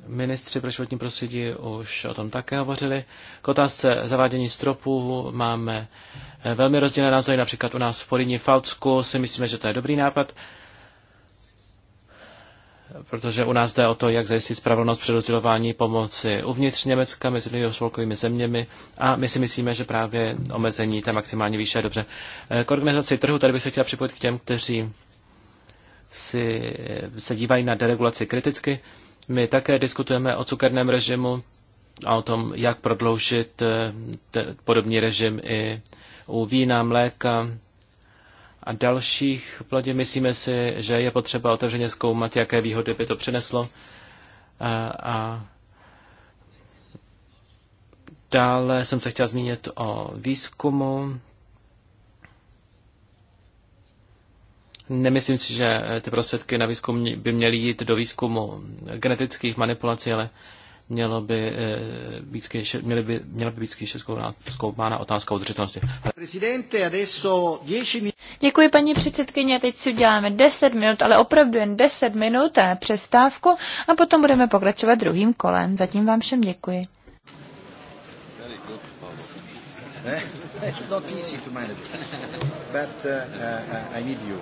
ministři pro životní prostředí už o tom také hovořili. K otázce zavádění stropů máme eh, velmi rozdílné názory, například u nás v Políně Falcku si myslíme, že to je dobrý nápad. Uh, protože u nás jde o to, jak zajistit spravedlnost při rozdělování pomoci uvnitř Německa mezi spolkovými zeměmi a my si myslíme, že právě omezení té maximální výše je dobře. Eh, k organizaci trhu tady bych se chtěla připojit k těm, kteří si, se dívají na deregulaci kriticky. My také diskutujeme o cukerném režimu a o tom, jak prodloužit eh, podobný režim i u vína, mléka, a dalších plodě Myslíme si, že je potřeba otevřeně zkoumat, jaké výhody by to přineslo. A, a dále jsem se chtěl zmínit o výzkumu. Nemyslím si, že ty prostředky na výzkum by měly jít do výzkumu genetických manipulací, ale uh, mělo by, eh, být, měly by, měla by být skýše zkoumána otázka udržitelnosti. Děkuji, paní předsedkyně. Teď si uděláme 10 minut, ale opravdu jen 10 minut a eh, přestávku a potom budeme pokračovat druhým kolem. Zatím vám všem děkuji. Eh, it's not easy to manage, but uh, uh, I need you.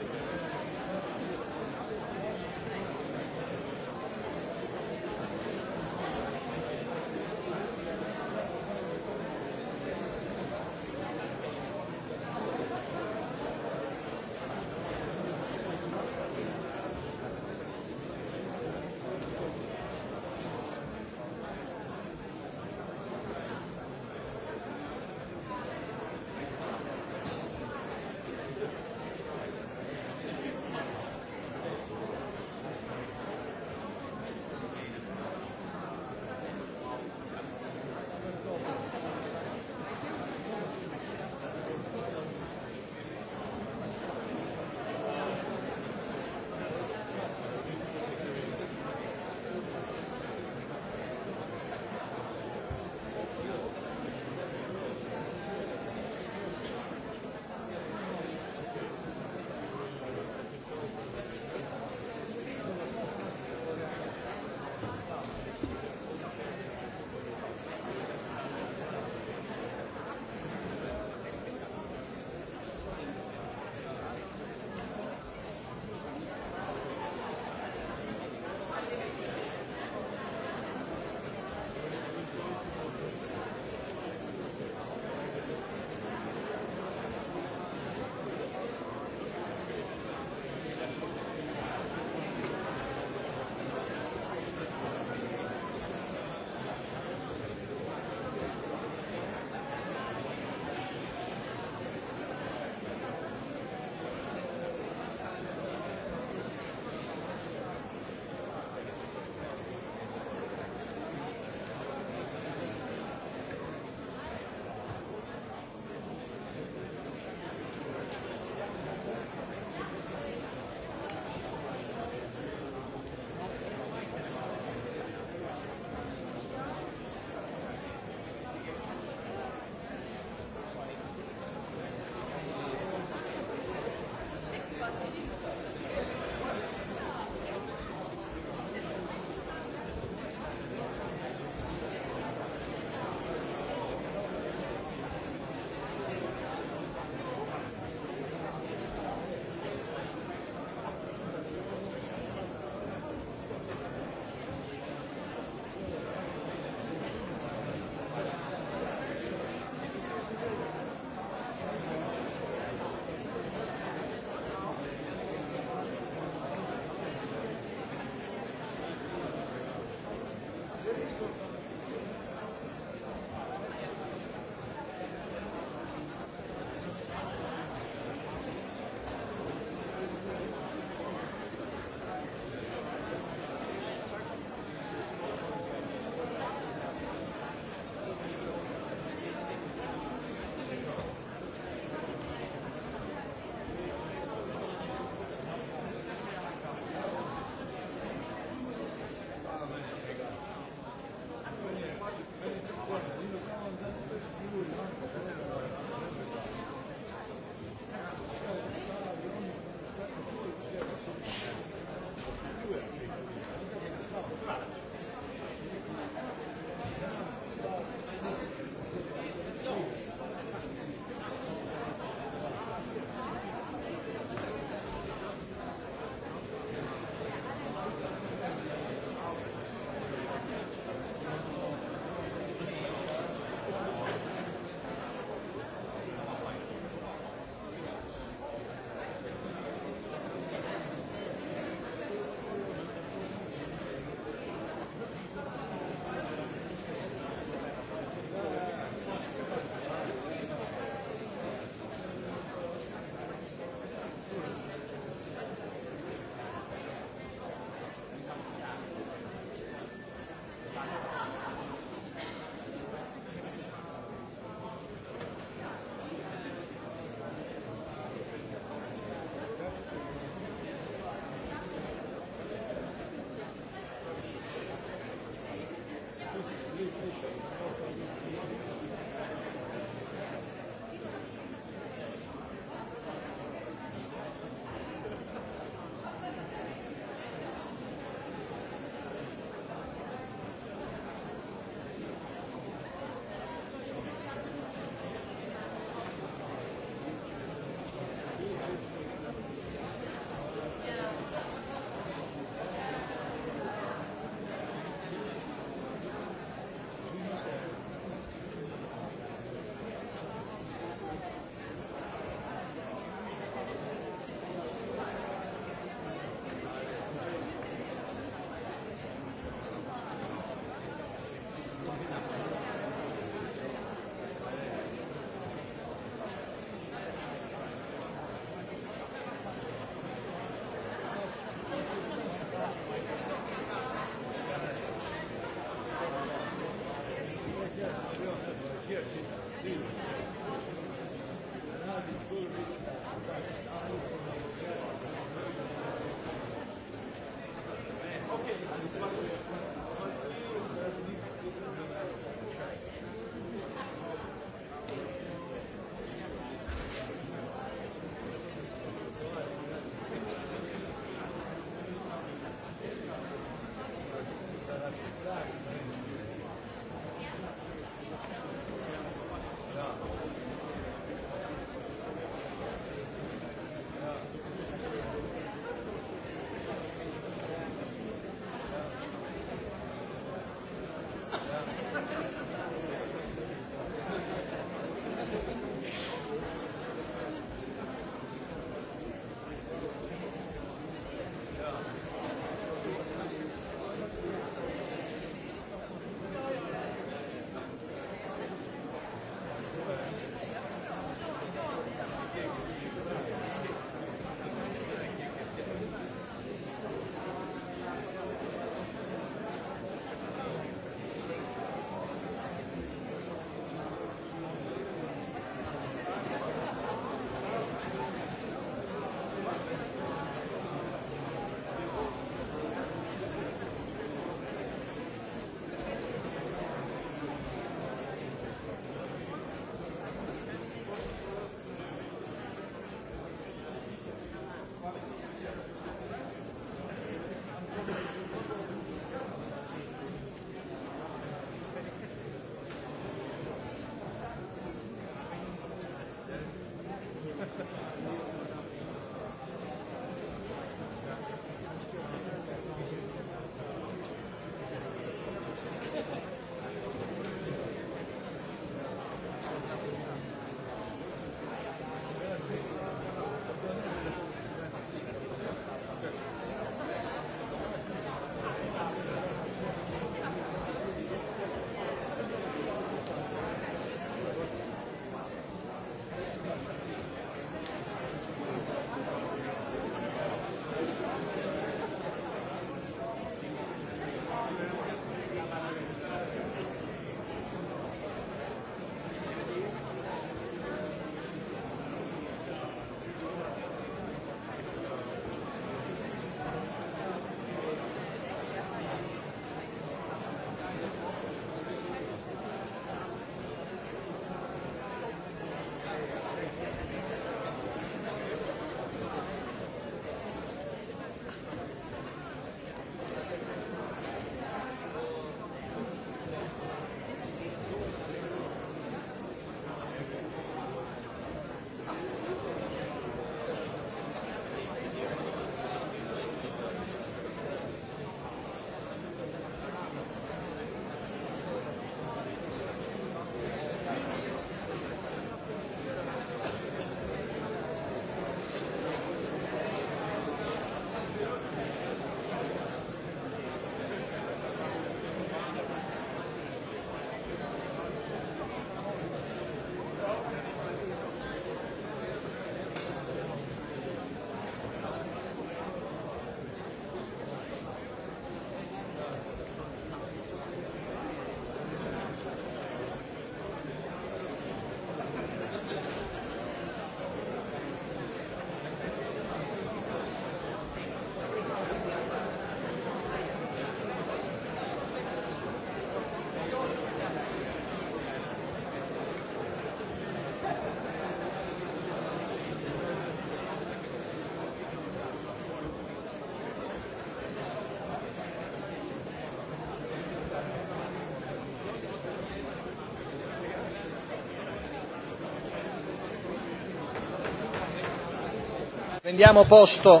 Prendiamo posto.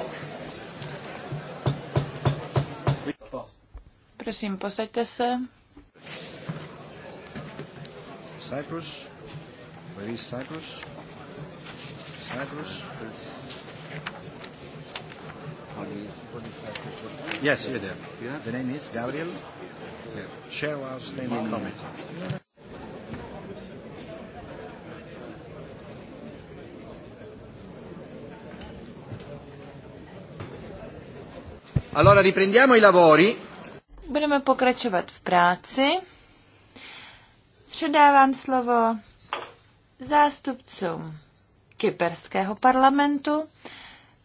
Prosím, posaďte se. Cyprus? Where is Cyprus? Cyprus? Yes, you're there. The name is Gabriel. Yeah. Chair of Standing Committee. Allora riprendiamo i lavori. Budeme pokračovat v práci. Předávám slovo zástupcům Kyperského parlamentu,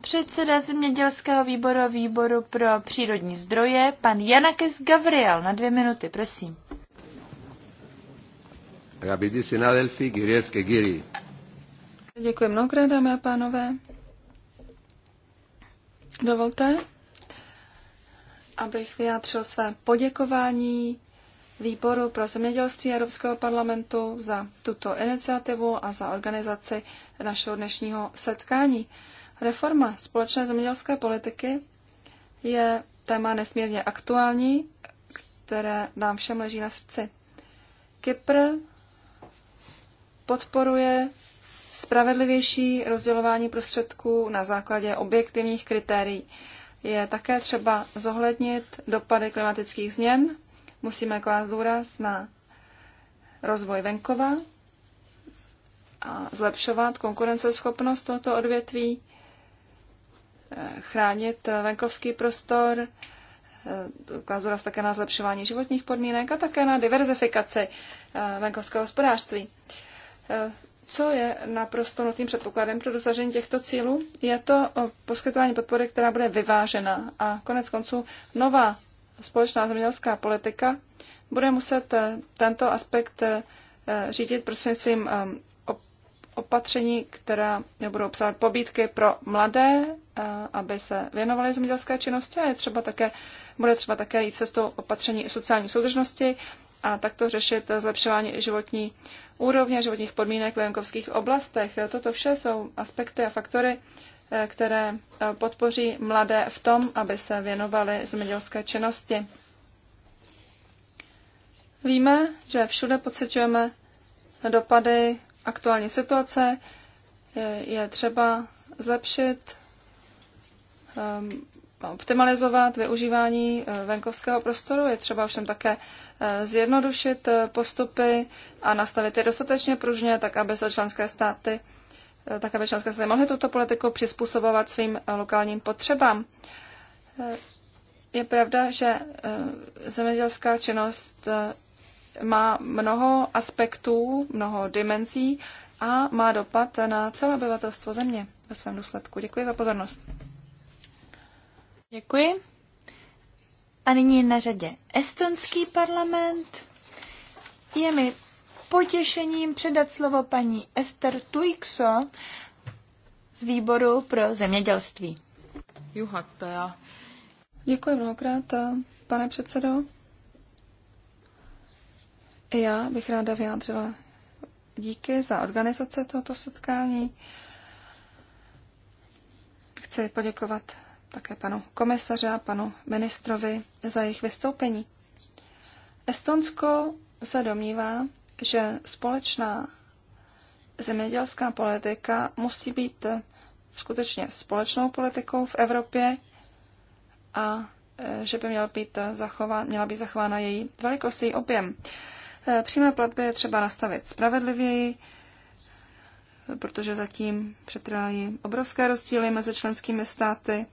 předseda zemědělského výboru a výboru pro přírodní zdroje, pan Janakes Gabriel. Na dvě minuty, prosím. Děkuji mnohokrát, dámy a pánové. Dovolte, abych vyjádřil své poděkování Výboru pro zemědělství Evropského parlamentu za tuto iniciativu a za organizaci našeho dnešního setkání. Reforma společné zemědělské politiky je téma nesmírně aktuální, které nám všem leží na srdci. Kypr podporuje spravedlivější rozdělování prostředků na základě objektivních kritérií je také třeba zohlednit dopady klimatických změn. Musíme klást důraz na rozvoj venkova a zlepšovat konkurenceschopnost tohoto odvětví, eh, chránit venkovský prostor, eh, klást důraz také na zlepšování životních podmínek a také na diverzifikaci eh, venkovského hospodářství. Co je naprosto nutným předpokladem pro dosažení těchto cílů? Je to eh, poskytování podpory, která bude vyvážena a konec konců nová společná zemědělská politika bude muset eh, tento aspekt eh, řídit prostřednictvím opatření, která budou obsahovat pobídky pro mladé, aby se věnovali zemědělské činnosti a je třeba také, bude třeba také jít cestou opatření sociální soudržnosti a takto řešit zlepšování životní úrovně životních podmínek v venkovských oblastech. Toto vše jsou aspekty a faktory, eh, které eh, podpoří mladé v tom, aby se věnovali zemědělské činnosti. Víme, že všude pocitujeme dopady aktuální situace. Je třeba zlepšit, ehm, optimalizovat využívání eh, venkovského prostoru. Je třeba všem také zjednodušit eh, postupy a nastavit je dostatečně pružně, tak aby se členské státy eh, tak aby členské státy mohly tuto politiku přizpůsobovat svým eh, lokálním potřebám. Je pravda, že zemědělská činnost má mnoho aspektů, mnoho dimenzí a má dopad na celé obyvatelstvo země ve svém důsledku. Děkuji za pozornost. Děkuji. A nyní je na řadě Estonský parlament. Je mi potěšením předat slovo paní Ester Tuikso z výboru pro zemědělství. Juhattaja. Děkuji mnohokrát, pane předsedo. Já bych ráda vyjádřila díky za organizace tohoto setkání. Chci poděkovat také panu komisaři a panu ministrovi za jejich vystoupení. Estonsko se domnívá, že společná zemědělská politika musí být skutečně společnou politikou v Evropě a e, že by měla být zachován, měla být zachována její velikost, její objem. E, přímé platby je třeba nastavit spravedlivěji, e, protože zatím přetrvají obrovské rozdíly mezi členskými státy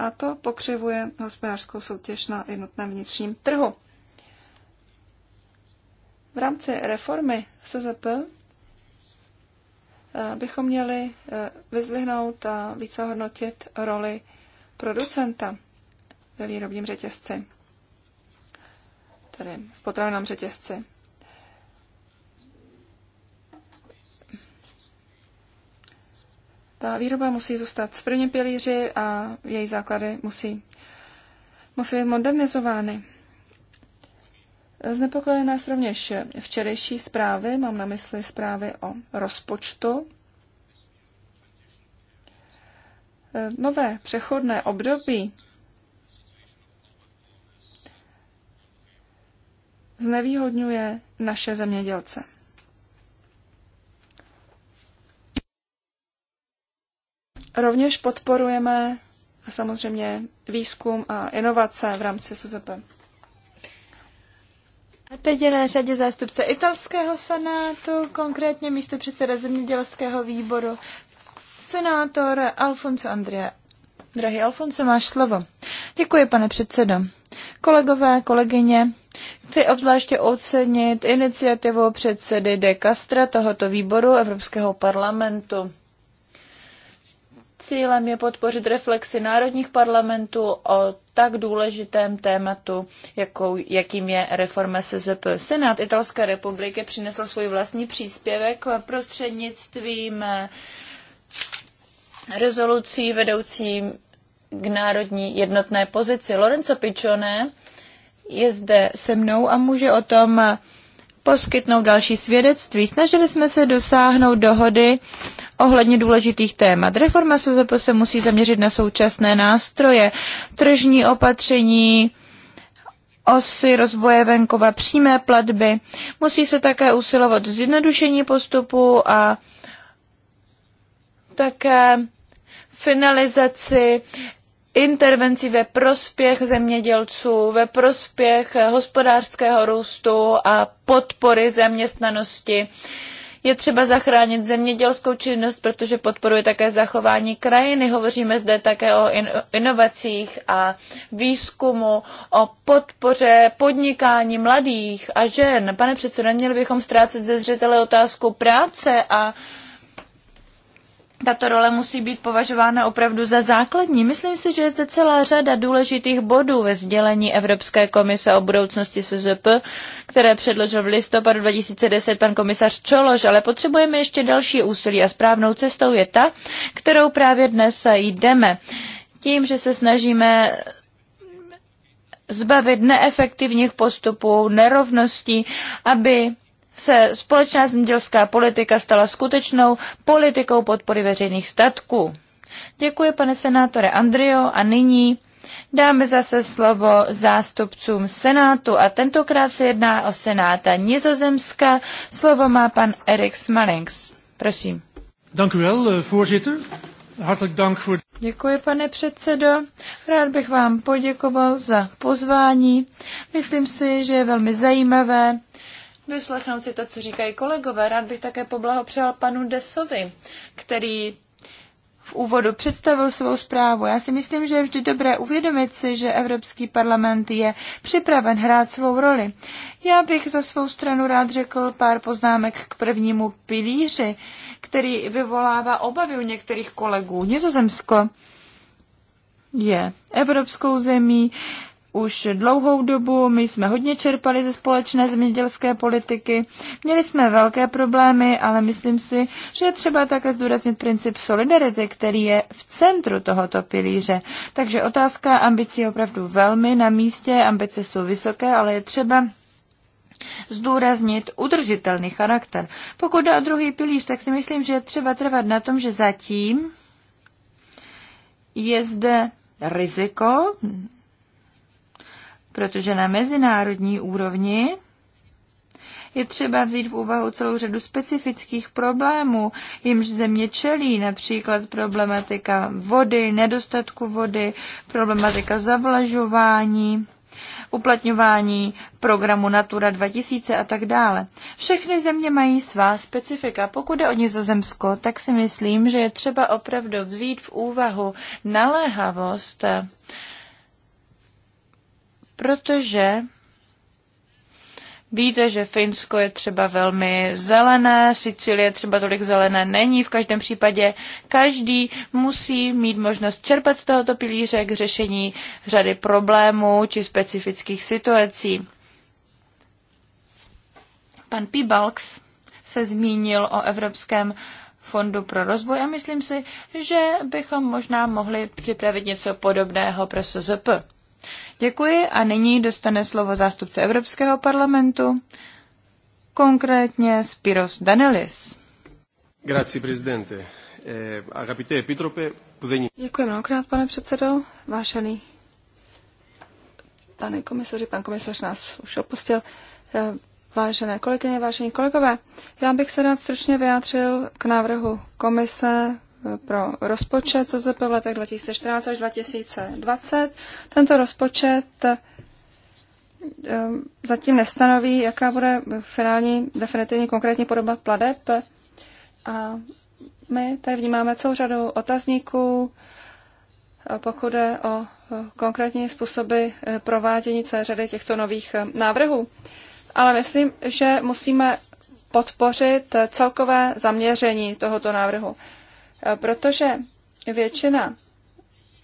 a to pokřivuje hospodářskou soutěž na jednotném vnitřním trhu. V rámci reformy SZP eh, bychom měli eh, vyzvihnout a více hodnotit roli producenta ve výrobním řetězci, tedy v potravinovém řetězci. Ta výroba musí zůstat v prvním pilíři a její základy musí, musí být modernizovány. Znepokojené nás rovněž včerejší zprávy, mám na mysli zprávy o rozpočtu. Nové přechodné období znevýhodňuje naše zemědělce. Rovněž podporujeme samozřejmě výzkum a inovace v rámci SZP. A teď je na řadě zástupce italského senátu, konkrétně místo předseda zemědělského výboru, senátor Alfonso Andrea. Drahý Alfonso, máš slovo. Děkuji, pane předsedo. Kolegové, kolegyně, chci obzvláště ocenit iniciativu předsedy De Castra tohoto výboru Evropského parlamentu. Cílem je podpořit reflexy národních parlamentů o tak důležitém tématu, jakou, jakým je reforma SZP. Senát Italské republiky přinesl svůj vlastní příspěvek prostřednictvím eh, rezolucí vedoucí k národní jednotné pozici. Lorenzo Piccione je zde se mnou a může o tom eh, poskytnout další svědectví. Snažili jsme se dosáhnout dohody ohledně důležitých témat. Reforma SZP se musí zaměřit na současné nástroje, tržní opatření, osy rozvoje venkova, přímé platby. Musí se také usilovat zjednodušení postupu a také finalizaci intervencí ve prospěch zemědělců, ve prospěch hospodářského růstu a podpory zaměstnanosti. Je třeba zachránit zemědělskou činnost, protože podporuje také zachování krajiny. Hovoříme zde také o inovacích a výzkumu, o podpoře podnikání mladých a žen. Pane předsedo, neměli bychom ztrácet ze zřetele otázku práce a tato role musí být považována opravdu za základní. Myslím si, že je zde celá řada důležitých bodů ve sdělení Evropské komise o budoucnosti SZP, které předložil v listopadu 2010 pan komisař Čolož, ale potřebujeme ještě další úsilí a správnou cestou je ta, kterou právě dnes jdeme. Tím, že se snažíme zbavit neefektivních postupů, nerovností, aby se společná zemědělská politika stala skutečnou politikou podpory veřejných statků. Děkuji, pane senátore Andrio, a nyní dáme zase slovo zástupcům Senátu a tentokrát se jedná o Senáta Nizozemska. Slovo má pan Erik Smalings. Prosím. Eh, Děkuji, pane předsedo. Rád bych vám poděkoval za pozvání. Myslím si, že je velmi zajímavé vyslechnout si to, co říkají kolegové. Rád bych také poblahopřál panu Desovi, který v úvodu představil svou zprávu. Já si myslím, že je vždy dobré uvědomit si, že Evropský parlament je připraven hrát svou roli. Já bych za svou stranu rád řekl pár poznámek k prvnímu pilíři, který vyvolává obavy u některých kolegů. Nizozemsko je evropskou zemí, už dlouhou dobu. My jsme hodně čerpali ze společné zemědělské politiky. Měli jsme velké problémy, ale myslím si, že je třeba také zdůraznit princip solidarity, který je v centru tohoto pilíře. Takže otázka ambicí je opravdu velmi na místě. Ambice jsou vysoké, ale je třeba zdůraznit udržitelný charakter. Pokud jde o druhý pilíř, tak si myslím, že je třeba trvat na tom, že zatím je zde riziko, protože na mezinárodní úrovni je třeba vzít v úvahu celou řadu specifických problémů, jimž země čelí, například problematika vody, nedostatku vody, problematika zavlažování, uplatňování programu Natura 2000 a tak dále. Všechny země mají svá specifika. Pokud je o Nizozemsko, tak si myslím, že je třeba opravdu vzít v úvahu naléhavost protože Víte, že Finsko je třeba velmi zelené, Sicilie třeba tolik zelené není, v každém případě každý musí mít možnost čerpat z tohoto pilíře k řešení řady problémů či specifických situací. Pan Pibalks se zmínil o Evropském fondu pro rozvoj a myslím si, že bychom možná mohli připravit něco podobného pro SZP. Děkuji a nyní dostane slovo zástupce Evropského parlamentu, konkrétně Spiros Danelis. Grazie, prezidente. Eh, Agapité epitrope, Děkuji mnohokrát, pane předsedo. Vášený pane komisaři, pan komisař nás už opustil. Eh, vážené kolegyně, vážení kolegové, já bych se rád stručně vyjádřil k návrhu komise pro rozpočet CZP v letech 2014 až 2020. Tento rozpočet eh, zatím nestanoví, jaká bude finální, definitivní, konkrétní podoba pladeb. A my tady vnímáme celou řadu otazníků, eh, pokud je o eh, konkrétní způsoby provádění celé řady těchto nových návrhů. Ale myslím, že musíme podpořit celkové zaměření tohoto návrhu. Eh, protože většina,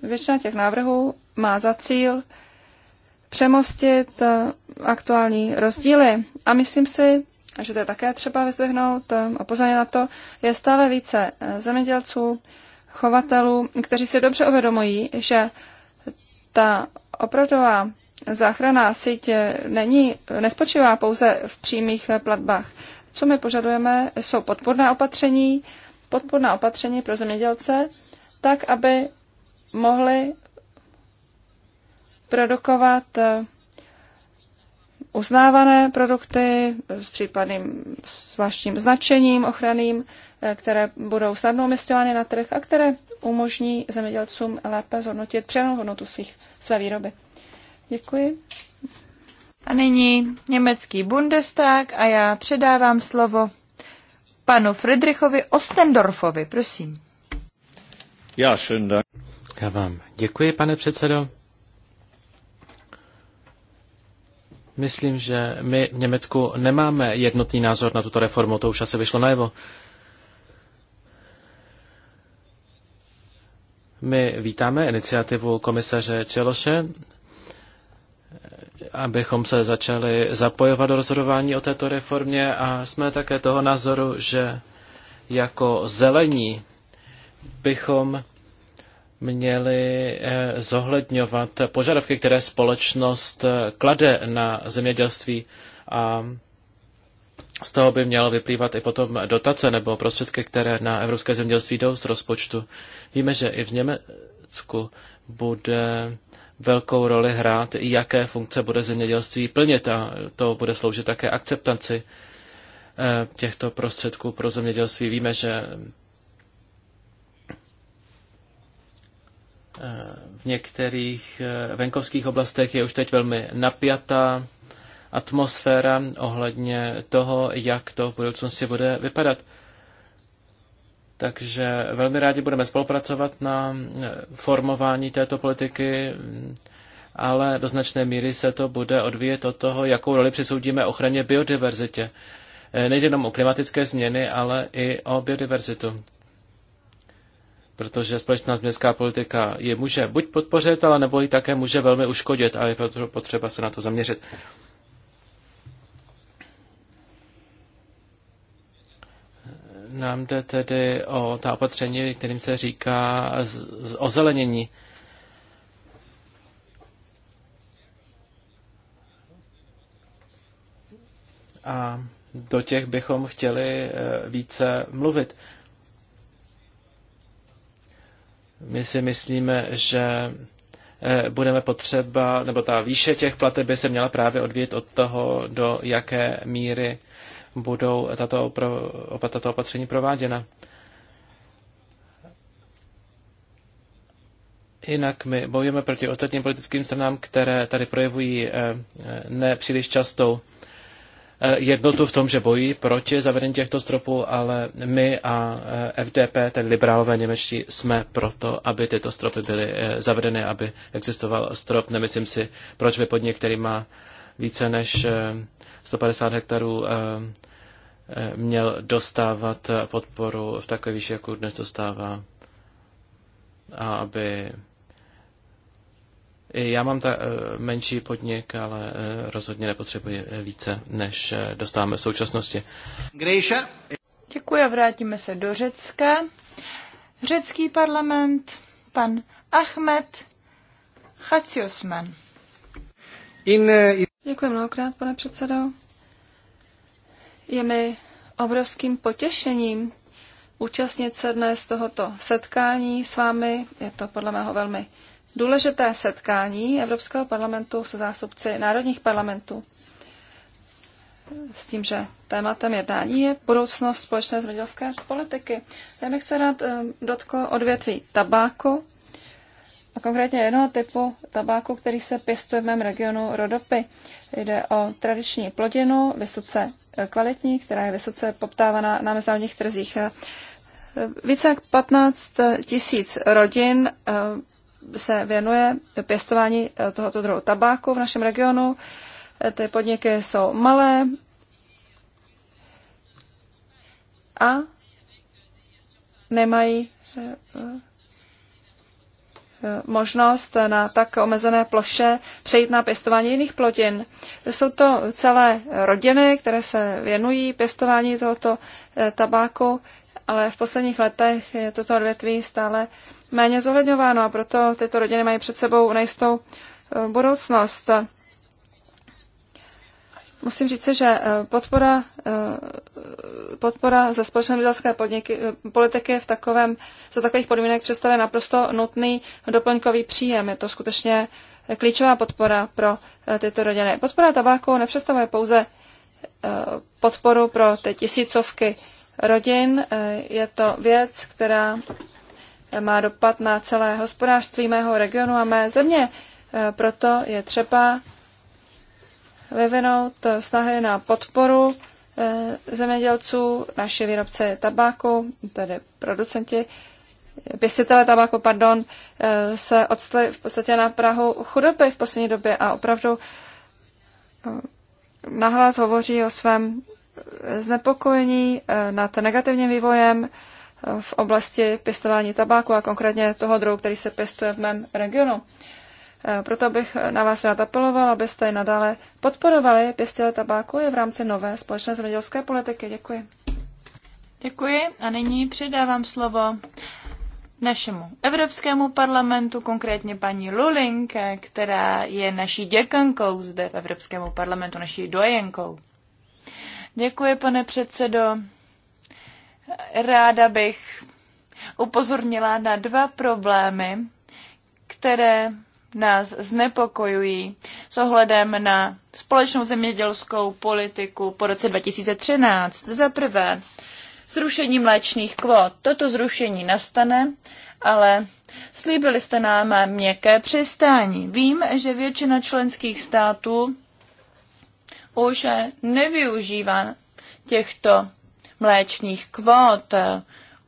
většina těch návrhů má za cíl přemostit eh, aktuální rozdíly. A myslím si, že to je také třeba vyzdvihnout eh, a pozorně na to, je stále více zemědělců, chovatelů, kteří si dobře uvědomují, že ta opravdová záchranná síť není, nespočívá pouze v přímých platbách. Co my požadujeme, jsou podporné opatření, podporná opatření pro zemědělce, tak aby mohli produkovat eh, uznávané produkty s případným zvláštním značením ochranným, eh, které budou snadno umistovány na trh a které umožní zemědělcům lépe zhodnotit přenou hodnotu svých, své výroby. Děkuji. A nyní německý Bundestag a já předávám slovo panu Friedrichovi Ostendorfovi. Prosím. Já, Já vám děkuji, pane předsedo. Myslím, že my v Německu nemáme jednotný názor na tuto reformu, to už asi vyšlo najevo. My vítáme iniciativu komisaře Čeloše abychom se začali zapojovat do rozhodování o této reformě a jsme také toho názoru, že jako zelení bychom měli eh, zohledňovat požadavky, které společnost eh, klade na zemědělství a z toho by mělo vyplývat i potom dotace nebo prostředky, které na evropské zemědělství jdou z rozpočtu. Víme, že i v Německu bude velkou roli hrát, jaké funkce bude zemědělství plnit a to bude sloužit také akceptanci eh, těchto prostředků pro zemědělství. Víme, že eh, v některých eh, venkovských oblastech je už teď velmi napjatá atmosféra ohledně toho, jak to v budoucnosti bude vypadat. Takže velmi rádi budeme spolupracovat na eh, formování této politiky, ale do značné míry se to bude odvíjet od toho, jakou roli přisoudíme ochraně biodiverzitě. Eh, nejde jenom o klimatické změny, ale i o biodiverzitu. Protože společná změnská politika je může buď podpořit, ale nebo ji také může velmi uškodit a je potřeba se na to zaměřit. nám jde tedy o ta opatření, kterým se říká z, z ozelenění. A do těch bychom chtěli eh, více mluvit. My si myslíme, že eh, budeme potřeba, nebo ta výše těch plateb by se měla právě odvíjet od toho, do jaké míry budou tato, opro, opa, tato opatření prováděna. Jinak my bojujeme proti ostatním politickým stranám, které tady projevují eh, eh, nepříliš častou eh, jednotu v tom, že bojí proti zavedení těchto stropů, ale my a FDP, tedy liberálové němečtí, jsme proto, aby tyto stropy byly zavedeny, aby existoval strop. Nemyslím si, proč by podnik, který má více než 150 eh, hektarů eh, eh, měl dostávat podporu v takové výši, jakou dnes dostává. A aby já mám ta menší podnik, ale rozhodně nepotřebuji více, než dostáváme v současnosti. Grisha. Děkuji a vrátíme se do Řecka. Řecký parlament, pan Ahmed Chaciosman. Eh, Děkuji mnohokrát, pane předsedo. Je mi obrovským potěšením účastnit se dnes tohoto setkání s vámi. Je to podle mého velmi důležité setkání Evropského parlamentu se zástupci národních parlamentů. S tím, že tématem jednání je budoucnost společné zemědělské politiky. Já bych se rád eh, dotkl odvětví tabáku, a konkrétně jednoho typu tabáku, který se pěstuje v mém regionu Rodopy. Jde o tradiční plodinu, vysoce kvalitní, která je vysoce poptávaná na mezinárodních trzích. E, více jak 15 tisíc rodin e, se věnuje pěstování e, tohoto druhu tabáku v našem regionu. Ty podniky jsou malé a nemají možnost na tak omezené ploše přejít na pěstování jiných plodin. Jsou to celé rodiny, které se věnují pěstování tohoto eh, tabáku, ale v posledních letech je toto odvětví stále méně zohledňováno a proto tyto rodiny mají před sebou nejistou eh, budoucnost. Musím říct, že eh, podpora, eh, podpora ze společné podniky, eh, politiky v takovém, za takových podmínek představuje naprosto nutný doplňkový příjem. Je to skutečně klíčová podpora pro tyto rodiny. Podpora tabáku nepředstavuje pouze podporu pro ty tisícovky rodin. Je to věc, která má dopad na celé hospodářství mého regionu a mé země. Proto je třeba vyvinout snahy na podporu eh, zemědělců, naše výrobce tabáku, tedy producenti, pěstitele tabáku, pardon, eh, se odstali v podstatě na Prahu chudoby v poslední době a opravdu eh, nahlas hovoří o svém znepokojení nad negativním vývojem v oblasti pěstování tabáku a konkrétně toho druhu, který se pěstuje v mém regionu. Eh, proto bych na vás rád apeloval, abyste i nadále podporovali pěstěle tabáku i v rámci nové společné zemědělské politiky. Děkuji. Děkuji a nyní předávám slovo našemu Evropskému parlamentu, konkrétně paní Luling, eh, která je naší děkankou zde v Evropskému parlamentu, naší dojenkou. Děkuji, pane předsedo. Ráda bych upozornila na dva problémy, které nás znepokojují s ohledem na společnou zemědělskou politiku po roce 2013. Za prvé, zrušení mléčných kvot. Toto zrušení nastane, ale slíbili jste nám měkké přistání. Vím, že většina členských států už nevyužívá těchto mléčných kvót,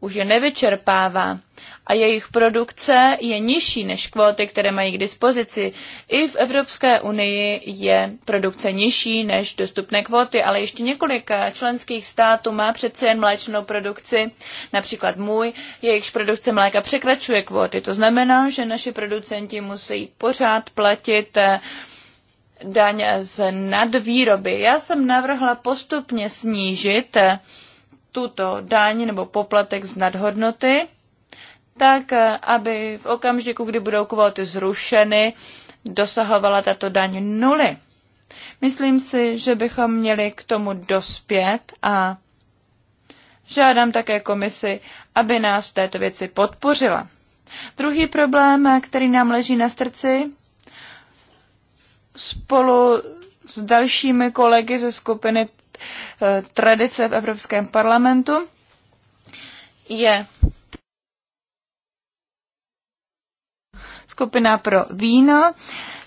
už je nevyčerpává a jejich produkce je nižší než kvóty, které mají k dispozici. I v Evropské unii je produkce nižší než dostupné kvóty, ale ještě několik členských států má přece jen mléčnou produkci, například můj, jejichž produkce mléka překračuje kvóty. To znamená, že naši producenti musí pořád platit eh, daň z nadvýroby. Já jsem navrhla postupně snížit eh, tuto daň nebo poplatek z nadhodnoty tak eh, aby v okamžiku, kdy budou kvóty zrušeny, dosahovala tato daň nuly. Myslím si, že bychom měli k tomu dospět a žádám také komisi, aby nás v této věci podpořila. Druhý problém, eh, který nám leží na srdci, spolu s dalšími kolegy ze skupiny eh, Tradice v Evropském parlamentu, je skupina pro víno.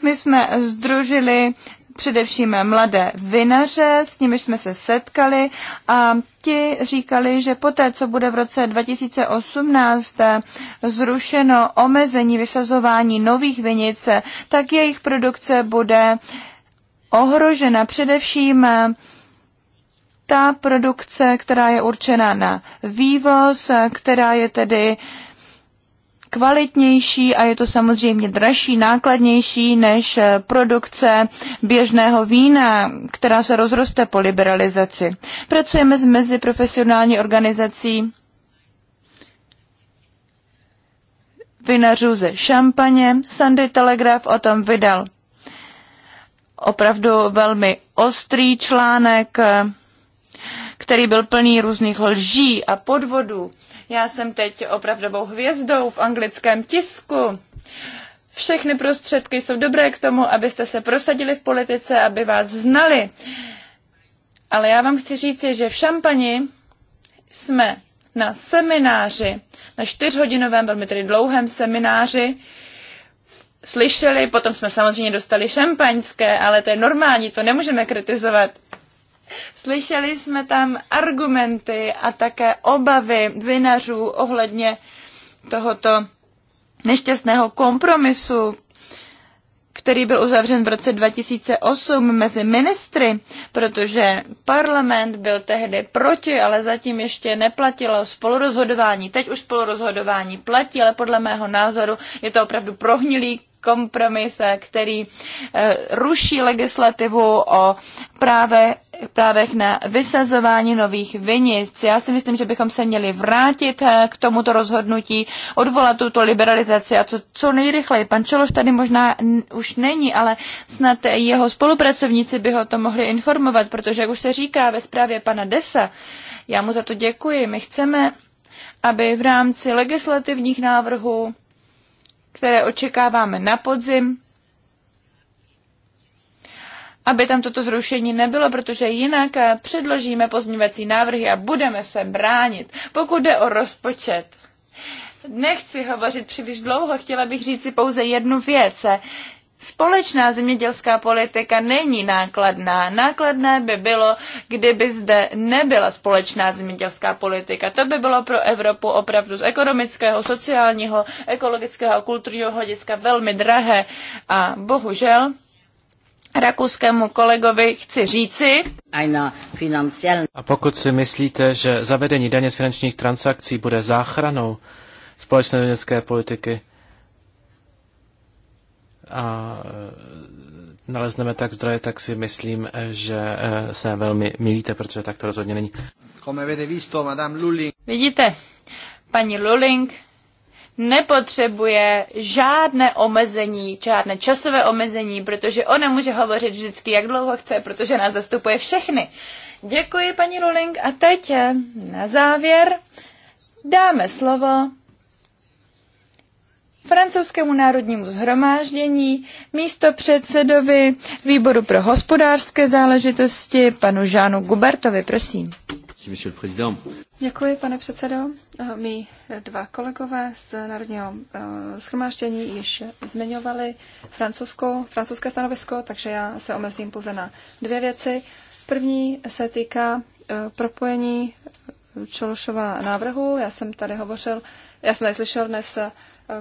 My jsme združili především mladé vinaře, s nimi jsme se setkali a ti říkali, že poté, co bude v roce 2018 zrušeno omezení vysazování nových vinic, tak jejich produkce bude ohrožena především ta produkce, která je určena na vývoz, která je tedy kvalitnější a je to samozřejmě dražší, nákladnější než eh, produkce běžného vína, která se rozroste po liberalizaci. Pracujeme s meziprofesionální organizací vinařů ze Šampaně. Sunday Telegraph o tom vydal opravdu velmi ostrý článek, eh, který byl plný různých lží a podvodů. Já jsem teď opravdovou hvězdou v anglickém tisku. Všechny prostředky jsou dobré k tomu, abyste se prosadili v politice, aby vás znali. Ale já vám chci říci, že v Šampani jsme na semináři, na čtyřhodinovém, velmi tedy dlouhém semináři, slyšeli, potom jsme samozřejmě dostali šampaňské, ale to je normální, to nemůžeme kritizovat. Slyšeli jsme tam argumenty a také obavy vinařů ohledně tohoto nešťastného kompromisu, který byl uzavřen v roce 2008 mezi ministry, protože parlament byl tehdy proti, ale zatím ještě neplatilo spolurozhodování. Teď už spolurozhodování platí, ale podle mého názoru je to opravdu prohnilý kompromis, který eh, ruší legislativu o právě právech na vysazování nových vinic. Já si myslím, že bychom se měli vrátit eh, k tomuto rozhodnutí, odvolat tuto liberalizaci a co, co nejrychleji. Pan Čološ tady možná už není, ale snad jeho spolupracovníci by ho to mohli informovat, protože jak už se říká ve zprávě pana Desa, já mu za to děkuji. My chceme, aby v rámci legislativních návrhů, které očekáváme na podzim, aby tam toto zrušení nebylo, protože jinak eh, předložíme pozměňovací návrhy a budeme se bránit, pokud jde o rozpočet. Nechci hovořit příliš dlouho, chtěla bych říct si pouze jednu věc. Společná zemědělská politika není nákladná. Nákladné by bylo, kdyby zde nebyla společná zemědělská politika. To by bylo pro Evropu opravdu z ekonomického, sociálního, ekologického a kulturního hlediska velmi drahé. A bohužel rakouskému kolegovi chci říci. A pokud si myslíte, že zavedení daně z finančních transakcí bude záchranou společné vědecké politiky a e, nalezneme tak zdroje, tak si myslím, že e, se velmi milíte, protože tak to rozhodně není. Vidíte, paní Luling nepotřebuje žádné omezení, žádné časové omezení, protože ona může hovořit vždycky, jak dlouho chce, protože nás zastupuje všechny. Děkuji, paní Ruling. A teď na závěr dáme slovo francouzskému národnímu zhromáždění, místo předsedovi výboru pro hospodářské záležitosti, panu Žánu Gubertovi, prosím. Děkuji, pane předsedo. Eh, My eh, dva kolegové z Národního eh, schromáždění již zmiňovali francouzskou, francouzské stanovisko, takže já se omezím pouze na dvě věci. První se týká propojení Čološova návrhu. Já jsem tady hovořil, já jsem neslyšel dnes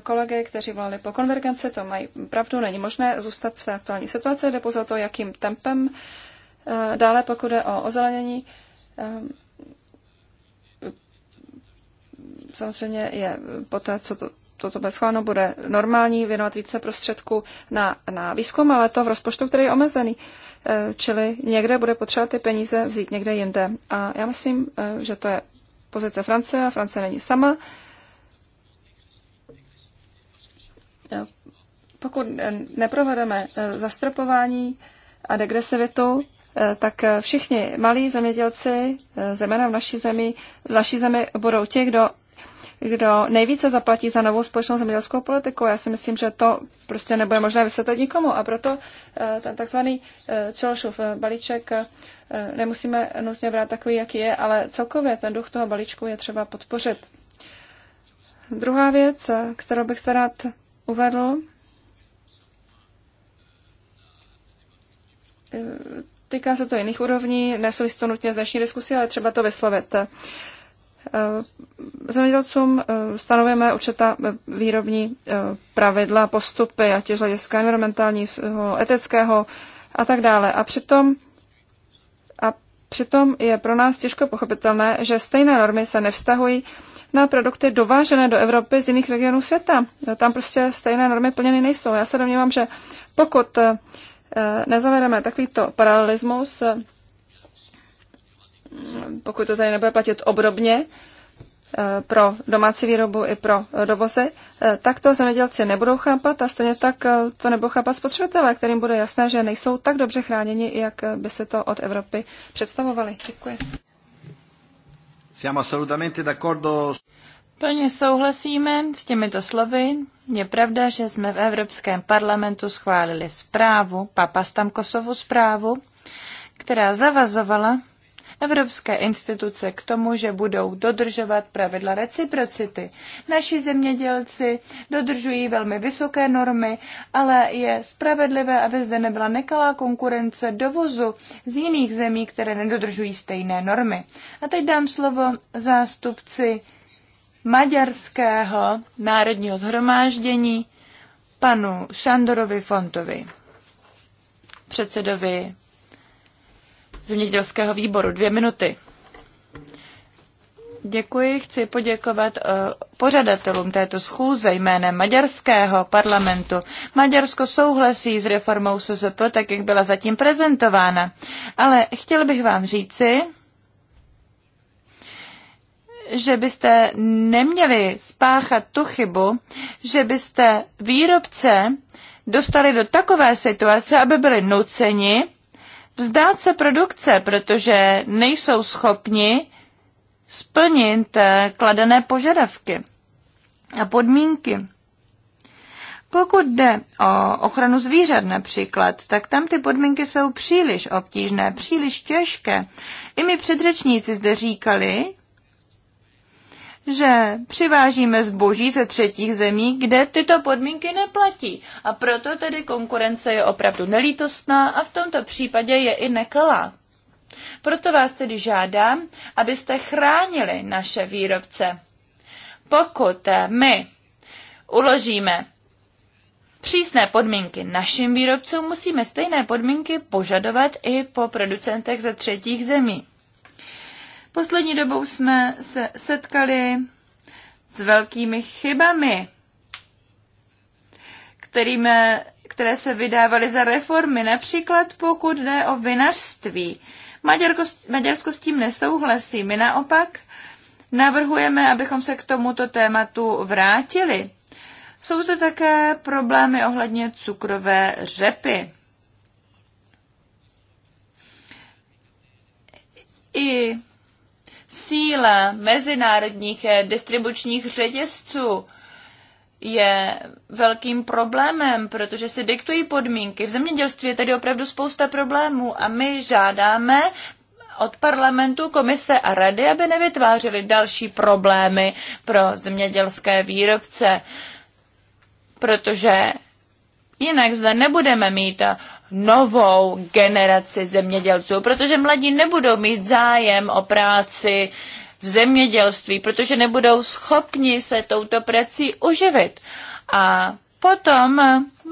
kolegy, kteří volali po konvergenci, to mají pravdu, není možné zůstat v té aktuální situaci, jde pouze o to, jakým tempem. Dále, pokud jde o ozelenění, samozřejmě je po té, co to, toto bez schváleno, bude normální věnovat více prostředků na, na výzkum, ale to v rozpočtu, který je omezený. E, čili někde bude potřeba ty peníze vzít někde jinde. A já myslím, e, že to je pozice Francie a Francie není sama. E, pokud neprovedeme zastropování a degresivitu, tak všichni malí zemědělci, zejména v naší zemi, v naší zemi budou ti, kdo kdo nejvíce zaplatí za novou společnou zemědělskou politiku. Já si myslím, že to prostě nebude možné vysvětlit nikomu a proto eh, ten takzvaný eh, Čelšův eh, balíček nemusíme nutně brát takový, jaký je, ale celkově ten duch toho balíčku je třeba podpořit. Druhá věc, kterou bych se rád uvedl, týká se to jiných úrovní, nesouvisí to nutně z dnešní diskusí, ale třeba to vyslovit. Eh, zemědělcům eh, stanovujeme určitá eh, výrobní pravidla, postupy, ať je z hlediska environmentálního, etického a tak dále. A přitom, a přitom je pro nás těžko pochopitelné, že stejné normy se nevztahují na produkty dovážené do Evropy z jiných regionů světa. Tam prostě stejné normy plněny nejsou. Já se domnívám, že pokud nezavedeme takovýto paralelismus, pokud to tady nebude platit obrobně eh, pro domácí výrobu i pro eh, dovozy, eh, tak to zemědělci nebudou chápat a stejně tak to nebudou chápat spotřebitelé, kterým bude jasné, že nejsou tak dobře chráněni, jak by se to od Evropy představovali. Děkuji. Plně souhlasíme s těmito slovy. Je pravda, že jsme v Evropském parlamentu schválili zprávu, papastam Kosovu zprávu, která zavazovala evropské instituce k tomu, že budou dodržovat pravidla reciprocity. Naši zemědělci dodržují velmi vysoké normy, ale je spravedlivé, aby zde nebyla nekalá konkurence dovozu z jiných zemí, které nedodržují stejné normy. A teď dám slovo zástupci Maďarského národního zhromáždění panu Šandorovi Fontovi, předsedovi zemědělského výboru. Dvě minuty. Děkuji, chci poděkovat eh, pořadatelům této schůze jménem maďarského parlamentu. Maďarsko souhlasí s reformou SZP, tak jak byla zatím prezentována. Ale chtěl bych vám říci, že byste neměli spáchat tu chybu, že byste výrobce dostali do takové situace, aby byli nuceni vzdát se produkce, protože nejsou schopni splnit eh, kladené požadavky a podmínky. Pokud jde o ochranu zvířat například, tak tam ty podmínky jsou příliš obtížné, příliš těžké. I mi předřečníci zde říkali, že přivážíme zboží ze třetích zemí, kde tyto podmínky neplatí. A proto tedy konkurence je opravdu nelítostná a v tomto případě je i nekalá. Proto vás tedy žádám, abyste chránili naše výrobce. Pokud my uložíme Přísné podmínky našim výrobcům musíme stejné podmínky požadovat i po producentech ze třetích zemí. Poslední dobou jsme se setkali s velkými chybami, kterými, které se vydávaly za reformy, například pokud jde o vinařství. Maďarko, Maďarsko s tím nesouhlasí. My naopak navrhujeme, abychom se k tomuto tématu vrátili. Jsou zde také problémy ohledně cukrové řepy. I síla mezinárodních eh, distribučních řetězců je velkým problémem, protože si diktují podmínky. V zemědělství je tady opravdu spousta problémů a my žádáme od parlamentu, komise a rady, aby nevytvářely další problémy pro zemědělské výrobce, protože jinak zde nebudeme mít novou generaci zemědělců, protože mladí nebudou mít zájem o práci v zemědělství, protože nebudou schopni se touto prací uživit. A potom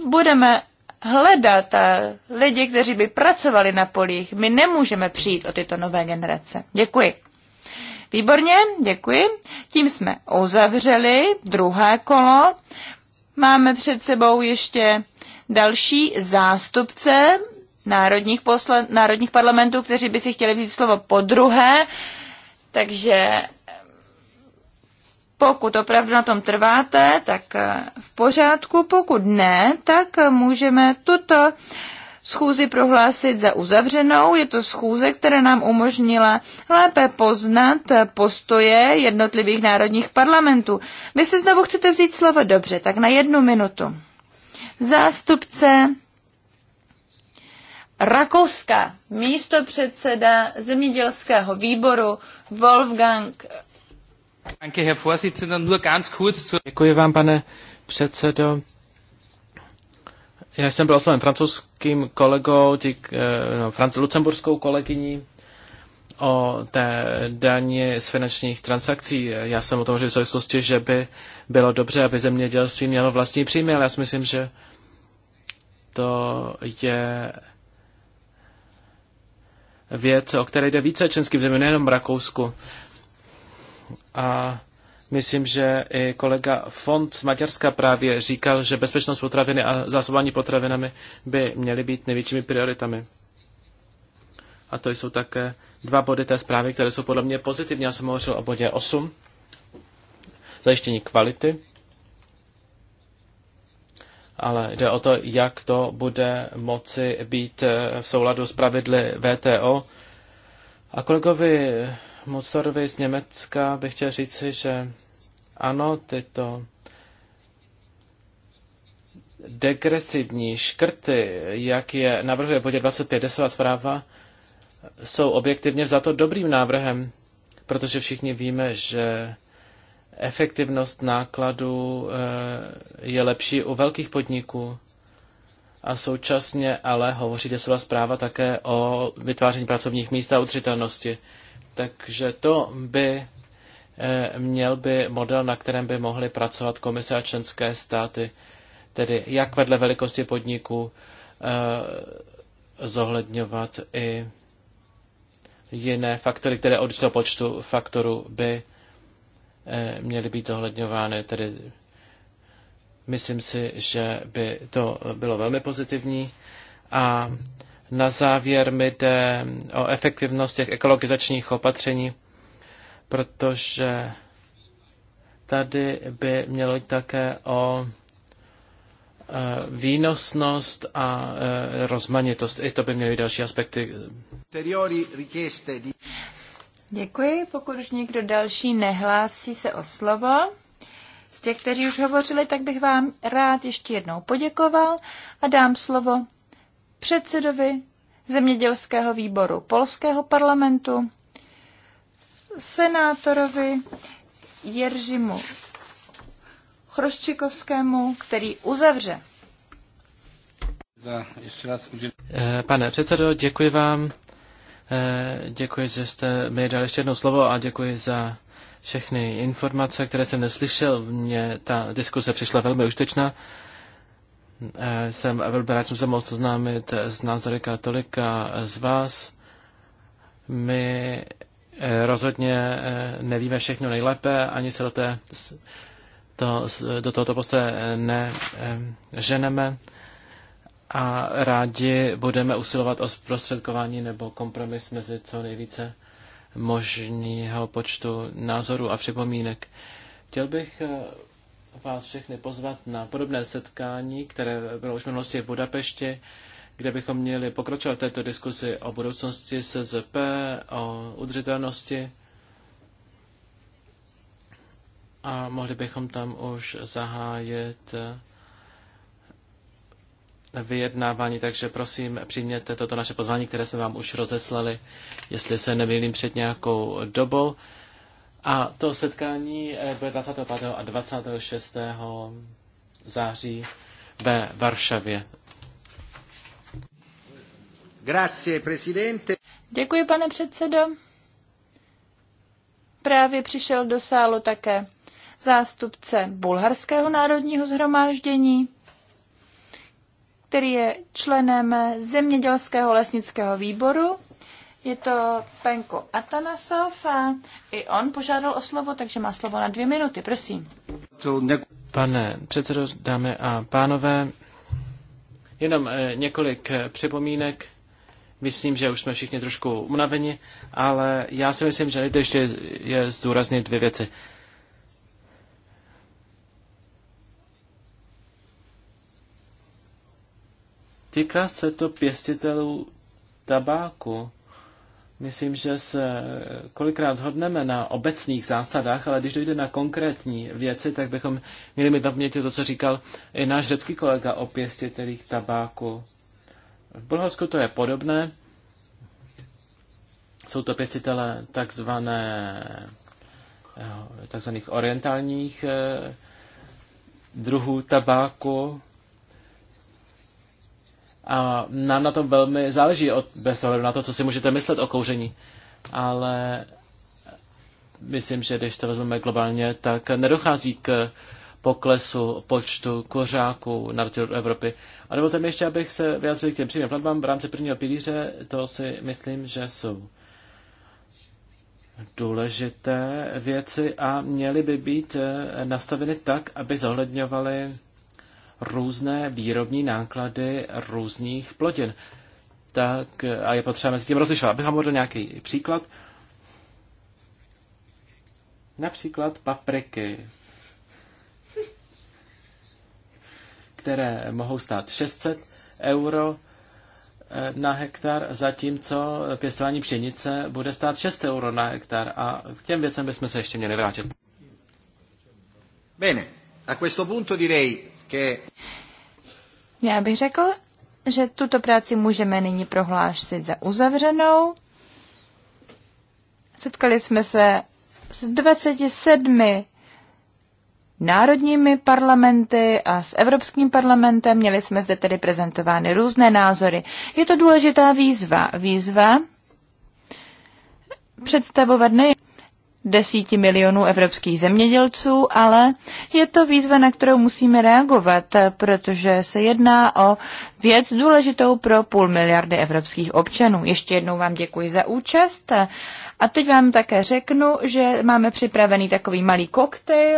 budeme hledat eh, lidi, kteří by pracovali na polích. My nemůžeme přijít o tyto nové generace. Děkuji. Výborně, děkuji. Tím jsme uzavřeli druhé kolo. Máme před sebou ještě další zástupce národních, poslan, národních parlamentů, kteří by si chtěli vzít slovo po druhé. Takže pokud opravdu na tom trváte, tak v pořádku, pokud ne, tak můžeme tuto schůzi prohlásit za uzavřenou. Je to schůze, která nám umožnila lépe poznat postoje jednotlivých národních parlamentů. Vy si znovu chcete vzít slovo dobře, tak na jednu minutu zástupce Rakouska, místo předseda zemědělského výboru Wolfgang. Děkuji vám, pane předsedo. Já jsem byl osloven francouzským kolegou, dík, eh, no, franc, lucemburskou kolegyní o té daně z finančních transakcí. Já jsem o tom hovořil v souvislosti, že by bylo dobře, aby zemědělství mělo vlastní příjmy, ale já si myslím, že to je věc, o které jde více členským zemím, nejenom v Rakousku. A myslím, že i kolega Fond z Maďarska právě říkal, že bezpečnost potraviny a zásobování potravinami by měly být největšími prioritami. A to jsou také dva body té zprávy, které jsou podle mě pozitivní. Já jsem hovořil o bodě 8, zajištění kvality ale jde o to, jak to bude moci být eh, v souladu s pravidly VTO. A kolegovi Mozorovi z Německa bych chtěl říci, že ano, tyto degresivní škrty, jak je navrhuje bodě 25 zpráva, jsou objektivně za to dobrým návrhem, protože všichni víme, že efektivnost nákladů eh, je lepší u velkých podniků. A současně ale hovoří desová zpráva také o vytváření pracovních míst a udržitelnosti. Takže to by eh, měl by model, na kterém by mohly pracovat komise a členské státy, tedy jak vedle velikosti podniků eh, zohledňovat i jiné faktory, které od toho počtu faktorů by Eh, měly být ohledňovány. Tedy myslím si, že by to bylo velmi pozitivní. A na závěr mi jde o efektivnost těch ekologizačních opatření, protože tady by mělo jít také o eh, výnosnost a eh, rozmanitost. I to by měly být další aspekty. Děkuji. Pokud už někdo další nehlásí se o slovo, z těch, kteří už hovořili, tak bych vám rád ještě jednou poděkoval a dám slovo předsedovi zemědělského výboru Polského parlamentu, senátorovi Jeržimu Chroščikovskému, který uzavře. Za ještě raz eh, Pane předsedo, děkuji vám Eh, děkuji, že jste mi dali ještě jedno slovo a děkuji za všechny informace, které jsem neslyšel. Mně ta diskuse přišla velmi užitečná. Eh, jsem velmi rád, že jsem se mohl seznámit s názory katolika z vás. My eh, rozhodně nevíme všechno nejlépe, ani se do, té, to, do tohoto postoje neženeme a rádi budeme usilovat o zprostředkování nebo kompromis mezi co nejvíce možného počtu názorů a připomínek. Chtěl bych eh, vás všechny pozvat na podobné setkání, které bylo už v minulosti v Budapešti, kde bychom měli pokročovat této diskuzi o budoucnosti SZP, o udržitelnosti a mohli bychom tam už zahájit eh, vyjednávání, takže prosím přijměte toto naše pozvání, které jsme vám už rozeslali, jestli se nemýlím před nějakou dobou. A to setkání eh, bude 25. a 26. září ve Varšavě. Grazie, presidente. Děkuji, pane předsedo. Právě přišel do sálu také zástupce Bulharského národního zhromáždění který je členem zemědělského lesnického výboru. Je to Penko Atanasov a i on požádal o slovo, takže má slovo na dvě minuty, prosím. Pane předsedo, dámy a pánové, jenom eh, několik eh, připomínek. Myslím, že už jsme všichni trošku unaveni, ale já si myslím, že nejde ještě je zdůraznit dvě věci. Týká se to pěstitelů tabáku. Myslím, že se kolikrát shodneme na obecných zásadách, ale když dojde na konkrétní věci, tak bychom měli mít na paměti to, co říkal i náš řecký kolega o pěstitelích tabáku. V Bulharsku to je podobné. Jsou to pěstitele takzvané, eh, takzvaných orientálních eh, druhů tabáku, a nám na tom velmi záleží, od, bez ohledu na to, co si můžete myslet o kouření. Ale myslím, že když to vezmeme globálně, tak nedochází k poklesu počtu kořáků na rozdíl Evropy. A dovolte mi ještě, abych se vyjádřil k těm příjemným platbám v rámci prvního pilíře. To si myslím, že jsou důležité věci a měly by být nastaveny tak, aby zohledňovaly různé výrobní náklady různých plodin. Tak a je potřeba mezi tím rozlišovat. Abych vám uvedl nějaký příklad. Například papriky, které mohou stát 600 euro eh, na hektar, zatímco pěstování pšenice bude stát 6 euro na hektar a k těm věcem bychom se ještě měli vrátit. Bene, a questo punto direi já bych řekl, že tuto práci můžeme nyní prohlásit za uzavřenou. Setkali jsme se s 27 národními parlamenty a s Evropským parlamentem. Měli jsme zde tedy prezentovány různé názory. Je to důležitá výzva. Výzva představovat nejen desíti milionů evropských zemědělců, ale je to výzva, na kterou musíme reagovat, protože se jedná o věc důležitou pro půl miliardy evropských občanů. Ještě jednou vám děkuji za účast. A teď vám také řeknu, že máme připravený takový malý koktejl,